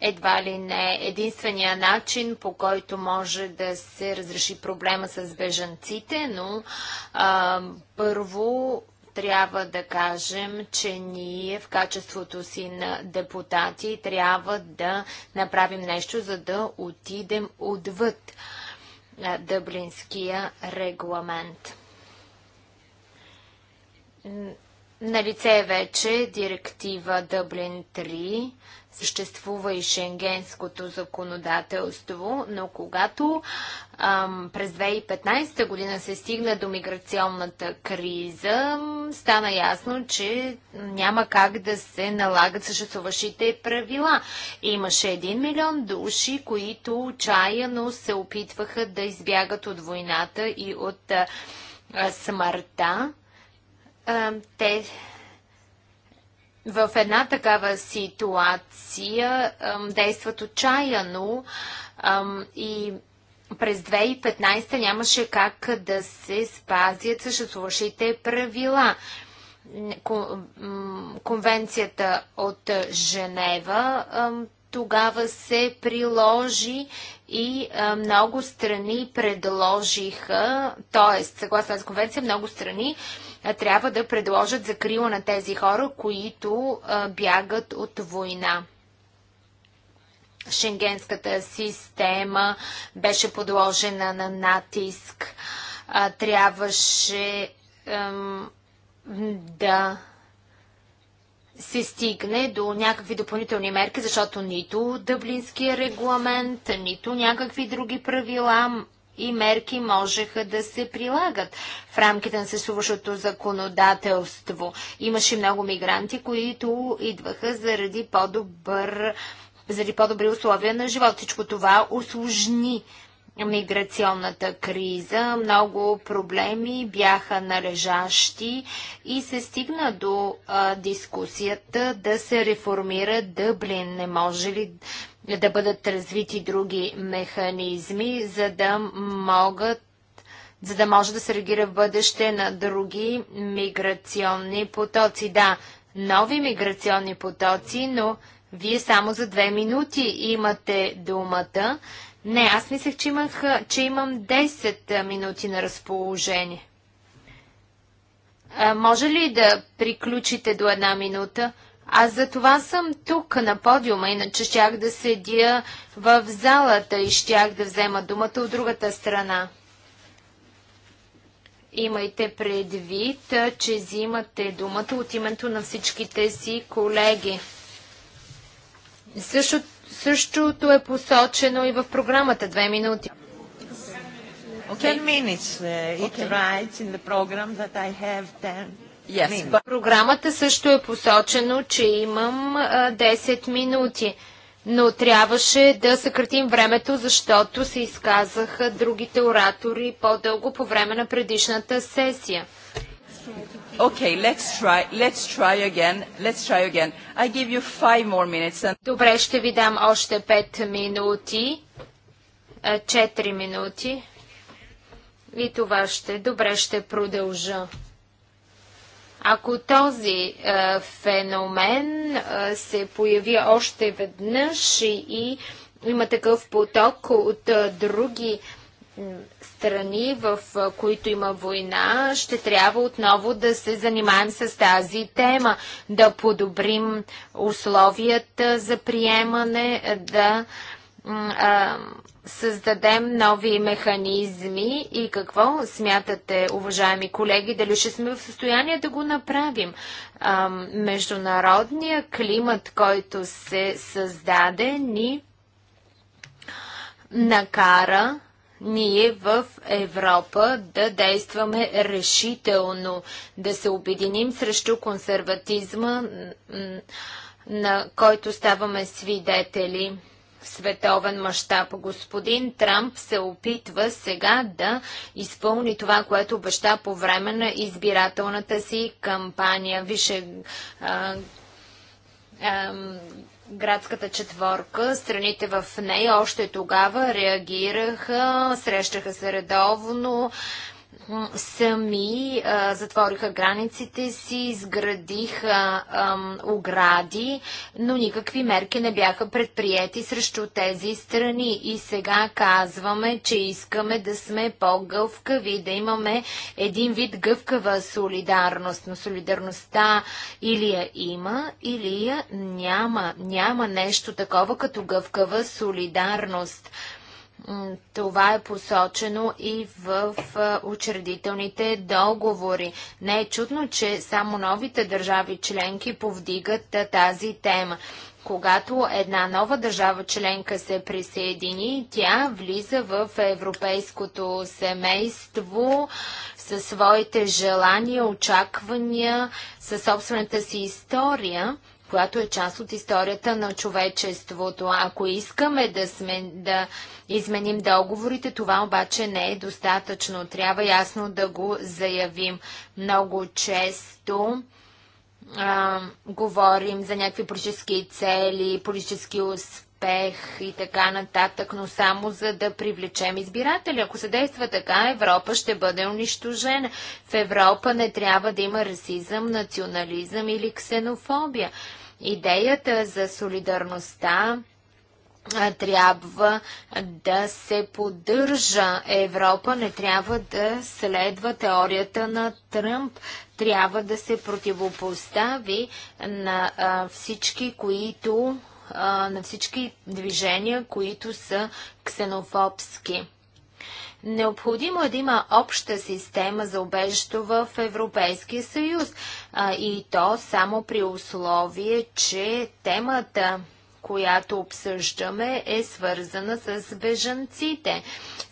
едва ли не единствения начин, по който може да се разреши проблема с бежанците, но а, първо трябва да кажем, че ние в качеството си на депутати трябва да направим нещо, за да отидем отвъд а, дъблинския регламент. Налице е вече директива Дъблин 3, съществува и шенгенското законодателство, но когато ам, през 2015 година се стигна до миграционната криза, стана ясно, че няма как да се налагат съществуващите правила. Имаше 1 милион души, които отчаяно се опитваха да избягат от войната и от а, смъртта. А, те в една такава ситуация действат отчаяно и през 2015 нямаше как да се спазят съществуващите правила. Конвенцията от Женева тогава се приложи и много страни предложиха, т.е. съгласно тази конвенция, много страни трябва да предложат закрила на тези хора, които бягат от война. Шенгенската система беше подложена на натиск. Трябваше да се стигне до някакви допълнителни мерки, защото нито Дъблинския регламент, нито някакви други правила и мерки можеха да се прилагат в рамките на съществуващото законодателство. Имаше много мигранти, които идваха заради по-добър заради по-добри условия на живот. Всичко това осложни миграционната криза. Много проблеми бяха належащи и се стигна до а, дискусията да се реформира Дъблин. Не може ли да бъдат развити други механизми, за да могат за да може да се реагира в бъдеще на други миграционни потоци. Да, нови миграционни потоци, но вие само за две минути имате думата. Не, аз мислех, че, имах, че имам 10 минути на разположение. А, може ли да приключите до една минута? Аз за това съм тук на подиума, иначе щях да седя в залата и щях да взема думата от другата страна. Имайте предвид, че взимате думата от името на всичките си колеги. Също, същото е посочено и в програмата. Две минути. Okay. Ten minutes. Uh, it okay. writes in the program that I have ten. Yes. В програмата също е посочено, че имам а, 10 минути, но трябваше да съкратим времето, защото се изказаха другите оратори по-дълго по време на предишната сесия. Okay, let's try, let's try again, let's try again. I give you five more minutes. And... Добре, ще ви дам още 5 минути, 4 минути. И това ще, добре, ще продължа. Ако този е, феномен е, се появи още веднъж и, и има такъв поток от е, други страни, в е, които има война, ще трябва отново да се занимаем с тази тема, да подобрим условията за приемане, е, да е, създадем нови механизми и какво смятате, уважаеми колеги, дали ще сме в състояние да го направим? А, международния климат, който се създаде, ни накара ние в Европа да действаме решително, да се обединим срещу консерватизма, на който ставаме свидетели в световен мащаб. Господин Трамп се опитва сега да изпълни това, което обеща по време на избирателната си кампания. Више градската четворка, страните в нея още тогава реагираха, срещаха се редовно, сами а, затвориха границите си, изградиха ам, огради, но никакви мерки не бяха предприяти срещу тези страни. И сега казваме, че искаме да сме по-гъвкави, да имаме един вид гъвкава солидарност. Но солидарността или я има, или я няма. Няма нещо такова като гъвкава солидарност. Това е посочено и в учредителните договори. Не е чудно, че само новите държави членки повдигат тази тема. Когато една нова държава членка се присъедини, тя влиза в европейското семейство със своите желания, очаквания, със собствената си история – която е част от историята на човечеството. Ако искаме да, сме, да изменим договорите, това обаче не е достатъчно. Трябва ясно да го заявим. Много често а, говорим за някакви политически цели, политически успех и така нататък, но само за да привлечем избиратели. Ако се действа така, Европа ще бъде унищожена. В Европа не трябва да има расизъм, национализъм или ксенофобия. Идеята за солидарността трябва да се поддържа Европа, не трябва да следва теорията на Тръмп. Трябва да се противопостави на всички, които на всички движения, които са ксенофобски. Необходимо е да има обща система за убежището в Европейския съюз и то само при условие, че темата която обсъждаме, е свързана с бежанците,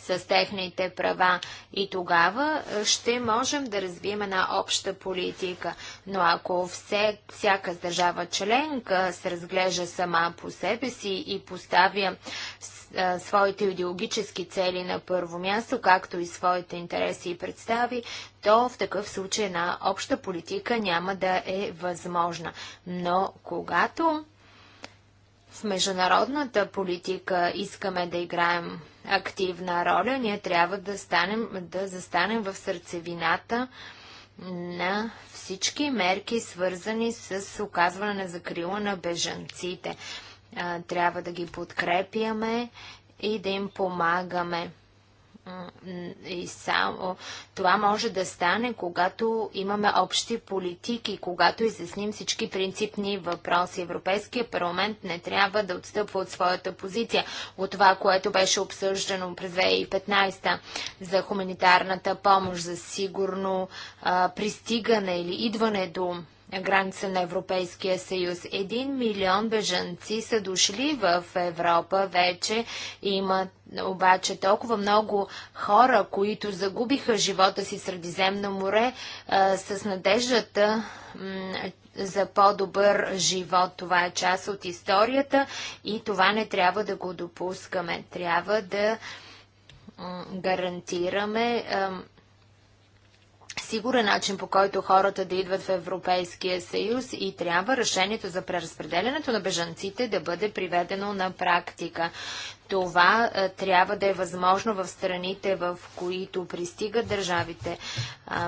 с техните права. И тогава ще можем да развием една обща политика. Но ако все, всяка държава членка се разглежда сама по себе си и поставя своите идеологически цели на първо място, както и своите интереси и представи, то в такъв случай една обща политика няма да е възможна. Но когато в международната политика искаме да играем активна роля, ние трябва да, станем, да застанем в сърцевината на всички мерки, свързани с оказване на закрила на бежанците трябва да ги подкрепяме и да им помагаме. И само това може да стане, когато имаме общи политики, когато изясним всички принципни въпроси. Европейския парламент не трябва да отстъпва от своята позиция, от това, което беше обсъждано през 2015 за хуманитарната помощ, за сигурно а, пристигане или идване до на граница на Европейския съюз. Един милион бежанци са дошли в Европа вече. Има обаче толкова много хора, които загубиха живота си Средиземно море а, с надеждата за по-добър живот. Това е част от историята и това не трябва да го допускаме. Трябва да гарантираме сигурен начин по който хората да идват в Европейския съюз и трябва решението за преразпределянето на бежанците да бъде приведено на практика. Това трябва да е възможно в страните, в които пристигат държавите,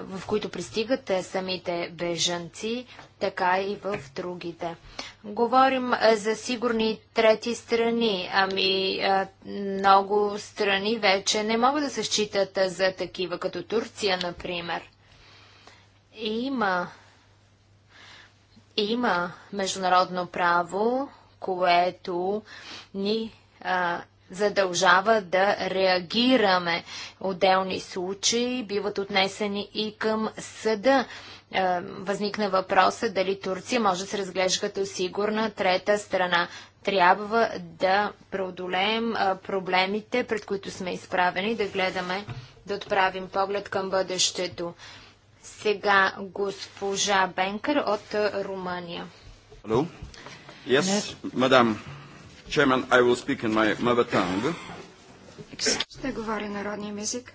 в които пристигат самите бежанци, така и в другите. Говорим за сигурни трети страни. Ами, много страни вече не могат да се считат за такива, като Турция, например. Има, има международно право, което ни а, задължава да реагираме. Отделни случаи биват отнесени и към съда. възникна въпроса дали Турция може да се разглежда като сигурна трета страна. Трябва да преодолеем проблемите, пред които сме изправени, да гледаме, да отправим поглед към бъдещето. Сега госпожа Бенкър от Румъния. Hello. Yes, madam chairman, I will speak in my mother tongue. Ще говоря народния език.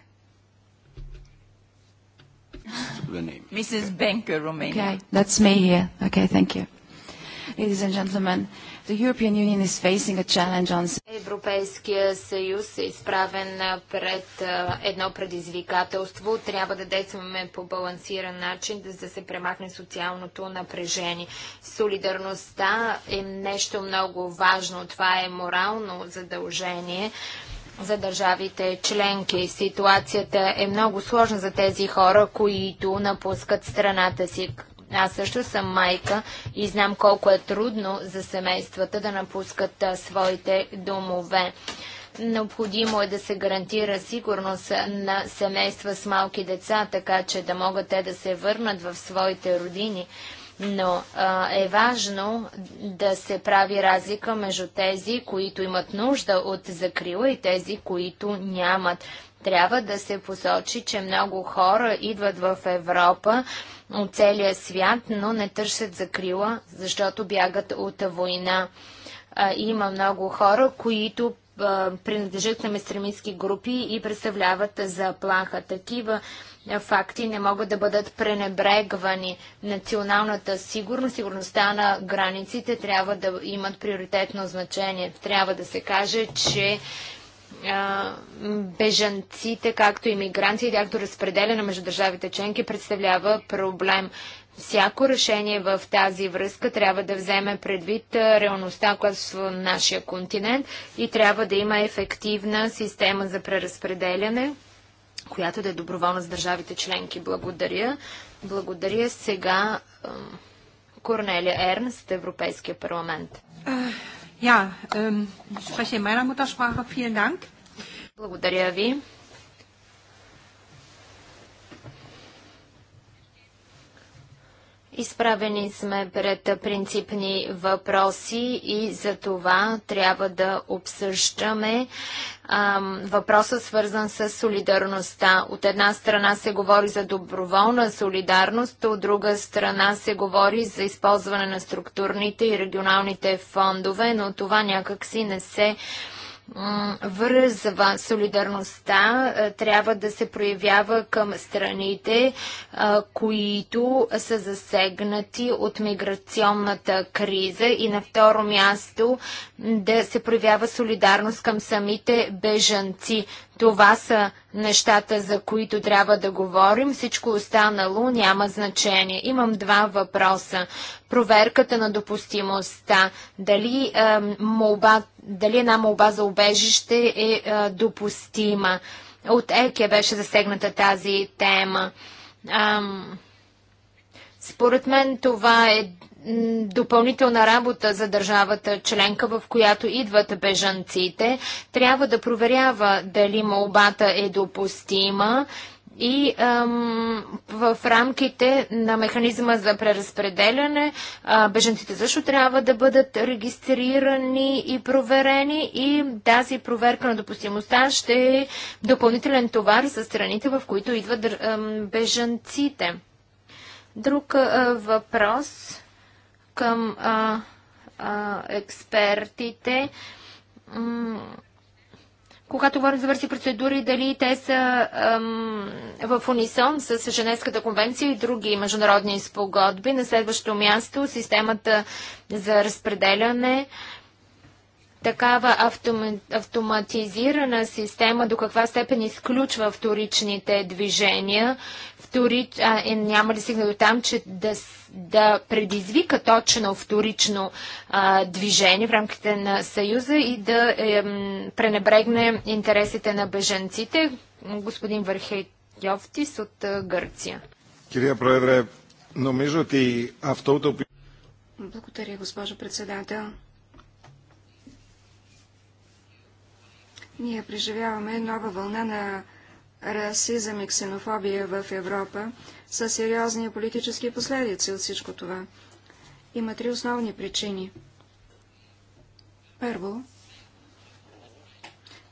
The name. Mrs. Benker, Romania. Okay, that's me here. Okay, thank you. Ladies and gentlemen, uh, Европейския съюз е изправен пред едно предизвикателство. Трябва да действаме по балансиран начин, за да се премахне социалното напрежение. Солидарността е нещо много важно. Това е морално задължение за държавите членки. Ситуацията е много сложна за тези хора, които напускат страната си. Аз също съм майка и знам колко е трудно за семействата да напускат своите домове. Необходимо е да се гарантира сигурност на семейства с малки деца, така че да могат те да се върнат в своите родини. Но а, е важно да се прави разлика между тези, които имат нужда от закрила и тези, които нямат. Трябва да се посочи, че много хора идват в Европа от целия свят, но не търсят закрила, защото бягат от война. има много хора, които принадлежат към местремински групи и представляват заплаха. Такива факти не могат да бъдат пренебрегвани. Националната сигурност, сигурността на границите трябва да имат приоритетно значение. Трябва да се каже, че бежанците, както и както разпределяне между държавите членки представлява проблем. Всяко решение в тази връзка трябва да вземе предвид реалността, която е в нашия континент и трябва да има ефективна система за преразпределяне, която да е доброволна с държавите членки. Благодаря. Благодаря сега Корнелия Ернст, Европейския парламент. Ja, ähm, spreche in meiner Muttersprache. Vielen Dank. Благодаря ви. Изправени сме пред принципни въпроси и за това трябва да обсъждаме ам, въпроса свързан с солидарността. От една страна се говори за доброволна солидарност, от друга страна се говори за използване на структурните и регионалните фондове, но това някакси не се ам, вързва солидарността е, трябва да се проявява към страните, е, които са засегнати от миграционната криза и на второ място да се проявява солидарност към самите бежанци. Това са нещата, за които трябва да говорим. Всичко останало няма значение. Имам два въпроса. Проверката на допустимостта. Дали, е, молба, дали една молба за убежище е, е допустима? От ЕКЕ беше засегната тази тема. Ам, според мен това е допълнителна работа за държавата членка, в която идват бежанците. Трябва да проверява дали молбата е допустима и ам, в рамките на механизма за преразпределяне а, бежанците също трябва да бъдат регистрирани и проверени и тази проверка на допустимостта ще е допълнителен товар за страните, в които идват ам, бежанците. Друг а, въпрос към а, а, експертите. М когато говорим за бързи процедури, дали те са ам, в унисон с Женевската конвенция и други международни спогодби. На следващо място системата за разпределяне такава автоматизирана система до каква степен изключва вторичните движения, Втори... а, е, няма ли стигне до там, че да да предизвика точно вторично а, движение в рамките на Съюза и да е, пренебрегне интересите на беженците. Господин Йовтис от а, Гърция. Кирия Проедре, но между ти автото... благодаря, госпожо председател. Ние преживяваме нова вълна на расизъм и ксенофобия в Европа са сериозни политически последици от всичко това. Има три основни причини. Първо,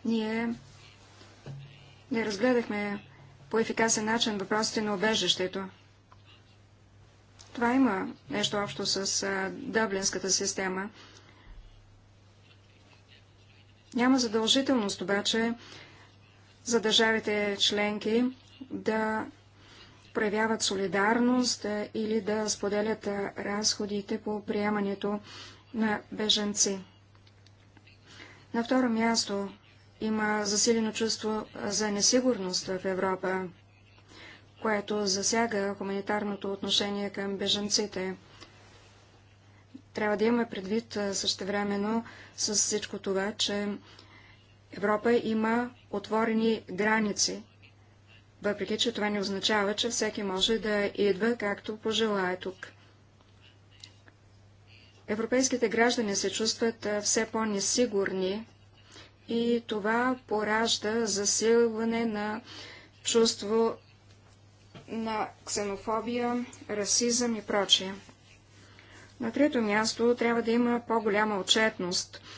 ние не разгледахме по ефикасен начин въпросите на обежището. Това има нещо общо с дъблинската система. Няма задължителност обаче за държавите членки да проявяват солидарност е, или да споделят е, разходите по приемането на беженци. На второ място има засилено чувство е, за несигурност в Европа, което засяга хуманитарното отношение към беженците. Трябва да имаме предвид същевременно с всичко това, че Европа има отворени граници въпреки че това не означава, че всеки може да идва както пожелае тук. Европейските граждани се чувстват все по-несигурни и това поражда засилване на чувство на ксенофобия, расизъм и прочие. На трето място трябва да има по-голяма отчетност –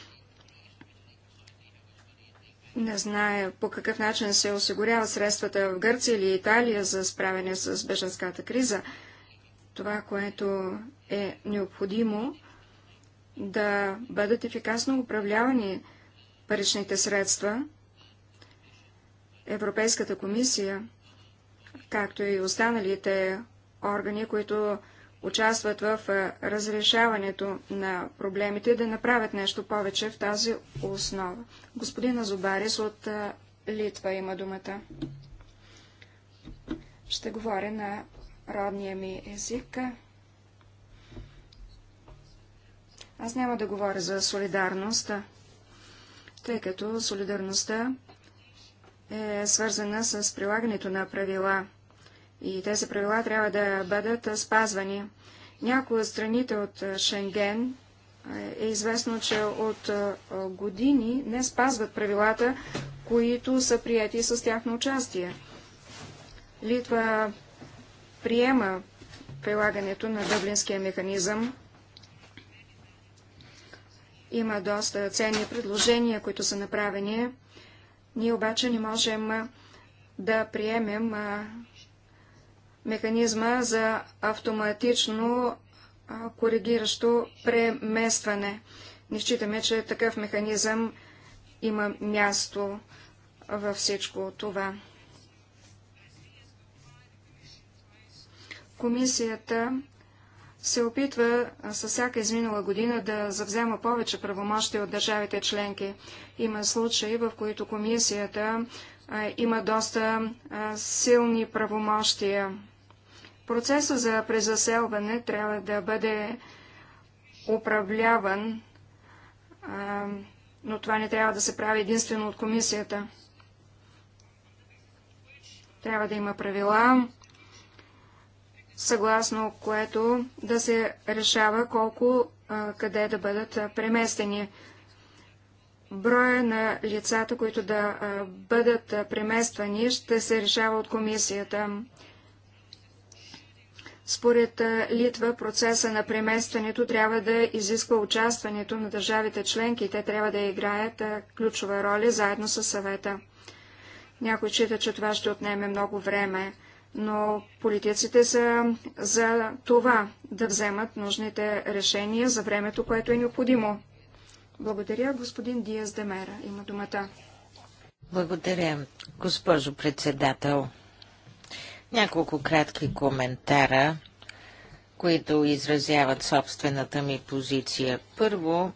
не знае по какъв начин се осигуряват средствата в Гърция или Италия за справяне с беженската криза. Това, което е необходимо да бъдат ефикасно управлявани паричните средства, Европейската комисия, както и останалите органи, които участват в разрешаването на проблемите, да направят нещо повече в тази основа. Господин Азубарис от Литва има думата. Ще говоря на родния ми език. Аз няма да говоря за солидарност, тъй като солидарността е свързана с прилагането на правила и тези правила трябва да бъдат спазвани. Някои от страните от Шенген е известно, че от години не спазват правилата, които са прияти с тяхно участие. Литва приема прилагането на дъблинския механизъм. Има доста ценни предложения, които са направени. Ние обаче не можем да приемем механизма за автоматично коригиращо преместване. Не считаме, че такъв механизъм има място във всичко това. Комисията се опитва със всяка изминала година да завзема повече правомощи от държавите членки. Има случаи, в които комисията има доста силни правомощия. Процесът за презаселване трябва да бъде управляван, но това не трябва да се прави единствено от комисията. Трябва да има правила, съгласно което да се решава колко къде да бъдат преместени. Броя на лицата, които да бъдат премествани, ще се решава от комисията. Според Литва процеса на преместването трябва да изисква участването на държавите членки и те трябва да играят ключова роля заедно с съвета. Някой чита, че това ще отнеме много време, но политиците са за това да вземат нужните решения за времето, което е необходимо. Благодаря, господин Диас Демера. Има думата. Благодаря, госпожо председател. Няколко кратки коментара, които изразяват собствената ми позиция. Първо,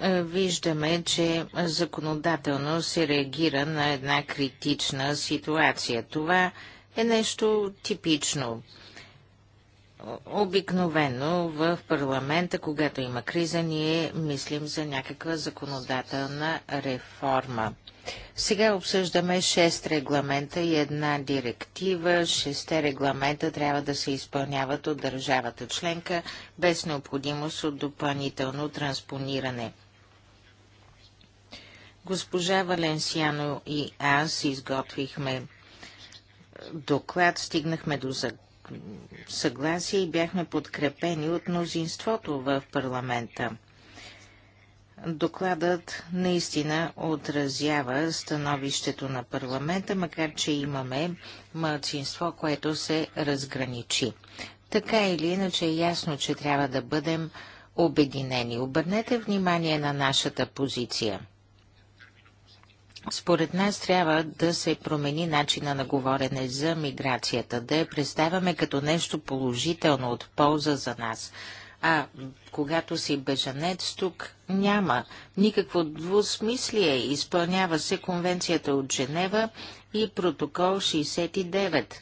е, виждаме, че законодателно се реагира на една критична ситуация. Това е нещо типично. Обикновено в парламента, когато има криза, ние мислим за някаква законодателна реформа. Сега обсъждаме 6 регламента и една директива. 6 регламента трябва да се изпълняват от държавата членка без необходимост от допълнително транспониране. Госпожа Валенсиано и аз изготвихме доклад, стигнахме до съгласие и бяхме подкрепени от мнозинството в парламента. Докладът наистина отразява становището на парламента, макар че имаме мълцинство, което се разграничи. Така или иначе е ясно, че трябва да бъдем обединени. Обърнете внимание на нашата позиция. Според нас трябва да се промени начина на говорене за миграцията, да я представяме като нещо положително от полза за нас. А когато си бежанец тук, няма никакво двусмислие. Изпълнява се конвенцията от Женева и протокол 69.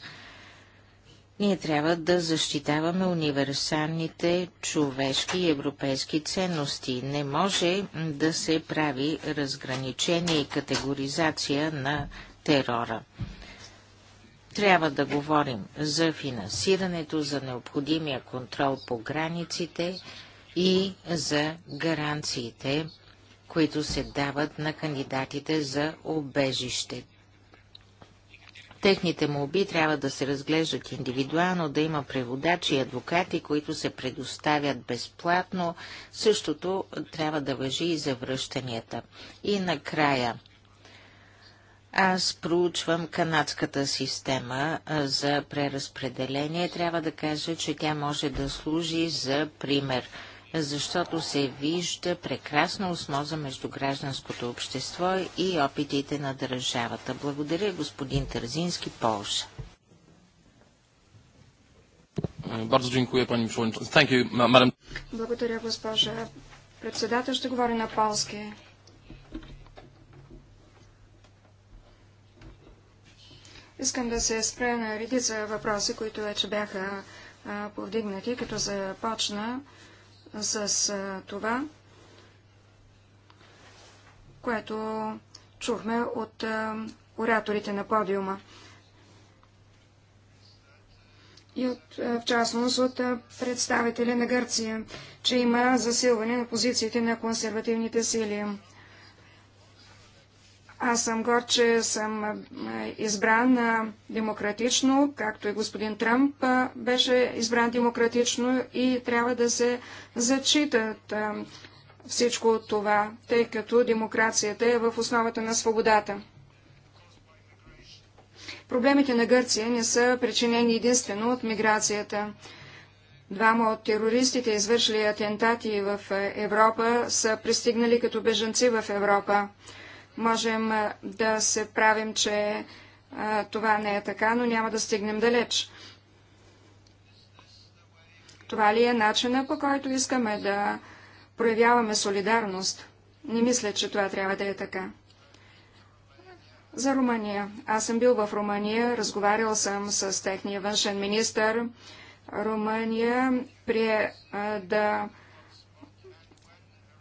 Ние трябва да защитаваме универсалните човешки и европейски ценности. Не може да се прави разграничение и категоризация на терора. Трябва да говорим за финансирането, за необходимия контрол по границите и за гаранциите, които се дават на кандидатите за обежище. Техните молби трябва да се разглеждат индивидуално, да има преводачи и адвокати, които се предоставят безплатно. Същото трябва да въжи и за връщанията. И накрая. Аз проучвам канадската система за преразпределение. Трябва да кажа, че тя може да служи за пример – защото се вижда прекрасна осмоза между гражданското общество и опитите на държавата. Благодаря, господин Тързински, Полша. Благодаря, госпожа председател. Ще говори на полски. Искам да се спре на редица въпроси, които вече бяха а, повдигнати, като започна. почна с това, което чухме от ораторите на подиума. И от, в частност от представители на Гърция, че има засилване на позициите на консервативните сили. Аз съм гор, че съм избран демократично, както и господин Трамп беше избран демократично и трябва да се зачитат всичко от това, тъй като демокрацията е в основата на свободата. Проблемите на Гърция не са причинени единствено от миграцията. Двама от терористите, извършили атентати в Европа, са пристигнали като беженци в Европа. Можем да се правим, че това не е така, но няма да стигнем далеч. Това ли е начина, по който искаме да проявяваме солидарност? Не мисля, че това трябва да е така. За Румъния. Аз съм бил в Румъния, разговарял съм с техния външен министр. Румъния прие да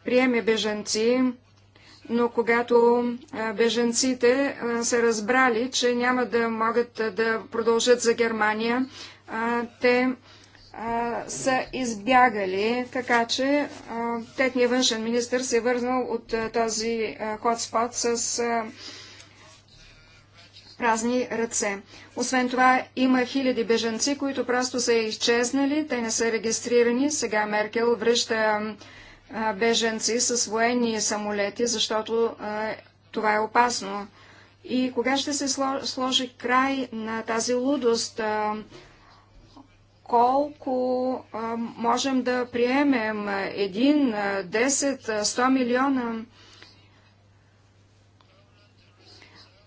приеме беженци но когато беженците са разбрали, че няма да могат да продължат за Германия, те са избягали, така че техният външен министр се е върнал от този хотспот с празни ръце. Освен това, има хиляди беженци, които просто са изчезнали, те не са регистрирани. Сега Меркел връща беженци с военни самолети, защото това е опасно. И кога ще се сложи край на тази лудост? Колко можем да приемем? Един, 10, 100 милиона?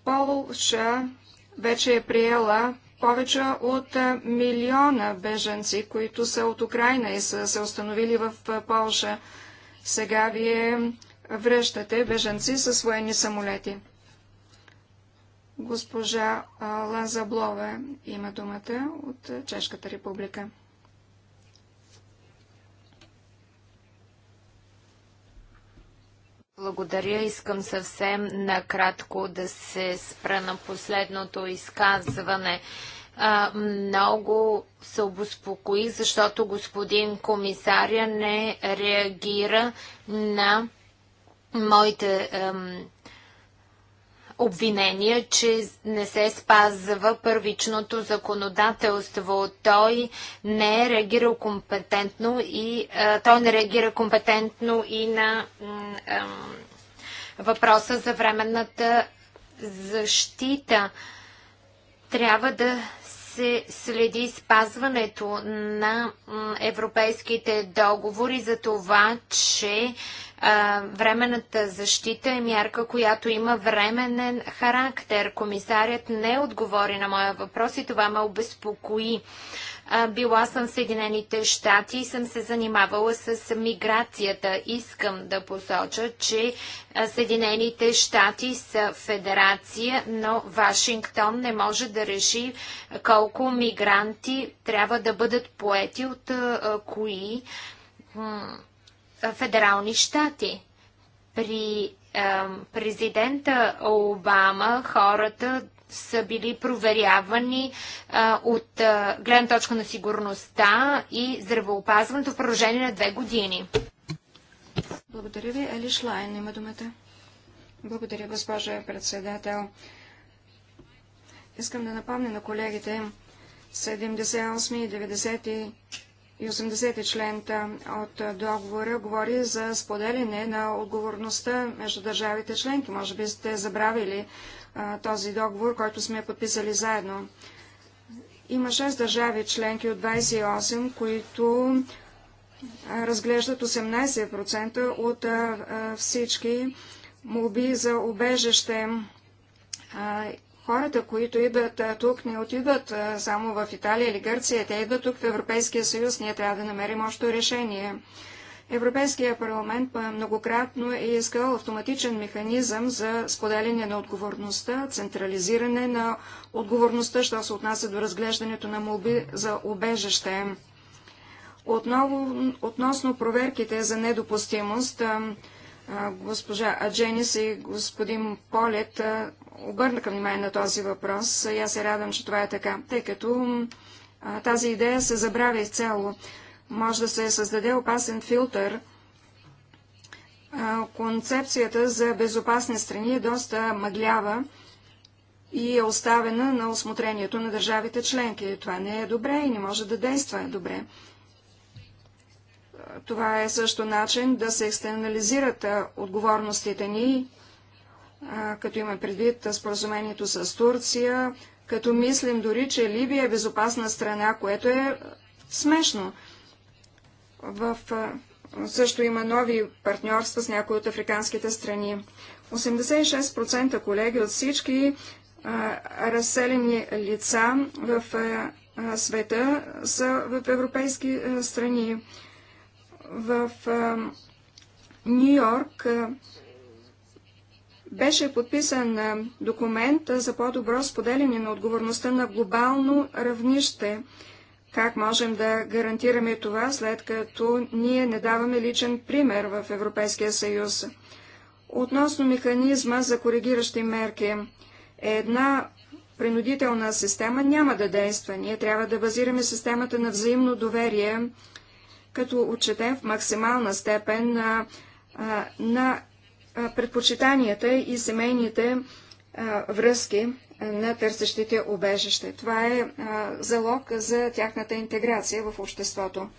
Полша вече е приела повече от милиона беженци, които са от Украина и са се установили в Полша. Сега вие връщате беженци със своени самолети. Госпожа Ланза Блове има думата от Чешката република. Благодаря. Искам съвсем накратко да се спра на последното изказване а, много се обоспокоих, защото господин комисаря не реагира на моите ам, обвинения, че не се спазва първичното законодателство. Той не е реагирал компетентно и а, е, той не реагира компетентно и на ам, въпроса за временната защита. Трябва да се следи спазването на европейските договори за това, че временната защита е мярка, която има временен характер. Комисарят не отговори на моя въпрос и това ме обезпокои. Била съм в Съединените щати и съм се занимавала с миграцията. Искам да посоча, че Съединените щати са федерация, но Вашингтон не може да реши колко мигранти трябва да бъдат поети от кои федерални щати. При президента Обама хората са били проверявани а, от а, гледна точка на сигурността и здравеопазването в продължение на две години. Благодаря ви. Ели Шлайн има думата. Благодаря, госпожа председател. Искам да напомня на колегите 78 и и 80 член от договора говори за споделяне на отговорността между държавите членки. Може би сте забравили а, този договор, който сме подписали заедно. Има 6 държави членки от 28, които разглеждат 18% от а, всички молби за убежище Хората, които идват тук, не отиват само в Италия или Гърция, те идват тук в Европейския съюз. Ние трябва да намерим още решение. Европейския парламент многократно е искал автоматичен механизъм за споделяне на отговорността, централизиране на отговорността, що се отнася до разглеждането на молби за обежище. Отново, относно проверките за недопустимост, госпожа Адженис и господин Полет обърнаха внимание на този въпрос и аз се радвам, че това е така, тъй като а, тази идея се забравя изцяло. Може да се създаде опасен филтър. А, концепцията за безопасни страни е доста мъглява и е оставена на осмотрението на държавите членки. Това не е добре и не може да действа добре. Това е също начин да се екстернализират отговорностите ни като има предвид споразумението с Турция, като мислим дори, че Либия е безопасна страна, което е смешно. В, също има нови партньорства с някои от африканските страни. 86% колеги от всички а, разселени лица в а, света са в европейски а, страни. В Нью-Йорк беше подписан документ за по-добро споделяне на отговорността на глобално равнище. Как можем да гарантираме това, след като ние не даваме личен пример в Европейския съюз? Относно механизма за коригиращи мерки, една принудителна система няма да действа. Ние трябва да базираме системата на взаимно доверие, като отчетем в максимална степен на, на предпочитанията и семейните връзки на търсещите обежище. Това е залог за тяхната интеграция в обществото.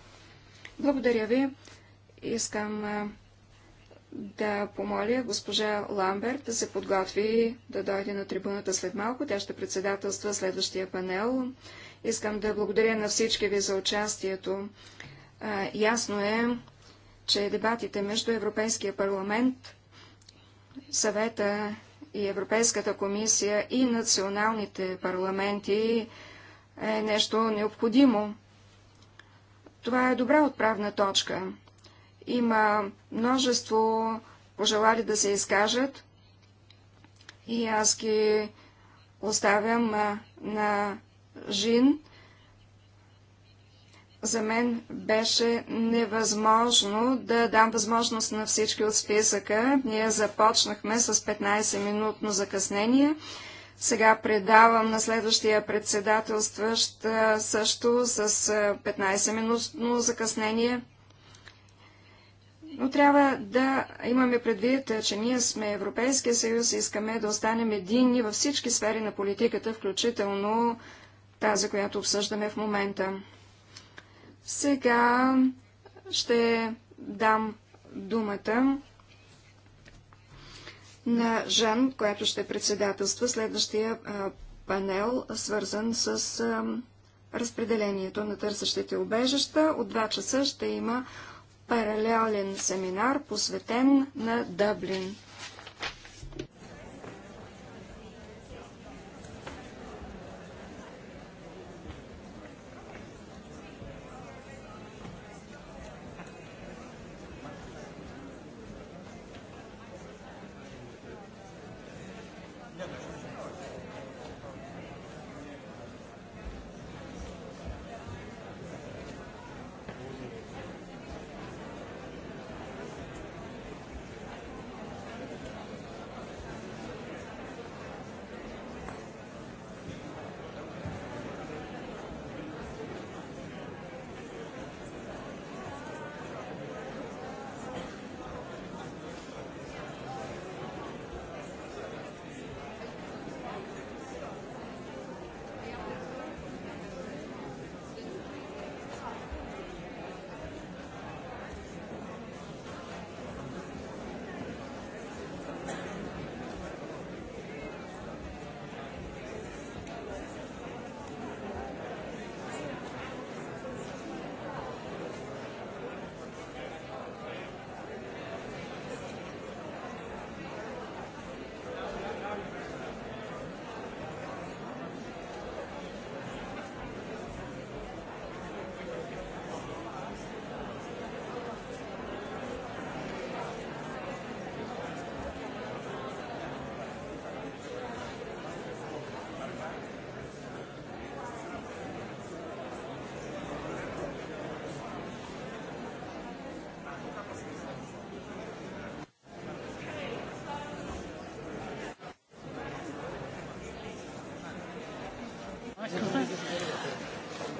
Благодаря ви. Искам да помоля госпожа Ламберт да се подготви да дойде на трибуната след малко. Тя ще председателства следващия панел. Искам да благодаря на всички ви за участието. ясно е, че дебатите между Европейския парламент съвета и Европейската комисия и националните парламенти е нещо необходимо. Това е добра отправна точка. Има множество пожелали да се изкажат и аз ги оставям на Жин за мен беше невъзможно да дам възможност на всички от списъка. Ние започнахме с 15-минутно закъснение. Сега предавам на следващия председателстващ също с 15-минутно закъснение. Но трябва да имаме предвид, че ние сме Европейския съюз и искаме да останем единни във всички сфери на политиката, включително тази, която обсъждаме в момента. Сега ще дам думата на Жан, която ще председателства следващия панел, свързан с разпределението на търсещите обежища. От 2 часа ще има паралелен семинар, посветен на Дъблин.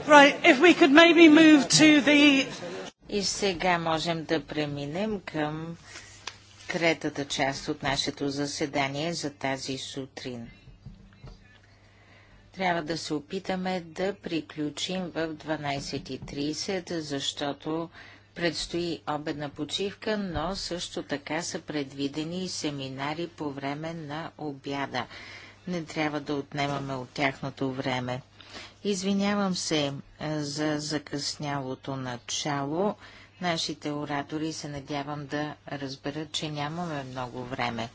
Right, if we could maybe move to the... И сега можем да преминем към третата част от нашето заседание за тази сутрин. Трябва да се опитаме да приключим в 12.30, защото предстои обедна почивка, но също така са предвидени и семинари по време на обяда. Не трябва да отнемаме от тяхното време. Извинявам се за закъснялото начало. Нашите оратори се надявам да разберат, че нямаме много време.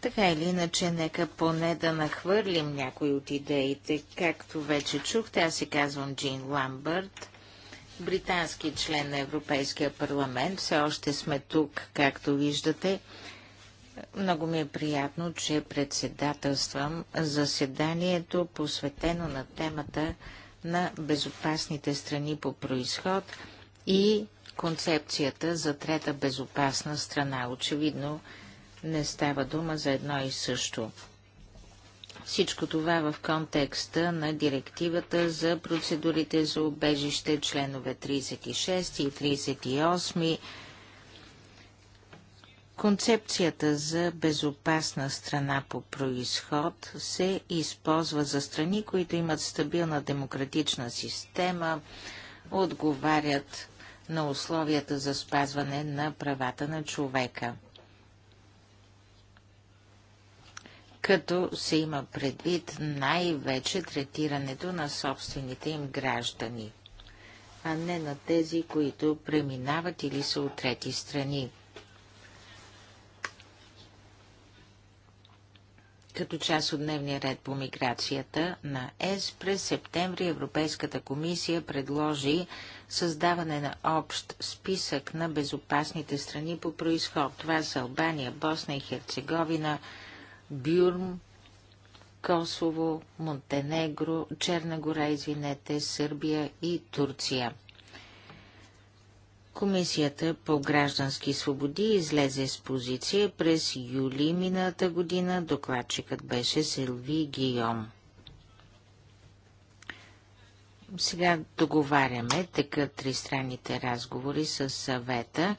Така или иначе, нека поне да нахвърлим някои от идеите. Както вече чухте, аз се казвам Джин Ламбърт, британски член на Европейския парламент. Все още сме тук, както виждате. Много ми е приятно, че председателствам заседанието, посветено на темата на безопасните страни по происход и концепцията за трета безопасна страна. Очевидно не става дума за едно и също. Всичко това в контекста на директивата за процедурите за обежище, членове 36 и 38 Концепцията за безопасна страна по происход се използва за страни, които имат стабилна демократична система, отговарят на условията за спазване на правата на човека. като се има предвид най-вече третирането на собствените им граждани, а не на тези, които преминават или са от трети страни. Като част от дневния ред по миграцията на ЕС през септември Европейската комисия предложи създаване на общ списък на безопасните страни по происход. Това са Албания, Босна и Херцеговина, Бюрм, Косово, Монтенегро, Черна гора, извинете, Сърбия и Турция. Комисията по граждански свободи излезе с позиция през юли миналата година. Докладчикът беше Силви Гийом. Сега договаряме така тристранните разговори с съвета.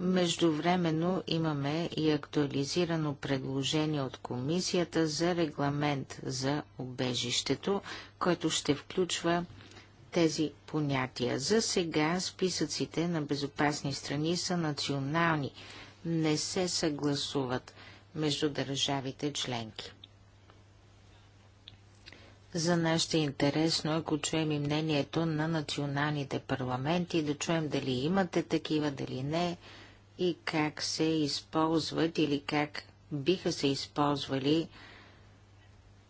Междувременно имаме и актуализирано предложение от комисията за регламент за обежището, който ще включва тези понятия. За сега списъците на безопасни страни са национални, не се съгласуват между държавите членки. За нас ще е интересно, ако чуем и мнението на националните парламенти, да чуем дали имате такива, дали не, и как се използват или как биха се използвали.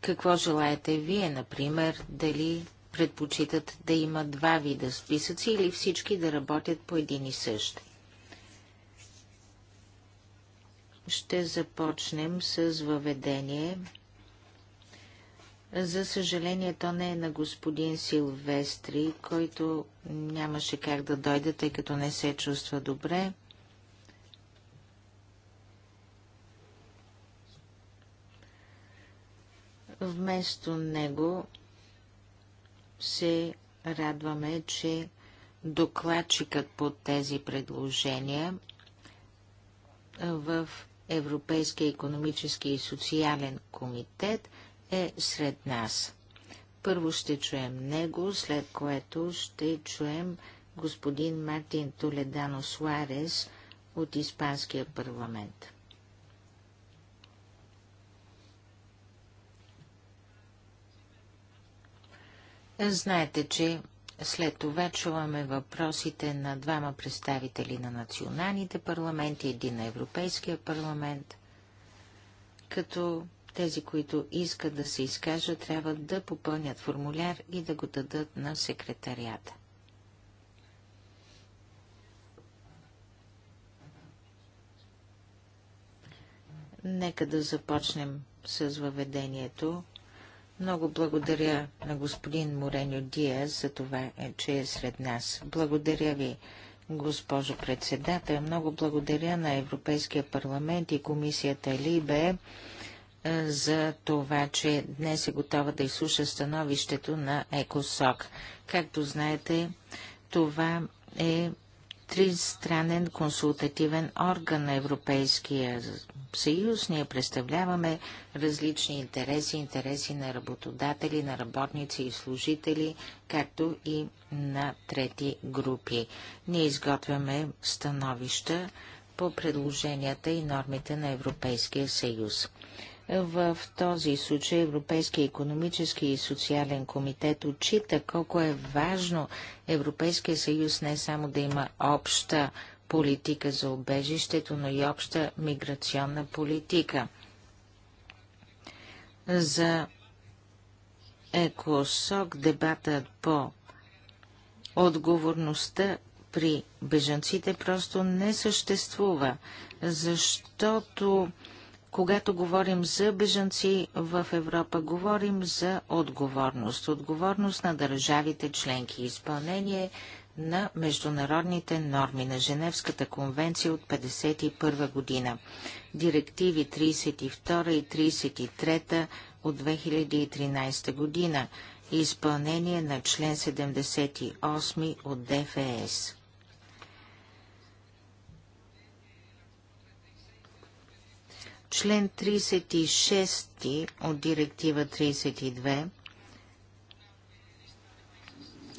Какво желаете вие, например, дали предпочитат да има два вида списъци или всички да работят по един и същ. Ще започнем с въведение. За съжаление, то не е на господин Силвестри, който нямаше как да дойде, тъй като не се чувства добре. Вместо него се радваме, че докладчикът по тези предложения в Европейския економически и социален комитет е сред нас. Първо ще чуем него, след което ще чуем господин Мартин Толедано Суарес от Испанския парламент. Знаете, че след това чуваме въпросите на двама представители на националните парламенти, един на Европейския парламент, като тези, които искат да се изкажат, трябва да попълнят формуляр и да го дадат на секретарията. Нека да започнем с въведението много благодаря на господин Мореньо Диас за това, е, че е сред нас. Благодаря ви, госпожо председател. Много благодаря на Европейския парламент и комисията Либе е, за това, че днес е готова да изслуша становището на ЕКОСОК. Както знаете, това е тристранен консултативен орган на Европейския съюз, ние представляваме различни интереси, интереси на работодатели, на работници и служители, както и на трети групи. Ние изготвяме становища по предложенията и нормите на Европейския съюз. В този случай Европейския економически и социален комитет отчита колко е важно Европейския съюз не само да има обща политика за обежището, но и обща миграционна политика. За ЕКОСОК дебатът по отговорността при бежанците просто не съществува, защото когато говорим за бежанци в Европа, говорим за отговорност. Отговорност на държавите членки. Изпълнение на международните норми на Женевската конвенция от 1951 година, директиви 32 и 33 от 2013 година и изпълнение на член 78 от ДФС. Член 36 от директива 32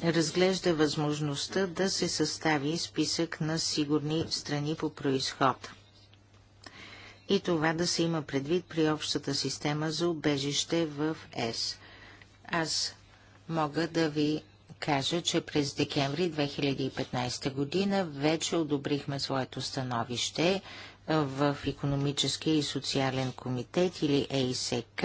разглежда възможността да се състави списък на сигурни страни по происход. И това да се има предвид при общата система за убежище в ЕС. Аз мога да ви кажа, че през декември 2015 година вече одобрихме своето становище в економическия и социален комитет или ЕИСК.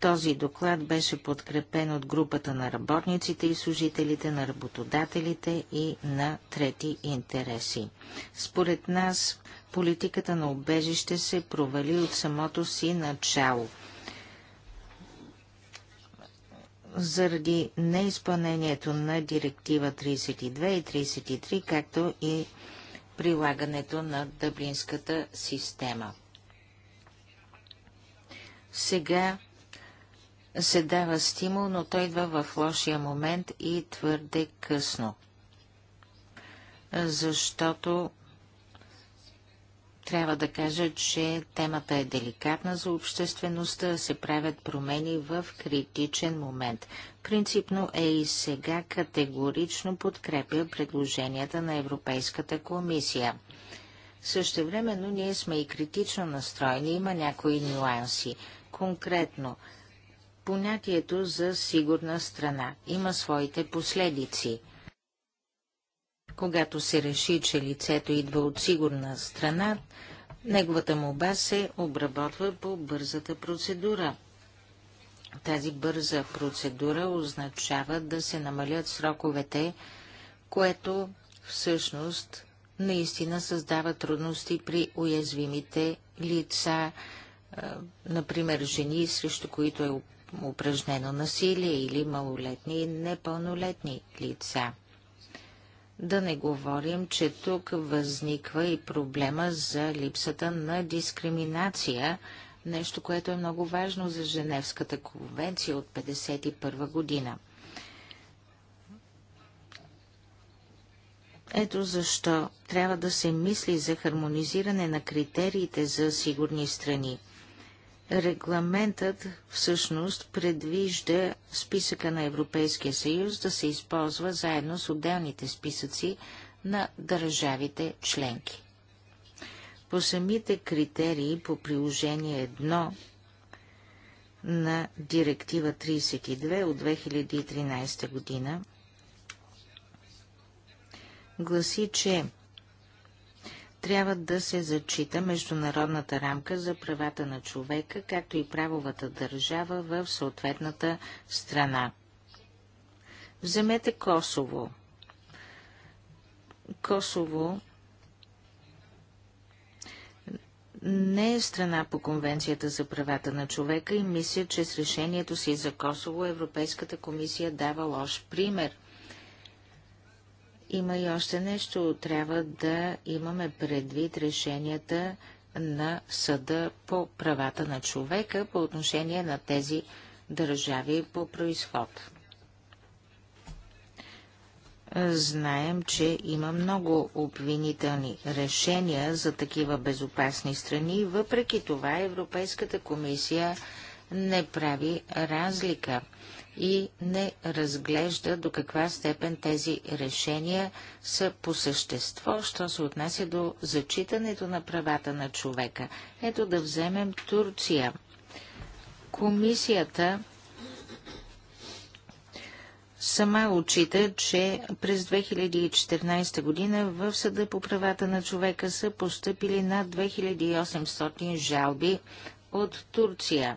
Този доклад беше подкрепен от групата на работниците и служителите, на работодателите и на трети интереси. Според нас, политиката на обежище се провали от самото си начало. Заради неизпълнението на директива 32 и 33, както и прилагането на дъблинската система. Сега се дава стимул, но той идва в лошия момент и твърде късно, защото трябва да кажа, че темата е деликатна за обществеността, се правят промени в критичен момент. Принципно е и сега категорично подкрепя предложенията на Европейската комисия. Също времено ние сме и критично настроени, има някои нюанси. Конкретно, понятието за сигурна страна има своите последици. Когато се реши, че лицето идва от сигурна страна, неговата молба се обработва по бързата процедура. Тази бърза процедура означава да се намалят сроковете, което всъщност наистина създава трудности при уязвимите лица, например жени, срещу които е упражнено насилие или малолетни и непълнолетни лица. Да не говорим, че тук възниква и проблема за липсата на дискриминация, нещо, което е много важно за Женевската конвенция от 1951 година. Ето защо трябва да се мисли за хармонизиране на критериите за сигурни страни. Регламентът всъщност предвижда списъка на Европейския съюз да се използва заедно с отделните списъци на държавите членки. По самите критерии по приложение 1 на Директива 32 от 2013 година гласи, че трябва да се зачита международната рамка за правата на човека, както и правовата държава в съответната страна. Вземете Косово. Косово не е страна по Конвенцията за правата на човека и мисля, че с решението си за Косово Европейската комисия дава лош пример – има и още нещо. Трябва да имаме предвид решенията на съда по правата на човека по отношение на тези държави по происход. Знаем, че има много обвинителни решения за такива безопасни страни. Въпреки това Европейската комисия не прави разлика и не разглежда до каква степен тези решения са по същество, що се отнася до зачитането на правата на човека. Ето да вземем Турция. Комисията сама отчита, че през 2014 година в Съда по правата на човека са поступили над 2800 жалби от Турция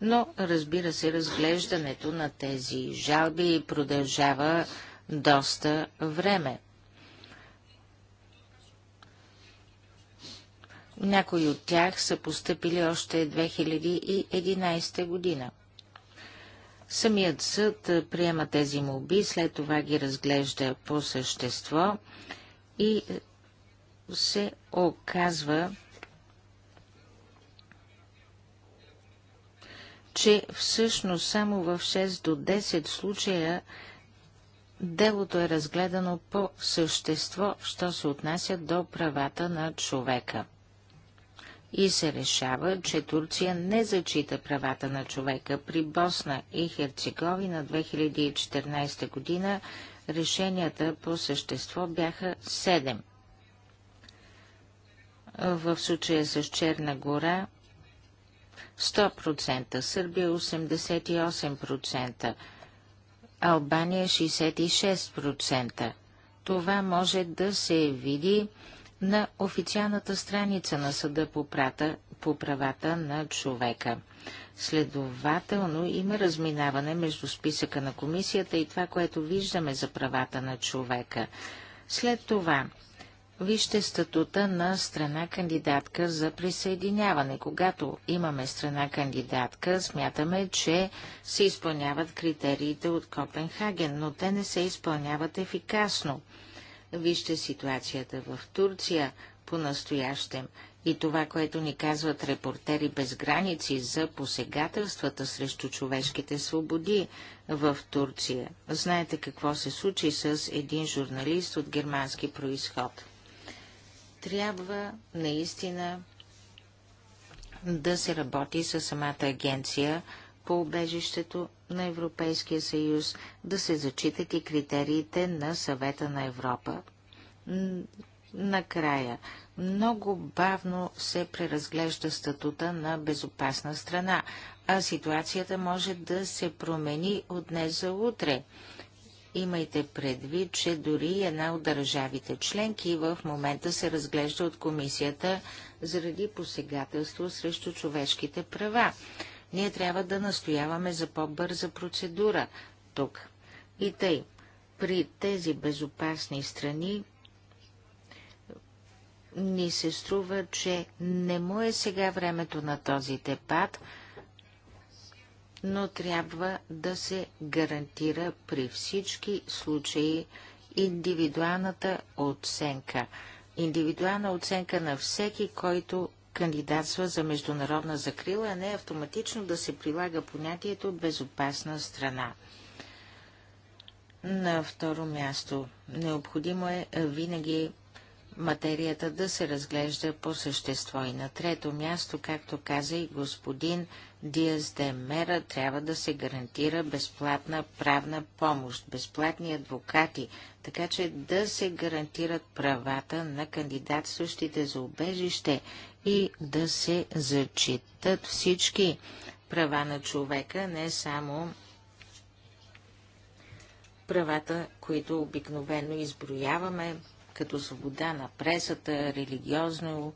но разбира се, разглеждането на тези жалби продължава доста време. Някои от тях са поступили още 2011 година. Самият съд приема тези молби, след това ги разглежда по същество и се оказва, че всъщност само в 6 до 10 случая делото е разгледано по същество, що се отнася до правата на човека. И се решава, че Турция не зачита правата на човека. При Босна и Херцеговина 2014 година решенията по същество бяха 7. В случая с Черна гора 100%, Сърбия 88%, Албания 66%. Това може да се види на официалната страница на Съда по, прата, по правата на човека. Следователно има разминаване между списъка на комисията и това, което виждаме за правата на човека. След това Вижте статута на страна кандидатка за присъединяване. Когато имаме страна кандидатка, смятаме, че се изпълняват критериите от Копенхаген, но те не се изпълняват ефикасно. Вижте ситуацията в Турция по-настоящем и това, което ни казват репортери без граници за посегателствата срещу човешките свободи в Турция. Знаете какво се случи с един журналист от германски происход трябва наистина да се работи с самата агенция по убежището на Европейския съюз, да се зачитат и критериите на съвета на Европа. Накрая, много бавно се преразглежда статута на безопасна страна, а ситуацията може да се промени от днес за утре. Имайте предвид, че дори една от държавите членки в момента се разглежда от комисията заради посегателство срещу човешките права. Ние трябва да настояваме за по-бърза процедура тук. И тъй, при тези безопасни страни ни се струва, че не му е сега времето на този депат, но трябва да се гарантира при всички случаи индивидуалната оценка. Индивидуална оценка на всеки, който кандидатства за международна закрила, а не автоматично да се прилага понятието безопасна страна. На второ място, необходимо е винаги материята да се разглежда по същество. И на трето място, както каза и господин Диас Мера, трябва да се гарантира безплатна правна помощ, безплатни адвокати, така че да се гарантират правата на кандидатстващите за убежище и да се зачитат всички права на човека, не само правата, които обикновено изброяваме като свобода на пресата, религиозно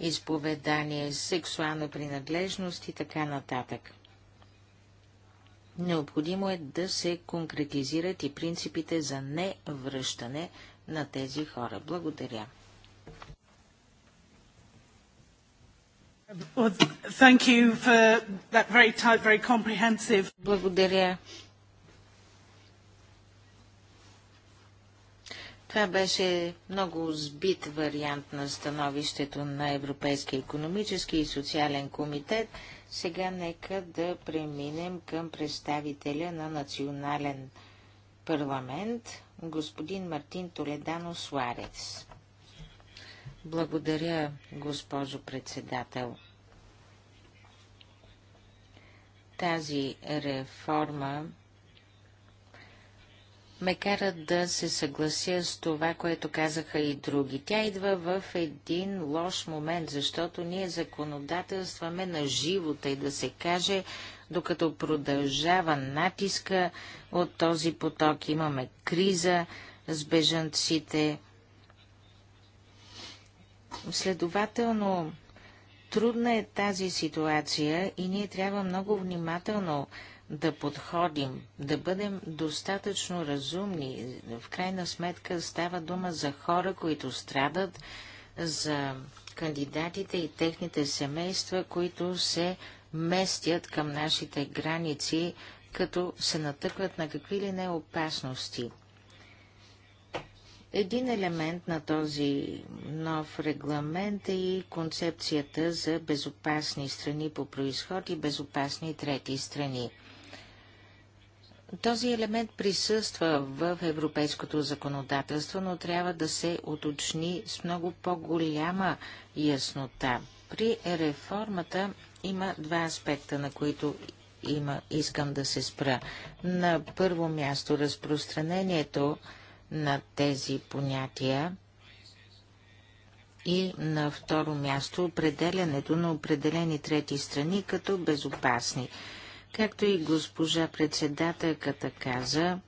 изповедание, сексуална принадлежност и така нататък. Необходимо е да се конкретизират и принципите за невръщане на тези хора. Благодаря. Благодаря Това беше много сбит вариант на становището на Европейския економически и социален комитет. Сега нека да преминем към представителя на национален парламент, господин Мартин Толедано Суарец. Благодаря, госпожо председател. Тази реформа ме кара да се съглася с това, което казаха и други. Тя идва в един лош момент, защото ние законодателстваме на живота и да се каже, докато продължава натиска от този поток, имаме криза с бежанците. Следователно, трудна е тази ситуация и ние трябва много внимателно да подходим, да бъдем достатъчно разумни. В крайна сметка става дума за хора, които страдат, за кандидатите и техните семейства, които се местят към нашите граници, като се натъкват на какви ли не опасности. Един елемент на този нов регламент е и концепцията за безопасни страни по происход и безопасни трети страни. Този елемент присъства в европейското законодателство, но трябва да се уточни с много по-голяма яснота. При реформата има два аспекта, на които има, искам да се спра. На първо място разпространението на тези понятия и на второ място определянето на определени трети страни като безопасни. Както и госпожа председателката каза,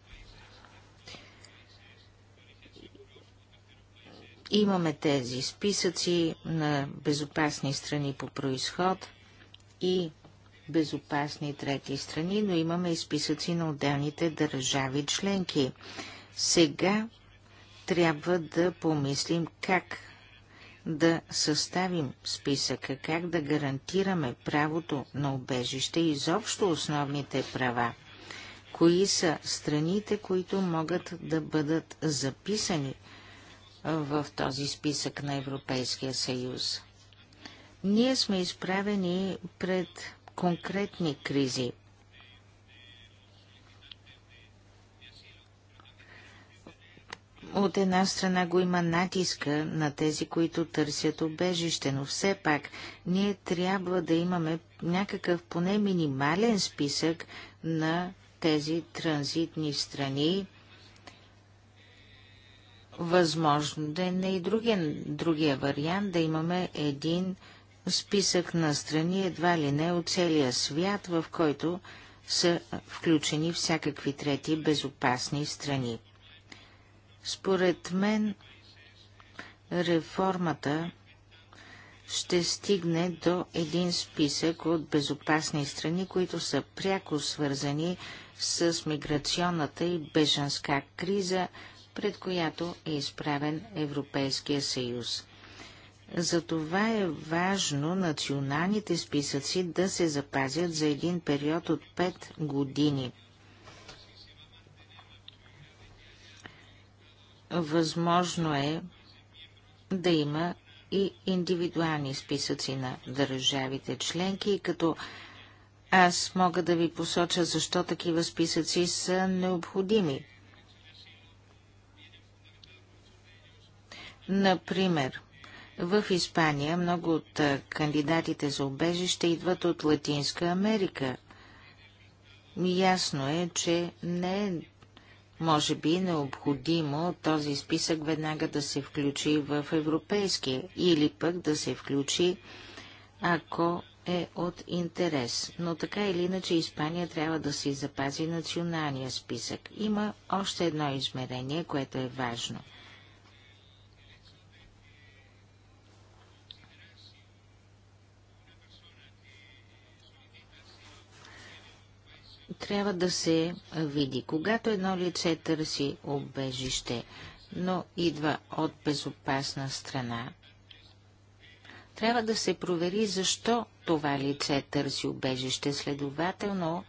имаме тези списъци на безопасни страни по происход и безопасни трети страни, но имаме и списъци на отделните държави членки. Сега трябва да помислим как да съставим списъка, как да гарантираме правото на убежище и изобщо основните права. Кои са страните, които могат да бъдат записани в този списък на Европейския съюз? Ние сме изправени пред конкретни кризи. От една страна го има натиска на тези, които търсят убежище, но все пак ние трябва да имаме някакъв поне минимален списък на тези транзитни страни. Възможно да е не и другия, другия вариант, да имаме един списък на страни, едва ли не от целия свят, в който са включени всякакви трети безопасни страни. Според мен реформата ще стигне до един списък от безопасни страни, които са пряко свързани с миграционната и беженска криза, пред която е изправен Европейския съюз. Затова е важно националните списъци да се запазят за един период от 5 години. Възможно е да има и индивидуални списъци на държавите членки, като аз мога да ви посоча защо такива списъци са необходими. Например, в Испания много от кандидатите за убежище идват от Латинска Америка. Ясно е, че не е може би е необходимо този списък веднага да се включи в европейския или пък да се включи, ако е от интерес. Но така или иначе Испания трябва да си запази националния списък. Има още едно измерение, което е важно – трябва да се види. Когато едно лице търси обежище, но идва от безопасна страна, трябва да се провери защо това лице търси обежище. Следователно,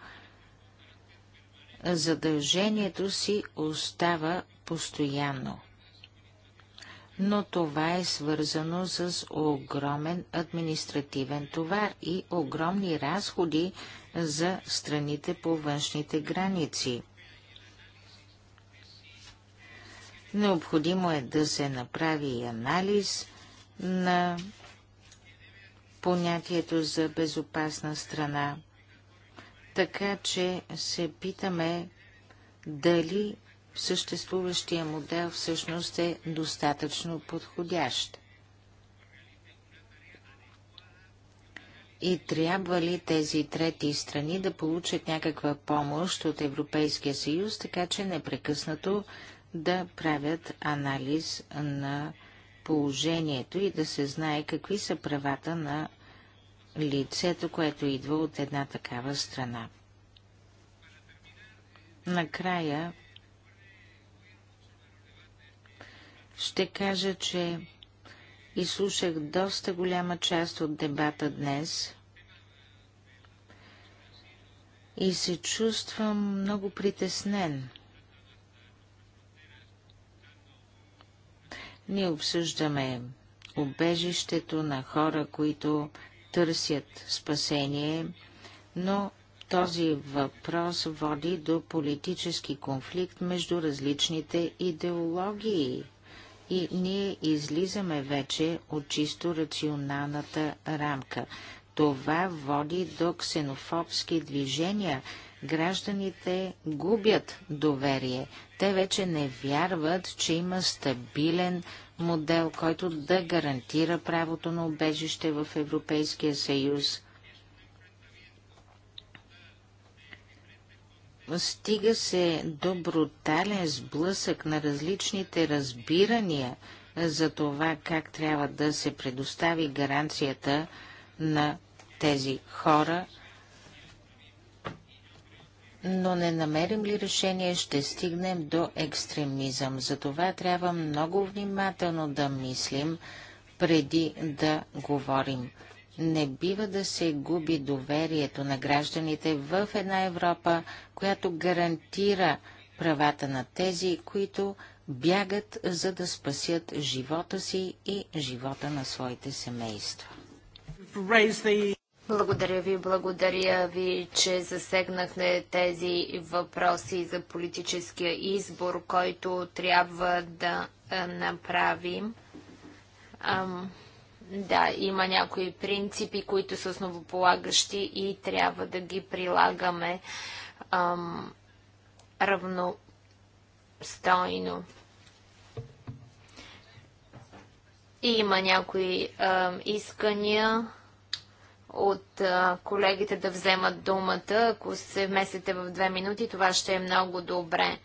задължението си остава постоянно но това е свързано с огромен административен товар и огромни разходи за страните по външните граници. Необходимо е да се направи и анализ на понятието за безопасна страна, така че се питаме дали съществуващия модел всъщност е достатъчно подходящ. И трябва ли тези трети страни да получат някаква помощ от Европейския съюз, така че непрекъснато да правят анализ на положението и да се знае какви са правата на лицето, което идва от една такава страна. Накрая ще кажа, че изслушах доста голяма част от дебата днес и се чувствам много притеснен. Ние обсъждаме убежището на хора, които търсят спасение, но този въпрос води до политически конфликт между различните идеологии и ние излизаме вече от чисто рационалната рамка. Това води до ксенофобски движения. Гражданите губят доверие. Те вече не вярват, че има стабилен модел, който да гарантира правото на убежище в Европейския съюз. Стига се до брутален сблъсък на различните разбирания за това как трябва да се предостави гаранцията на тези хора, но не намерим ли решение, ще стигнем до екстремизъм. Затова трябва много внимателно да мислим преди да говорим. Не бива да се губи доверието на гражданите в една Европа, която гарантира правата на тези, които бягат за да спасят живота си и живота на своите семейства. Благодаря ви, благодаря ви, че засегнахте тези въпроси за политическия избор, който трябва да е, направим. Ам... Да, има някои принципи, които са основополагащи и трябва да ги прилагаме ам, равностойно. И има някои ам, искания от а, колегите да вземат думата. Ако се вместите в две минути, това ще е много добре.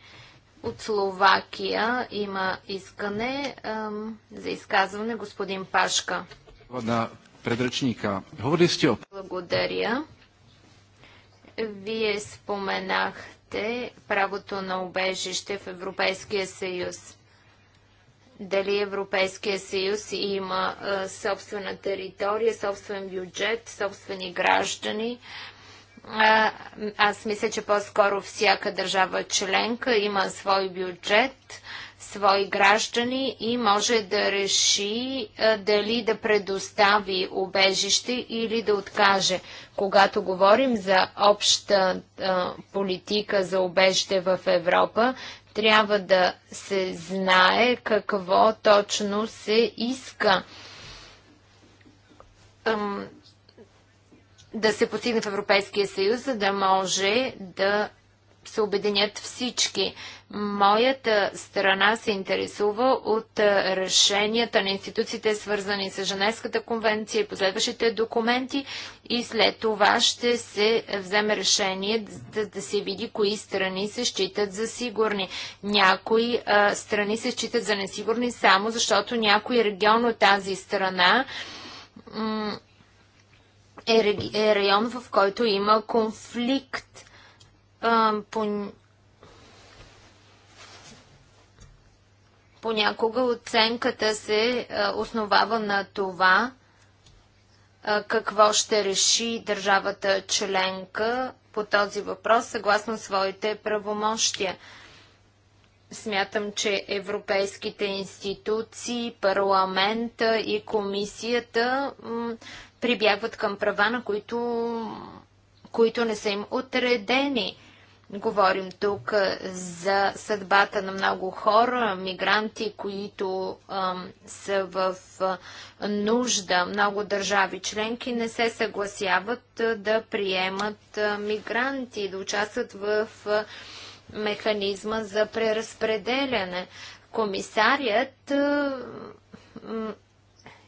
От Словакия има искане ем, за изказване господин Пашка. На предръчника. Благодаря. Вие споменахте правото на убежище в Европейския съюз. Дали Европейския съюз има е, собствена територия, собствен бюджет, собствени граждани? аз мисля, че по-скоро всяка държава членка има свой бюджет, свои граждани и може да реши дали да предостави обежище или да откаже. Когато говорим за обща политика за обежище в Европа, трябва да се знае какво точно се иска да се постигне в Европейския съюз, за да може да се обединят всички. Моята страна се интересува от решенията на институциите, свързани с Женевската конвенция и последващите документи и след това ще се вземе решение да, да се види кои страни се считат за сигурни. Някои а, страни се считат за несигурни само защото някой регион от тази страна е, е район, в който има конфликт а, по... Понякога оценката се а, основава на това, а, какво ще реши държавата членка по този въпрос, съгласно своите правомощия. Смятам, че европейските институции, парламента и комисията прибягват към права, на които, които не са им отредени. Говорим тук за съдбата на много хора, мигранти, които ам, са в нужда. Много държави членки не се съгласяват да приемат мигранти, да участват в механизма за преразпределяне. Комисарият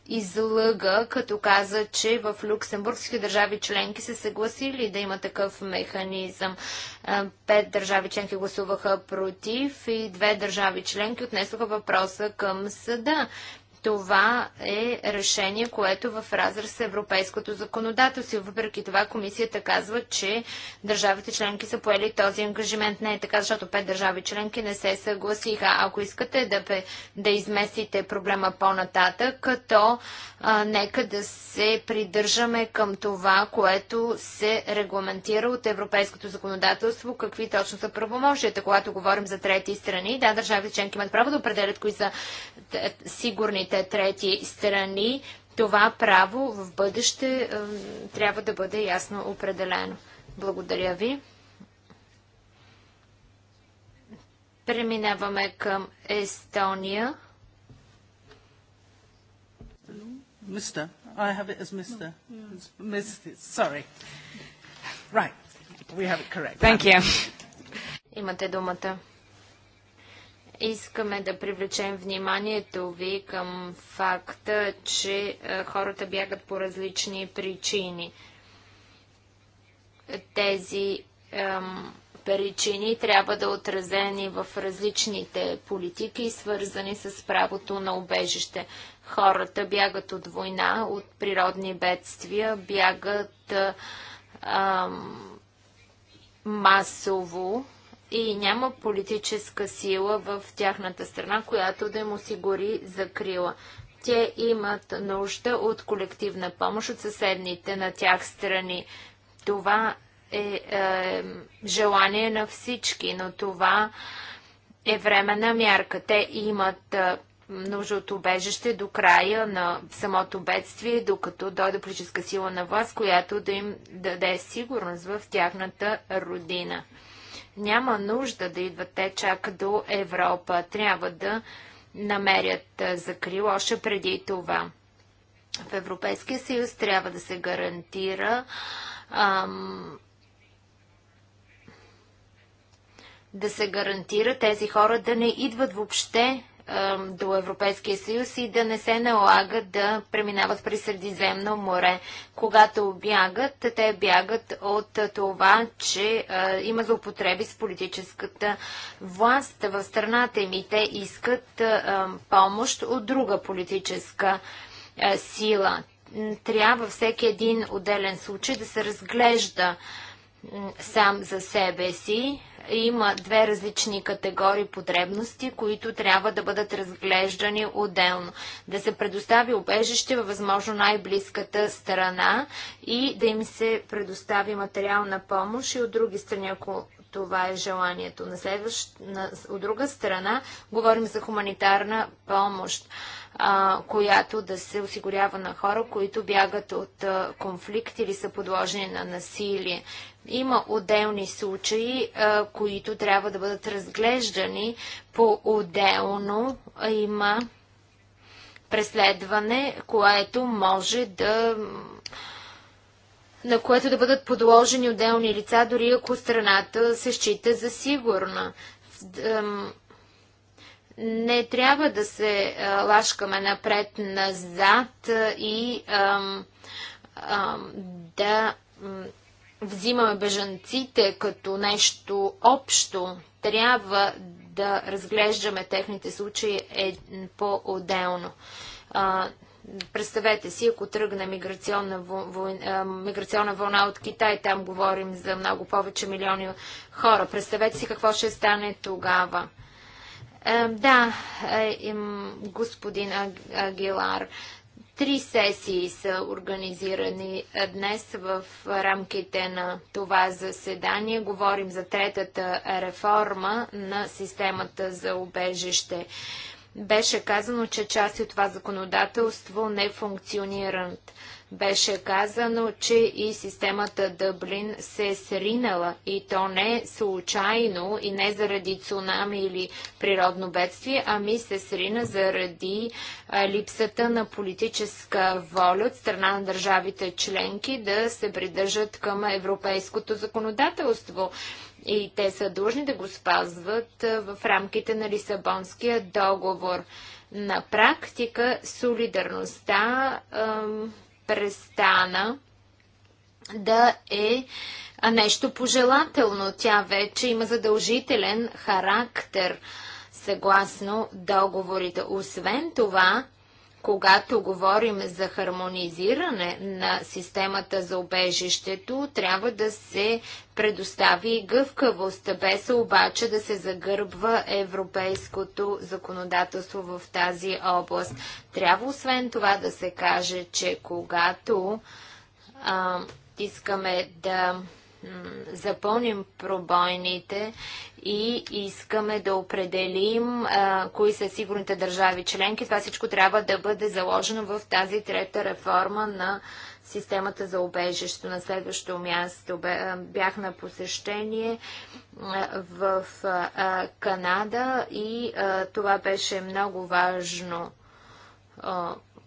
излъга, като каза, че в люксембургските държави членки се съгласили да има такъв механизъм. Пет държави членки гласуваха против и две държави членки отнесоха въпроса към съда. Това е решение, което е в разраз с европейското законодателство. Въпреки това комисията казва, че държавите членки са поели този ангажимент. Не е така, защото пет държави членки не се съгласиха. Ако искате да, да изместите проблема по-нататък, то а, нека да се придържаме към това, което се регламентира от европейското законодателство, какви точно са правомощията, когато говорим за трети страни. Да, държавите членки имат право да определят кои са сигурни съответните трети страни, това право в бъдеще трябва да бъде ясно определено. Благодаря ви. Преминаваме към Естония. Мистер, I have it as Mr. Mr. Sorry. Right. We have it correct. Thank you. Имате думата. Искаме да привлечем вниманието ви към факта, че е, хората бягат по различни причини. Тези ем, причини трябва да отразени в различните политики, свързани с правото на убежище. Хората бягат от война, от природни бедствия, бягат ем, масово и няма политическа сила в тяхната страна, която да им осигури закрила. Те имат нужда от колективна помощ от съседните на тях страни. Това е, е желание на всички, но това е на мярка. Те имат е, нужда от убежище до края на самото бедствие, докато дойде политическа сила на власт, която да им даде сигурност в тяхната родина. Няма нужда да идват те чак до Европа. Трябва да намерят закрил още преди това. В Европейския съюз трябва да се гарантира ам, да се гарантира тези хора да не идват въобще до Европейския съюз и да не се налага да преминават при Средиземно море. Когато бягат, те бягат от това, че има злоупотреби с политическата власт в страната им и те искат помощ от друга политическа сила. Трябва всеки един отделен случай да се разглежда сам за себе си. Има две различни категории потребности, които трябва да бъдат разглеждани отделно. Да се предостави обежище във възможно най-близката страна и да им се предостави материална помощ и от други страни, ако това е желанието. На следващ, на, от друга страна, говорим за хуманитарна помощ а, която да се осигурява на хора, които бягат от а, конфликт или са подложени на насилие. Има отделни случаи, а, които трябва да бъдат разглеждани по-отделно. Има преследване, което може да на което да бъдат подложени отделни лица, дори ако страната се счита за сигурна не трябва да се лашкаме напред-назад и ам, ам, да взимаме бежанците като нещо общо. Трябва да разглеждаме техните случаи по-отделно. Представете си, ако тръгне миграционна, война, миграционна вълна от Китай, там говорим за много повече милиони хора. Представете си какво ще стане тогава. Е, да, е, господин Агилар, три сесии са организирани днес в рамките на това заседание. Говорим за третата реформа на системата за обежище. Беше казано, че част от това законодателство не функционират беше казано, че и системата Дъблин се е сринала и то не случайно и не заради цунами или природно бедствие, ами се срина заради липсата на политическа воля от страна на държавите членки да се придържат към европейското законодателство и те са длъжни да го спазват в рамките на Лисабонския договор. На практика солидарността престана да е нещо пожелателно. Тя вече има задължителен характер съгласно договорите. Освен това, когато говорим за хармонизиране на системата за обежището, трябва да се предостави гъвкавост, без обаче да се загърбва европейското законодателство в тази област. Трябва освен това да се каже, че когато а, искаме да запълним пробойните и искаме да определим а, кои са сигурните държави членки. Това всичко трябва да бъде заложено в тази трета реформа на системата за обежище. На следващо място бях на посещение в Канада и това беше много важно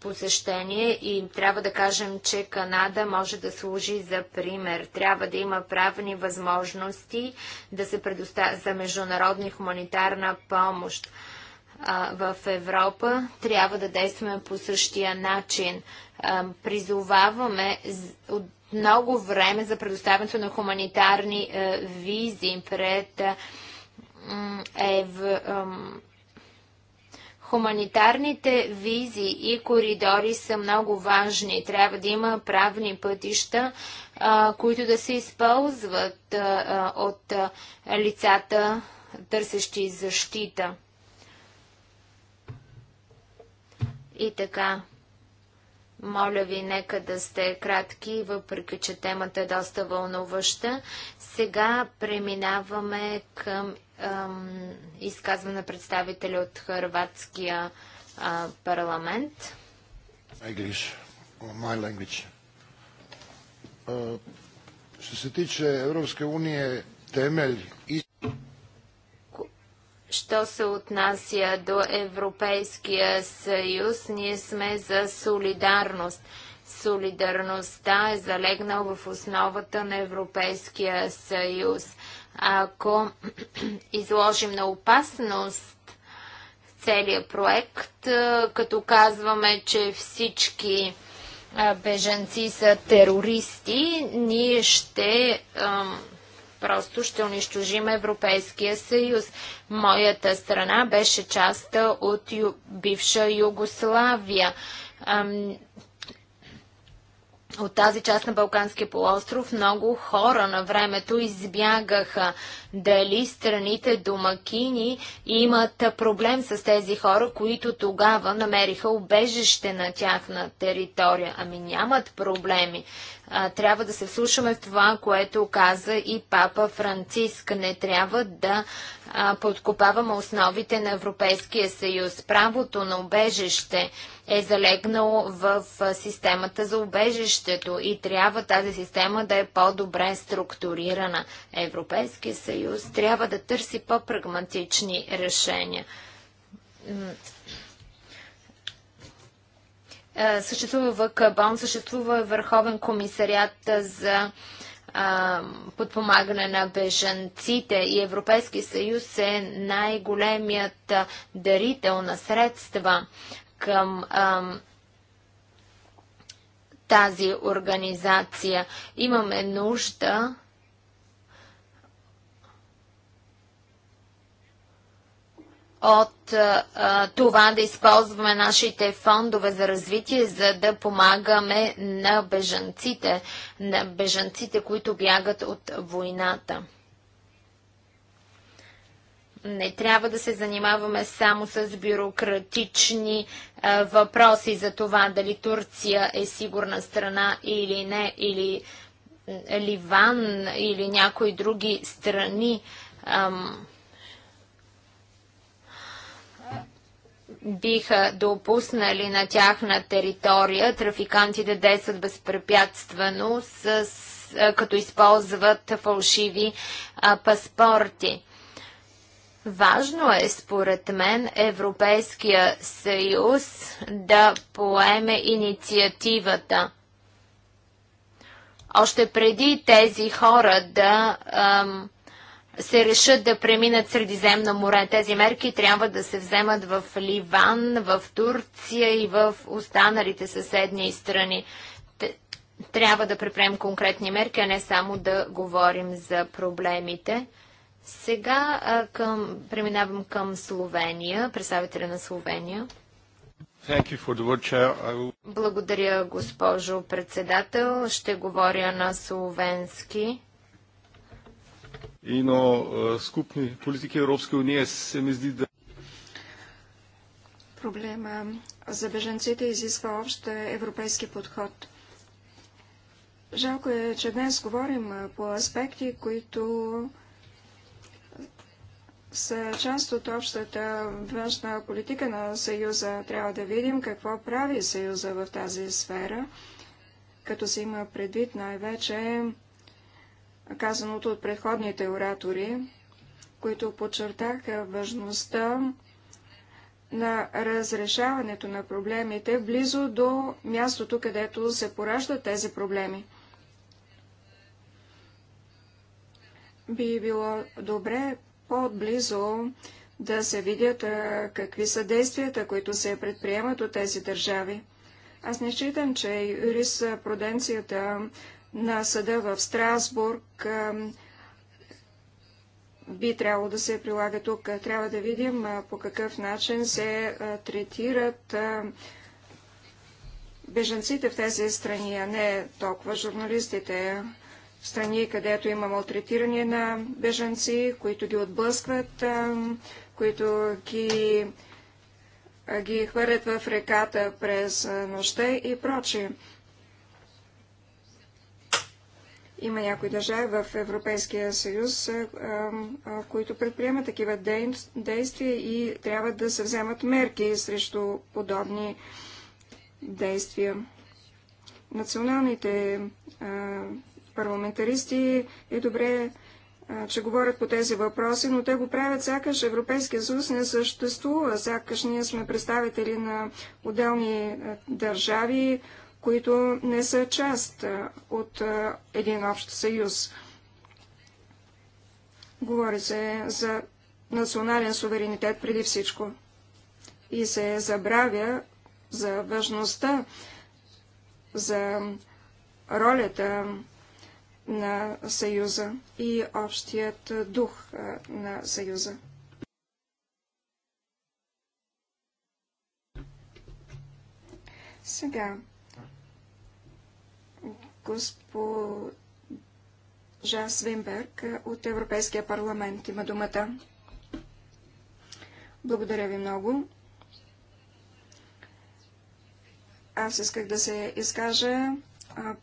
посещение и трябва да кажем, че Канада може да служи за пример. Трябва да има правни възможности да се предоставя за международна хуманитарна помощ в Европа. Трябва да действаме по същия начин. призоваваме от много време за предоставянето на хуманитарни визи пред Хуманитарните визи и коридори са много важни. Трябва да има правни пътища, които да се използват от лицата, търсещи защита. И така, моля ви, нека да сте кратки, въпреки че темата е доста вълнуваща. Сега преминаваме към изказване на представители от Хрватския парламент. English, my language. Що се se Европска уния темел и... Що се отнася до Европейския съюз, ние сме за солидарност. Солидарността е залегнал в основата на Европейския съюз. Ако изложим на опасност целият проект, като казваме, че всички беженци са терористи, ние ще просто ще унищожим Европейския съюз. Моята страна беше част от бивша Югославия от тази част на Балканския полуостров много хора на времето избягаха. Дали страните домакини имат проблем с тези хора, които тогава намериха убежище на тяхна територия? Ами нямат проблеми. трябва да се вслушаме в това, което каза и папа Франциск. Не трябва да подкопаваме основите на Европейския съюз. Правото на убежище е залегнало в системата за убежището и трябва тази система да е по-добре структурирана. Европейския съюз трябва да търси по-прагматични решения. Съществува ВКБОН, съществува Върховен комисарият за подпомагане на бежанците и Европейски съюз е най-големият дарител на средства към а, тази организация. Имаме нужда от а, това да използваме нашите фондове за развитие, за да помагаме на бежанците, на бежанците, които бягат от войната. Не трябва да се занимаваме само с бюрократични а, въпроси за това дали Турция е сигурна страна или не, или Ливан, или някои други страни. биха допуснали на тяхна територия трафикантите действат безпрепятствено, с, като използват фалшиви а, паспорти. Важно е, според мен, Европейския съюз да поеме инициативата. Още преди тези хора да ам, се решат да преминат Средиземно море. Тези мерки трябва да се вземат в Ливан, в Турция и в останалите съседни страни. Трябва да препрем конкретни мерки, а не само да говорим за проблемите. Сега а, към, преминавам към Словения, представителя на Словения. Will... Благодаря, госпожо председател. Ще говоря на словенски и на skupni politiki Европske unije се ми зди да... Проблема за беженците изисква общ европейски подход. Жалко е, че днес говорим по аспекти, които са част от общата външна политика на Съюза. Трябва да видим какво прави Съюза в тази сфера, като се има предвид най-вече казаното от предходните оратори, които подчертаха важността на разрешаването на проблемите близо до мястото, където се пораждат тези проблеми. Би било добре по-близо да се видят какви са действията, които се предприемат от тези държави. Аз не считам, че юриспруденцията на съда в Страсбург би трябвало да се прилага тук. Трябва да видим по какъв начин се третират беженците в тези страни, а не толкова журналистите. В страни, където има малтретиране на беженци, които ги отблъскват, които ги, ги хвърлят в реката през нощта и прочие. Има някои държави в Европейския съюз, които предприемат такива действия и трябва да се вземат мерки срещу подобни действия. Националните парламентаристи е добре, че говорят по тези въпроси, но те го правят сякаш Европейския съюз не съществува, сякаш ние сме представители на отделни държави, които не са част от един общ съюз. Говори се за национален суверенитет преди всичко. И се забравя за важността, за ролята на Съюза и общият дух на Съюза. Сега госпожа Свинберг от Европейския парламент има думата. Благодаря ви много. Аз исках да се изкажа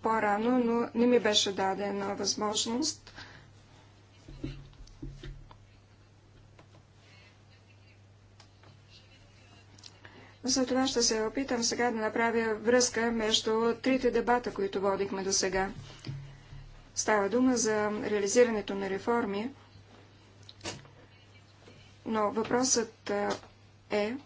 по-рано, но не ми беше дадена възможност. Затова ще се опитам сега да направя връзка между трите дебата, които водихме до сега. Става дума за реализирането на реформи, но въпросът е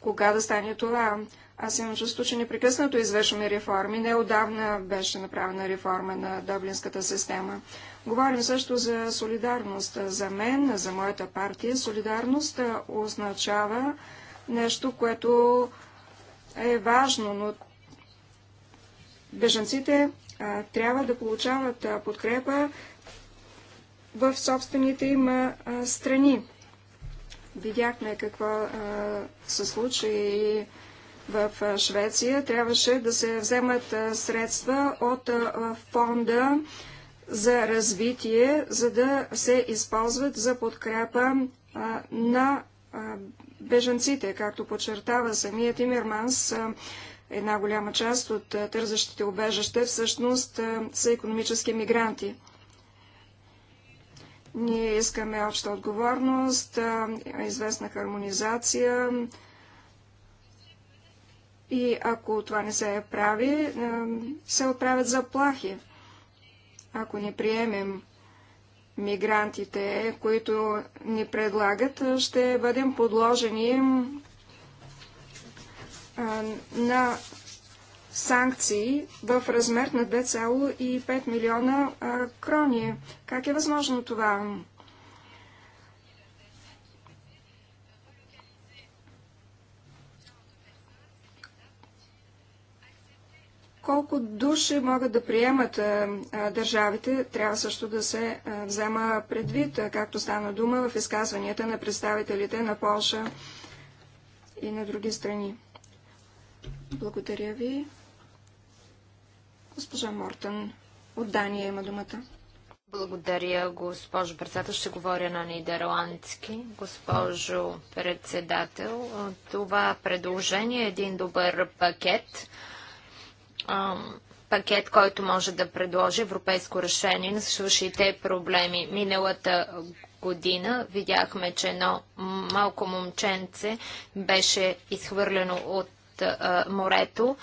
кога да стане това. Аз имам чувство, че непрекъснато извършваме реформи. Неодавна беше направена реформа на дъблинската система. Говорим също за солидарност. За мен, за моята партия, солидарност означава нещо, което е важно, но бежанците а, трябва да получават а, подкрепа в собствените им а, страни. Видяхме какво се случи в а, Швеция. Трябваше да се вземат а, средства от а, фонда за развитие, за да се използват за подкрепа а, на а, беженците, както подчертава самият Имерманс. А, една голяма част от тързащите обежаща всъщност са економически мигранти. Ние искаме обща отговорност, известна хармонизация и ако това не се прави, се отправят заплахи. Ако не приемем мигрантите, които ни предлагат, ще бъдем подложени на санкции в размер на 2,5 милиона крони. Как е възможно това? Колко души могат да приемат а, е, е, държавите, трябва също да се а, е, взема предвид, както стана дума в изказванията на представителите на Полша и на други страни. Благодаря ви. Госпожа Мортън от Дания има думата. Благодаря, госпожо председател. Ще говоря на нидерландски. Госпожо председател, това предложение е един добър пакет пакет, който може да предложи европейско решение на същите проблеми. Миналата година видяхме, че едно малко момченце беше изхвърлено от морето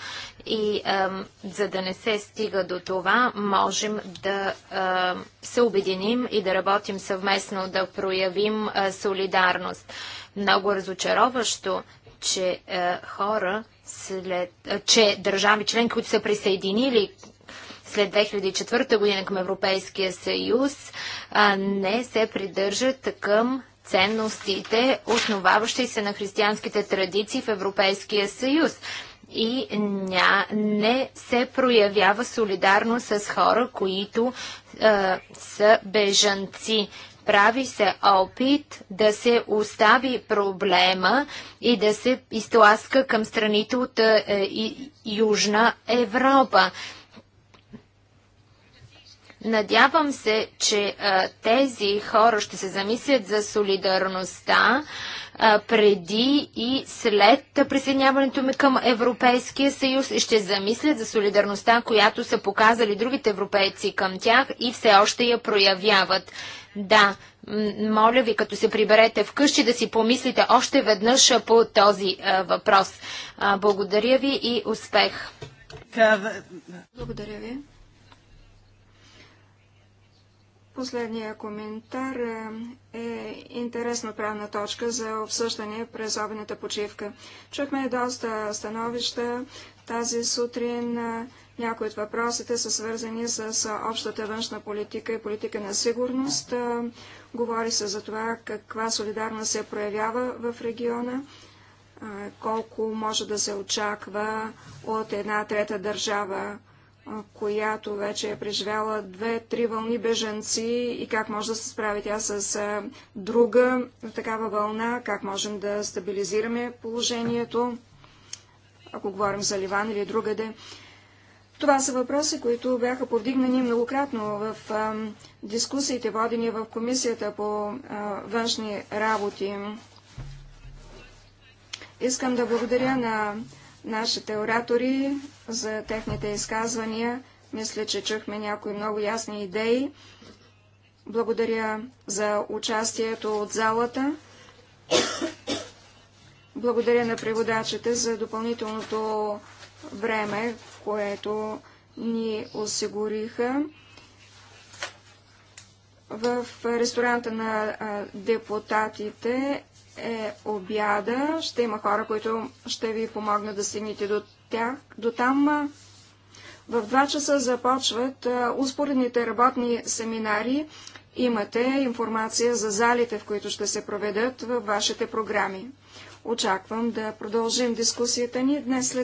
и а, за да не се стига до това, можем да а, се обединим и да работим съвместно, да проявим солидарност. Много разочароващо че е, хора, след, е, че държави членки, които са присъединили след 2004 година към Европейския съюз, е, не се придържат към ценностите, основаващи се на християнските традиции в Европейския съюз и ня, не се проявява солидарно с хора, които е, са бежанци. Прави се опит да се остави проблема и да се изтласка към страните от е, е Южна Европа. Надявам се, че е, тези хора ще се замислят за солидарността е, преди и след присъединяването ми към Европейския съюз и ще замислят за солидарността, която са показали другите европейци към тях и все още я проявяват. Да, моля ви, като се приберете вкъщи, да си помислите още веднъж по този а, е, въпрос. А, благодаря ви и успех! Благодаря ви. Последния коментар е, е интересна правна точка за обсъждане през обедната почивка. Чухме доста становища тази сутрин е, някои от въпросите са свързани с общата външна политика и политика на сигурност. Говори се за това каква солидарност се проявява в региона, колко може да се очаква от една трета държава, която вече е преживяла две-три вълни беженци и как може да се справи тя с друга такава вълна, как можем да стабилизираме положението, ако говорим за Ливан или другаде. Това са въпроси, които бяха повдигнани многократно в дискусиите, водени в Комисията по външни работи. Искам да благодаря на нашите оратори за техните изказвания. Мисля, че чухме някои много ясни идеи. Благодаря за участието от залата. Благодаря на преводачите за допълнителното време, което ни осигуриха в ресторанта на депутатите е обяда. Ще има хора, които ще ви помогнат да стигнете до, тях, до там. В 2 часа започват успоредните работни семинари. Имате информация за залите, в които ще се проведат във вашите програми. Очаквам да продължим дискусията ни днес след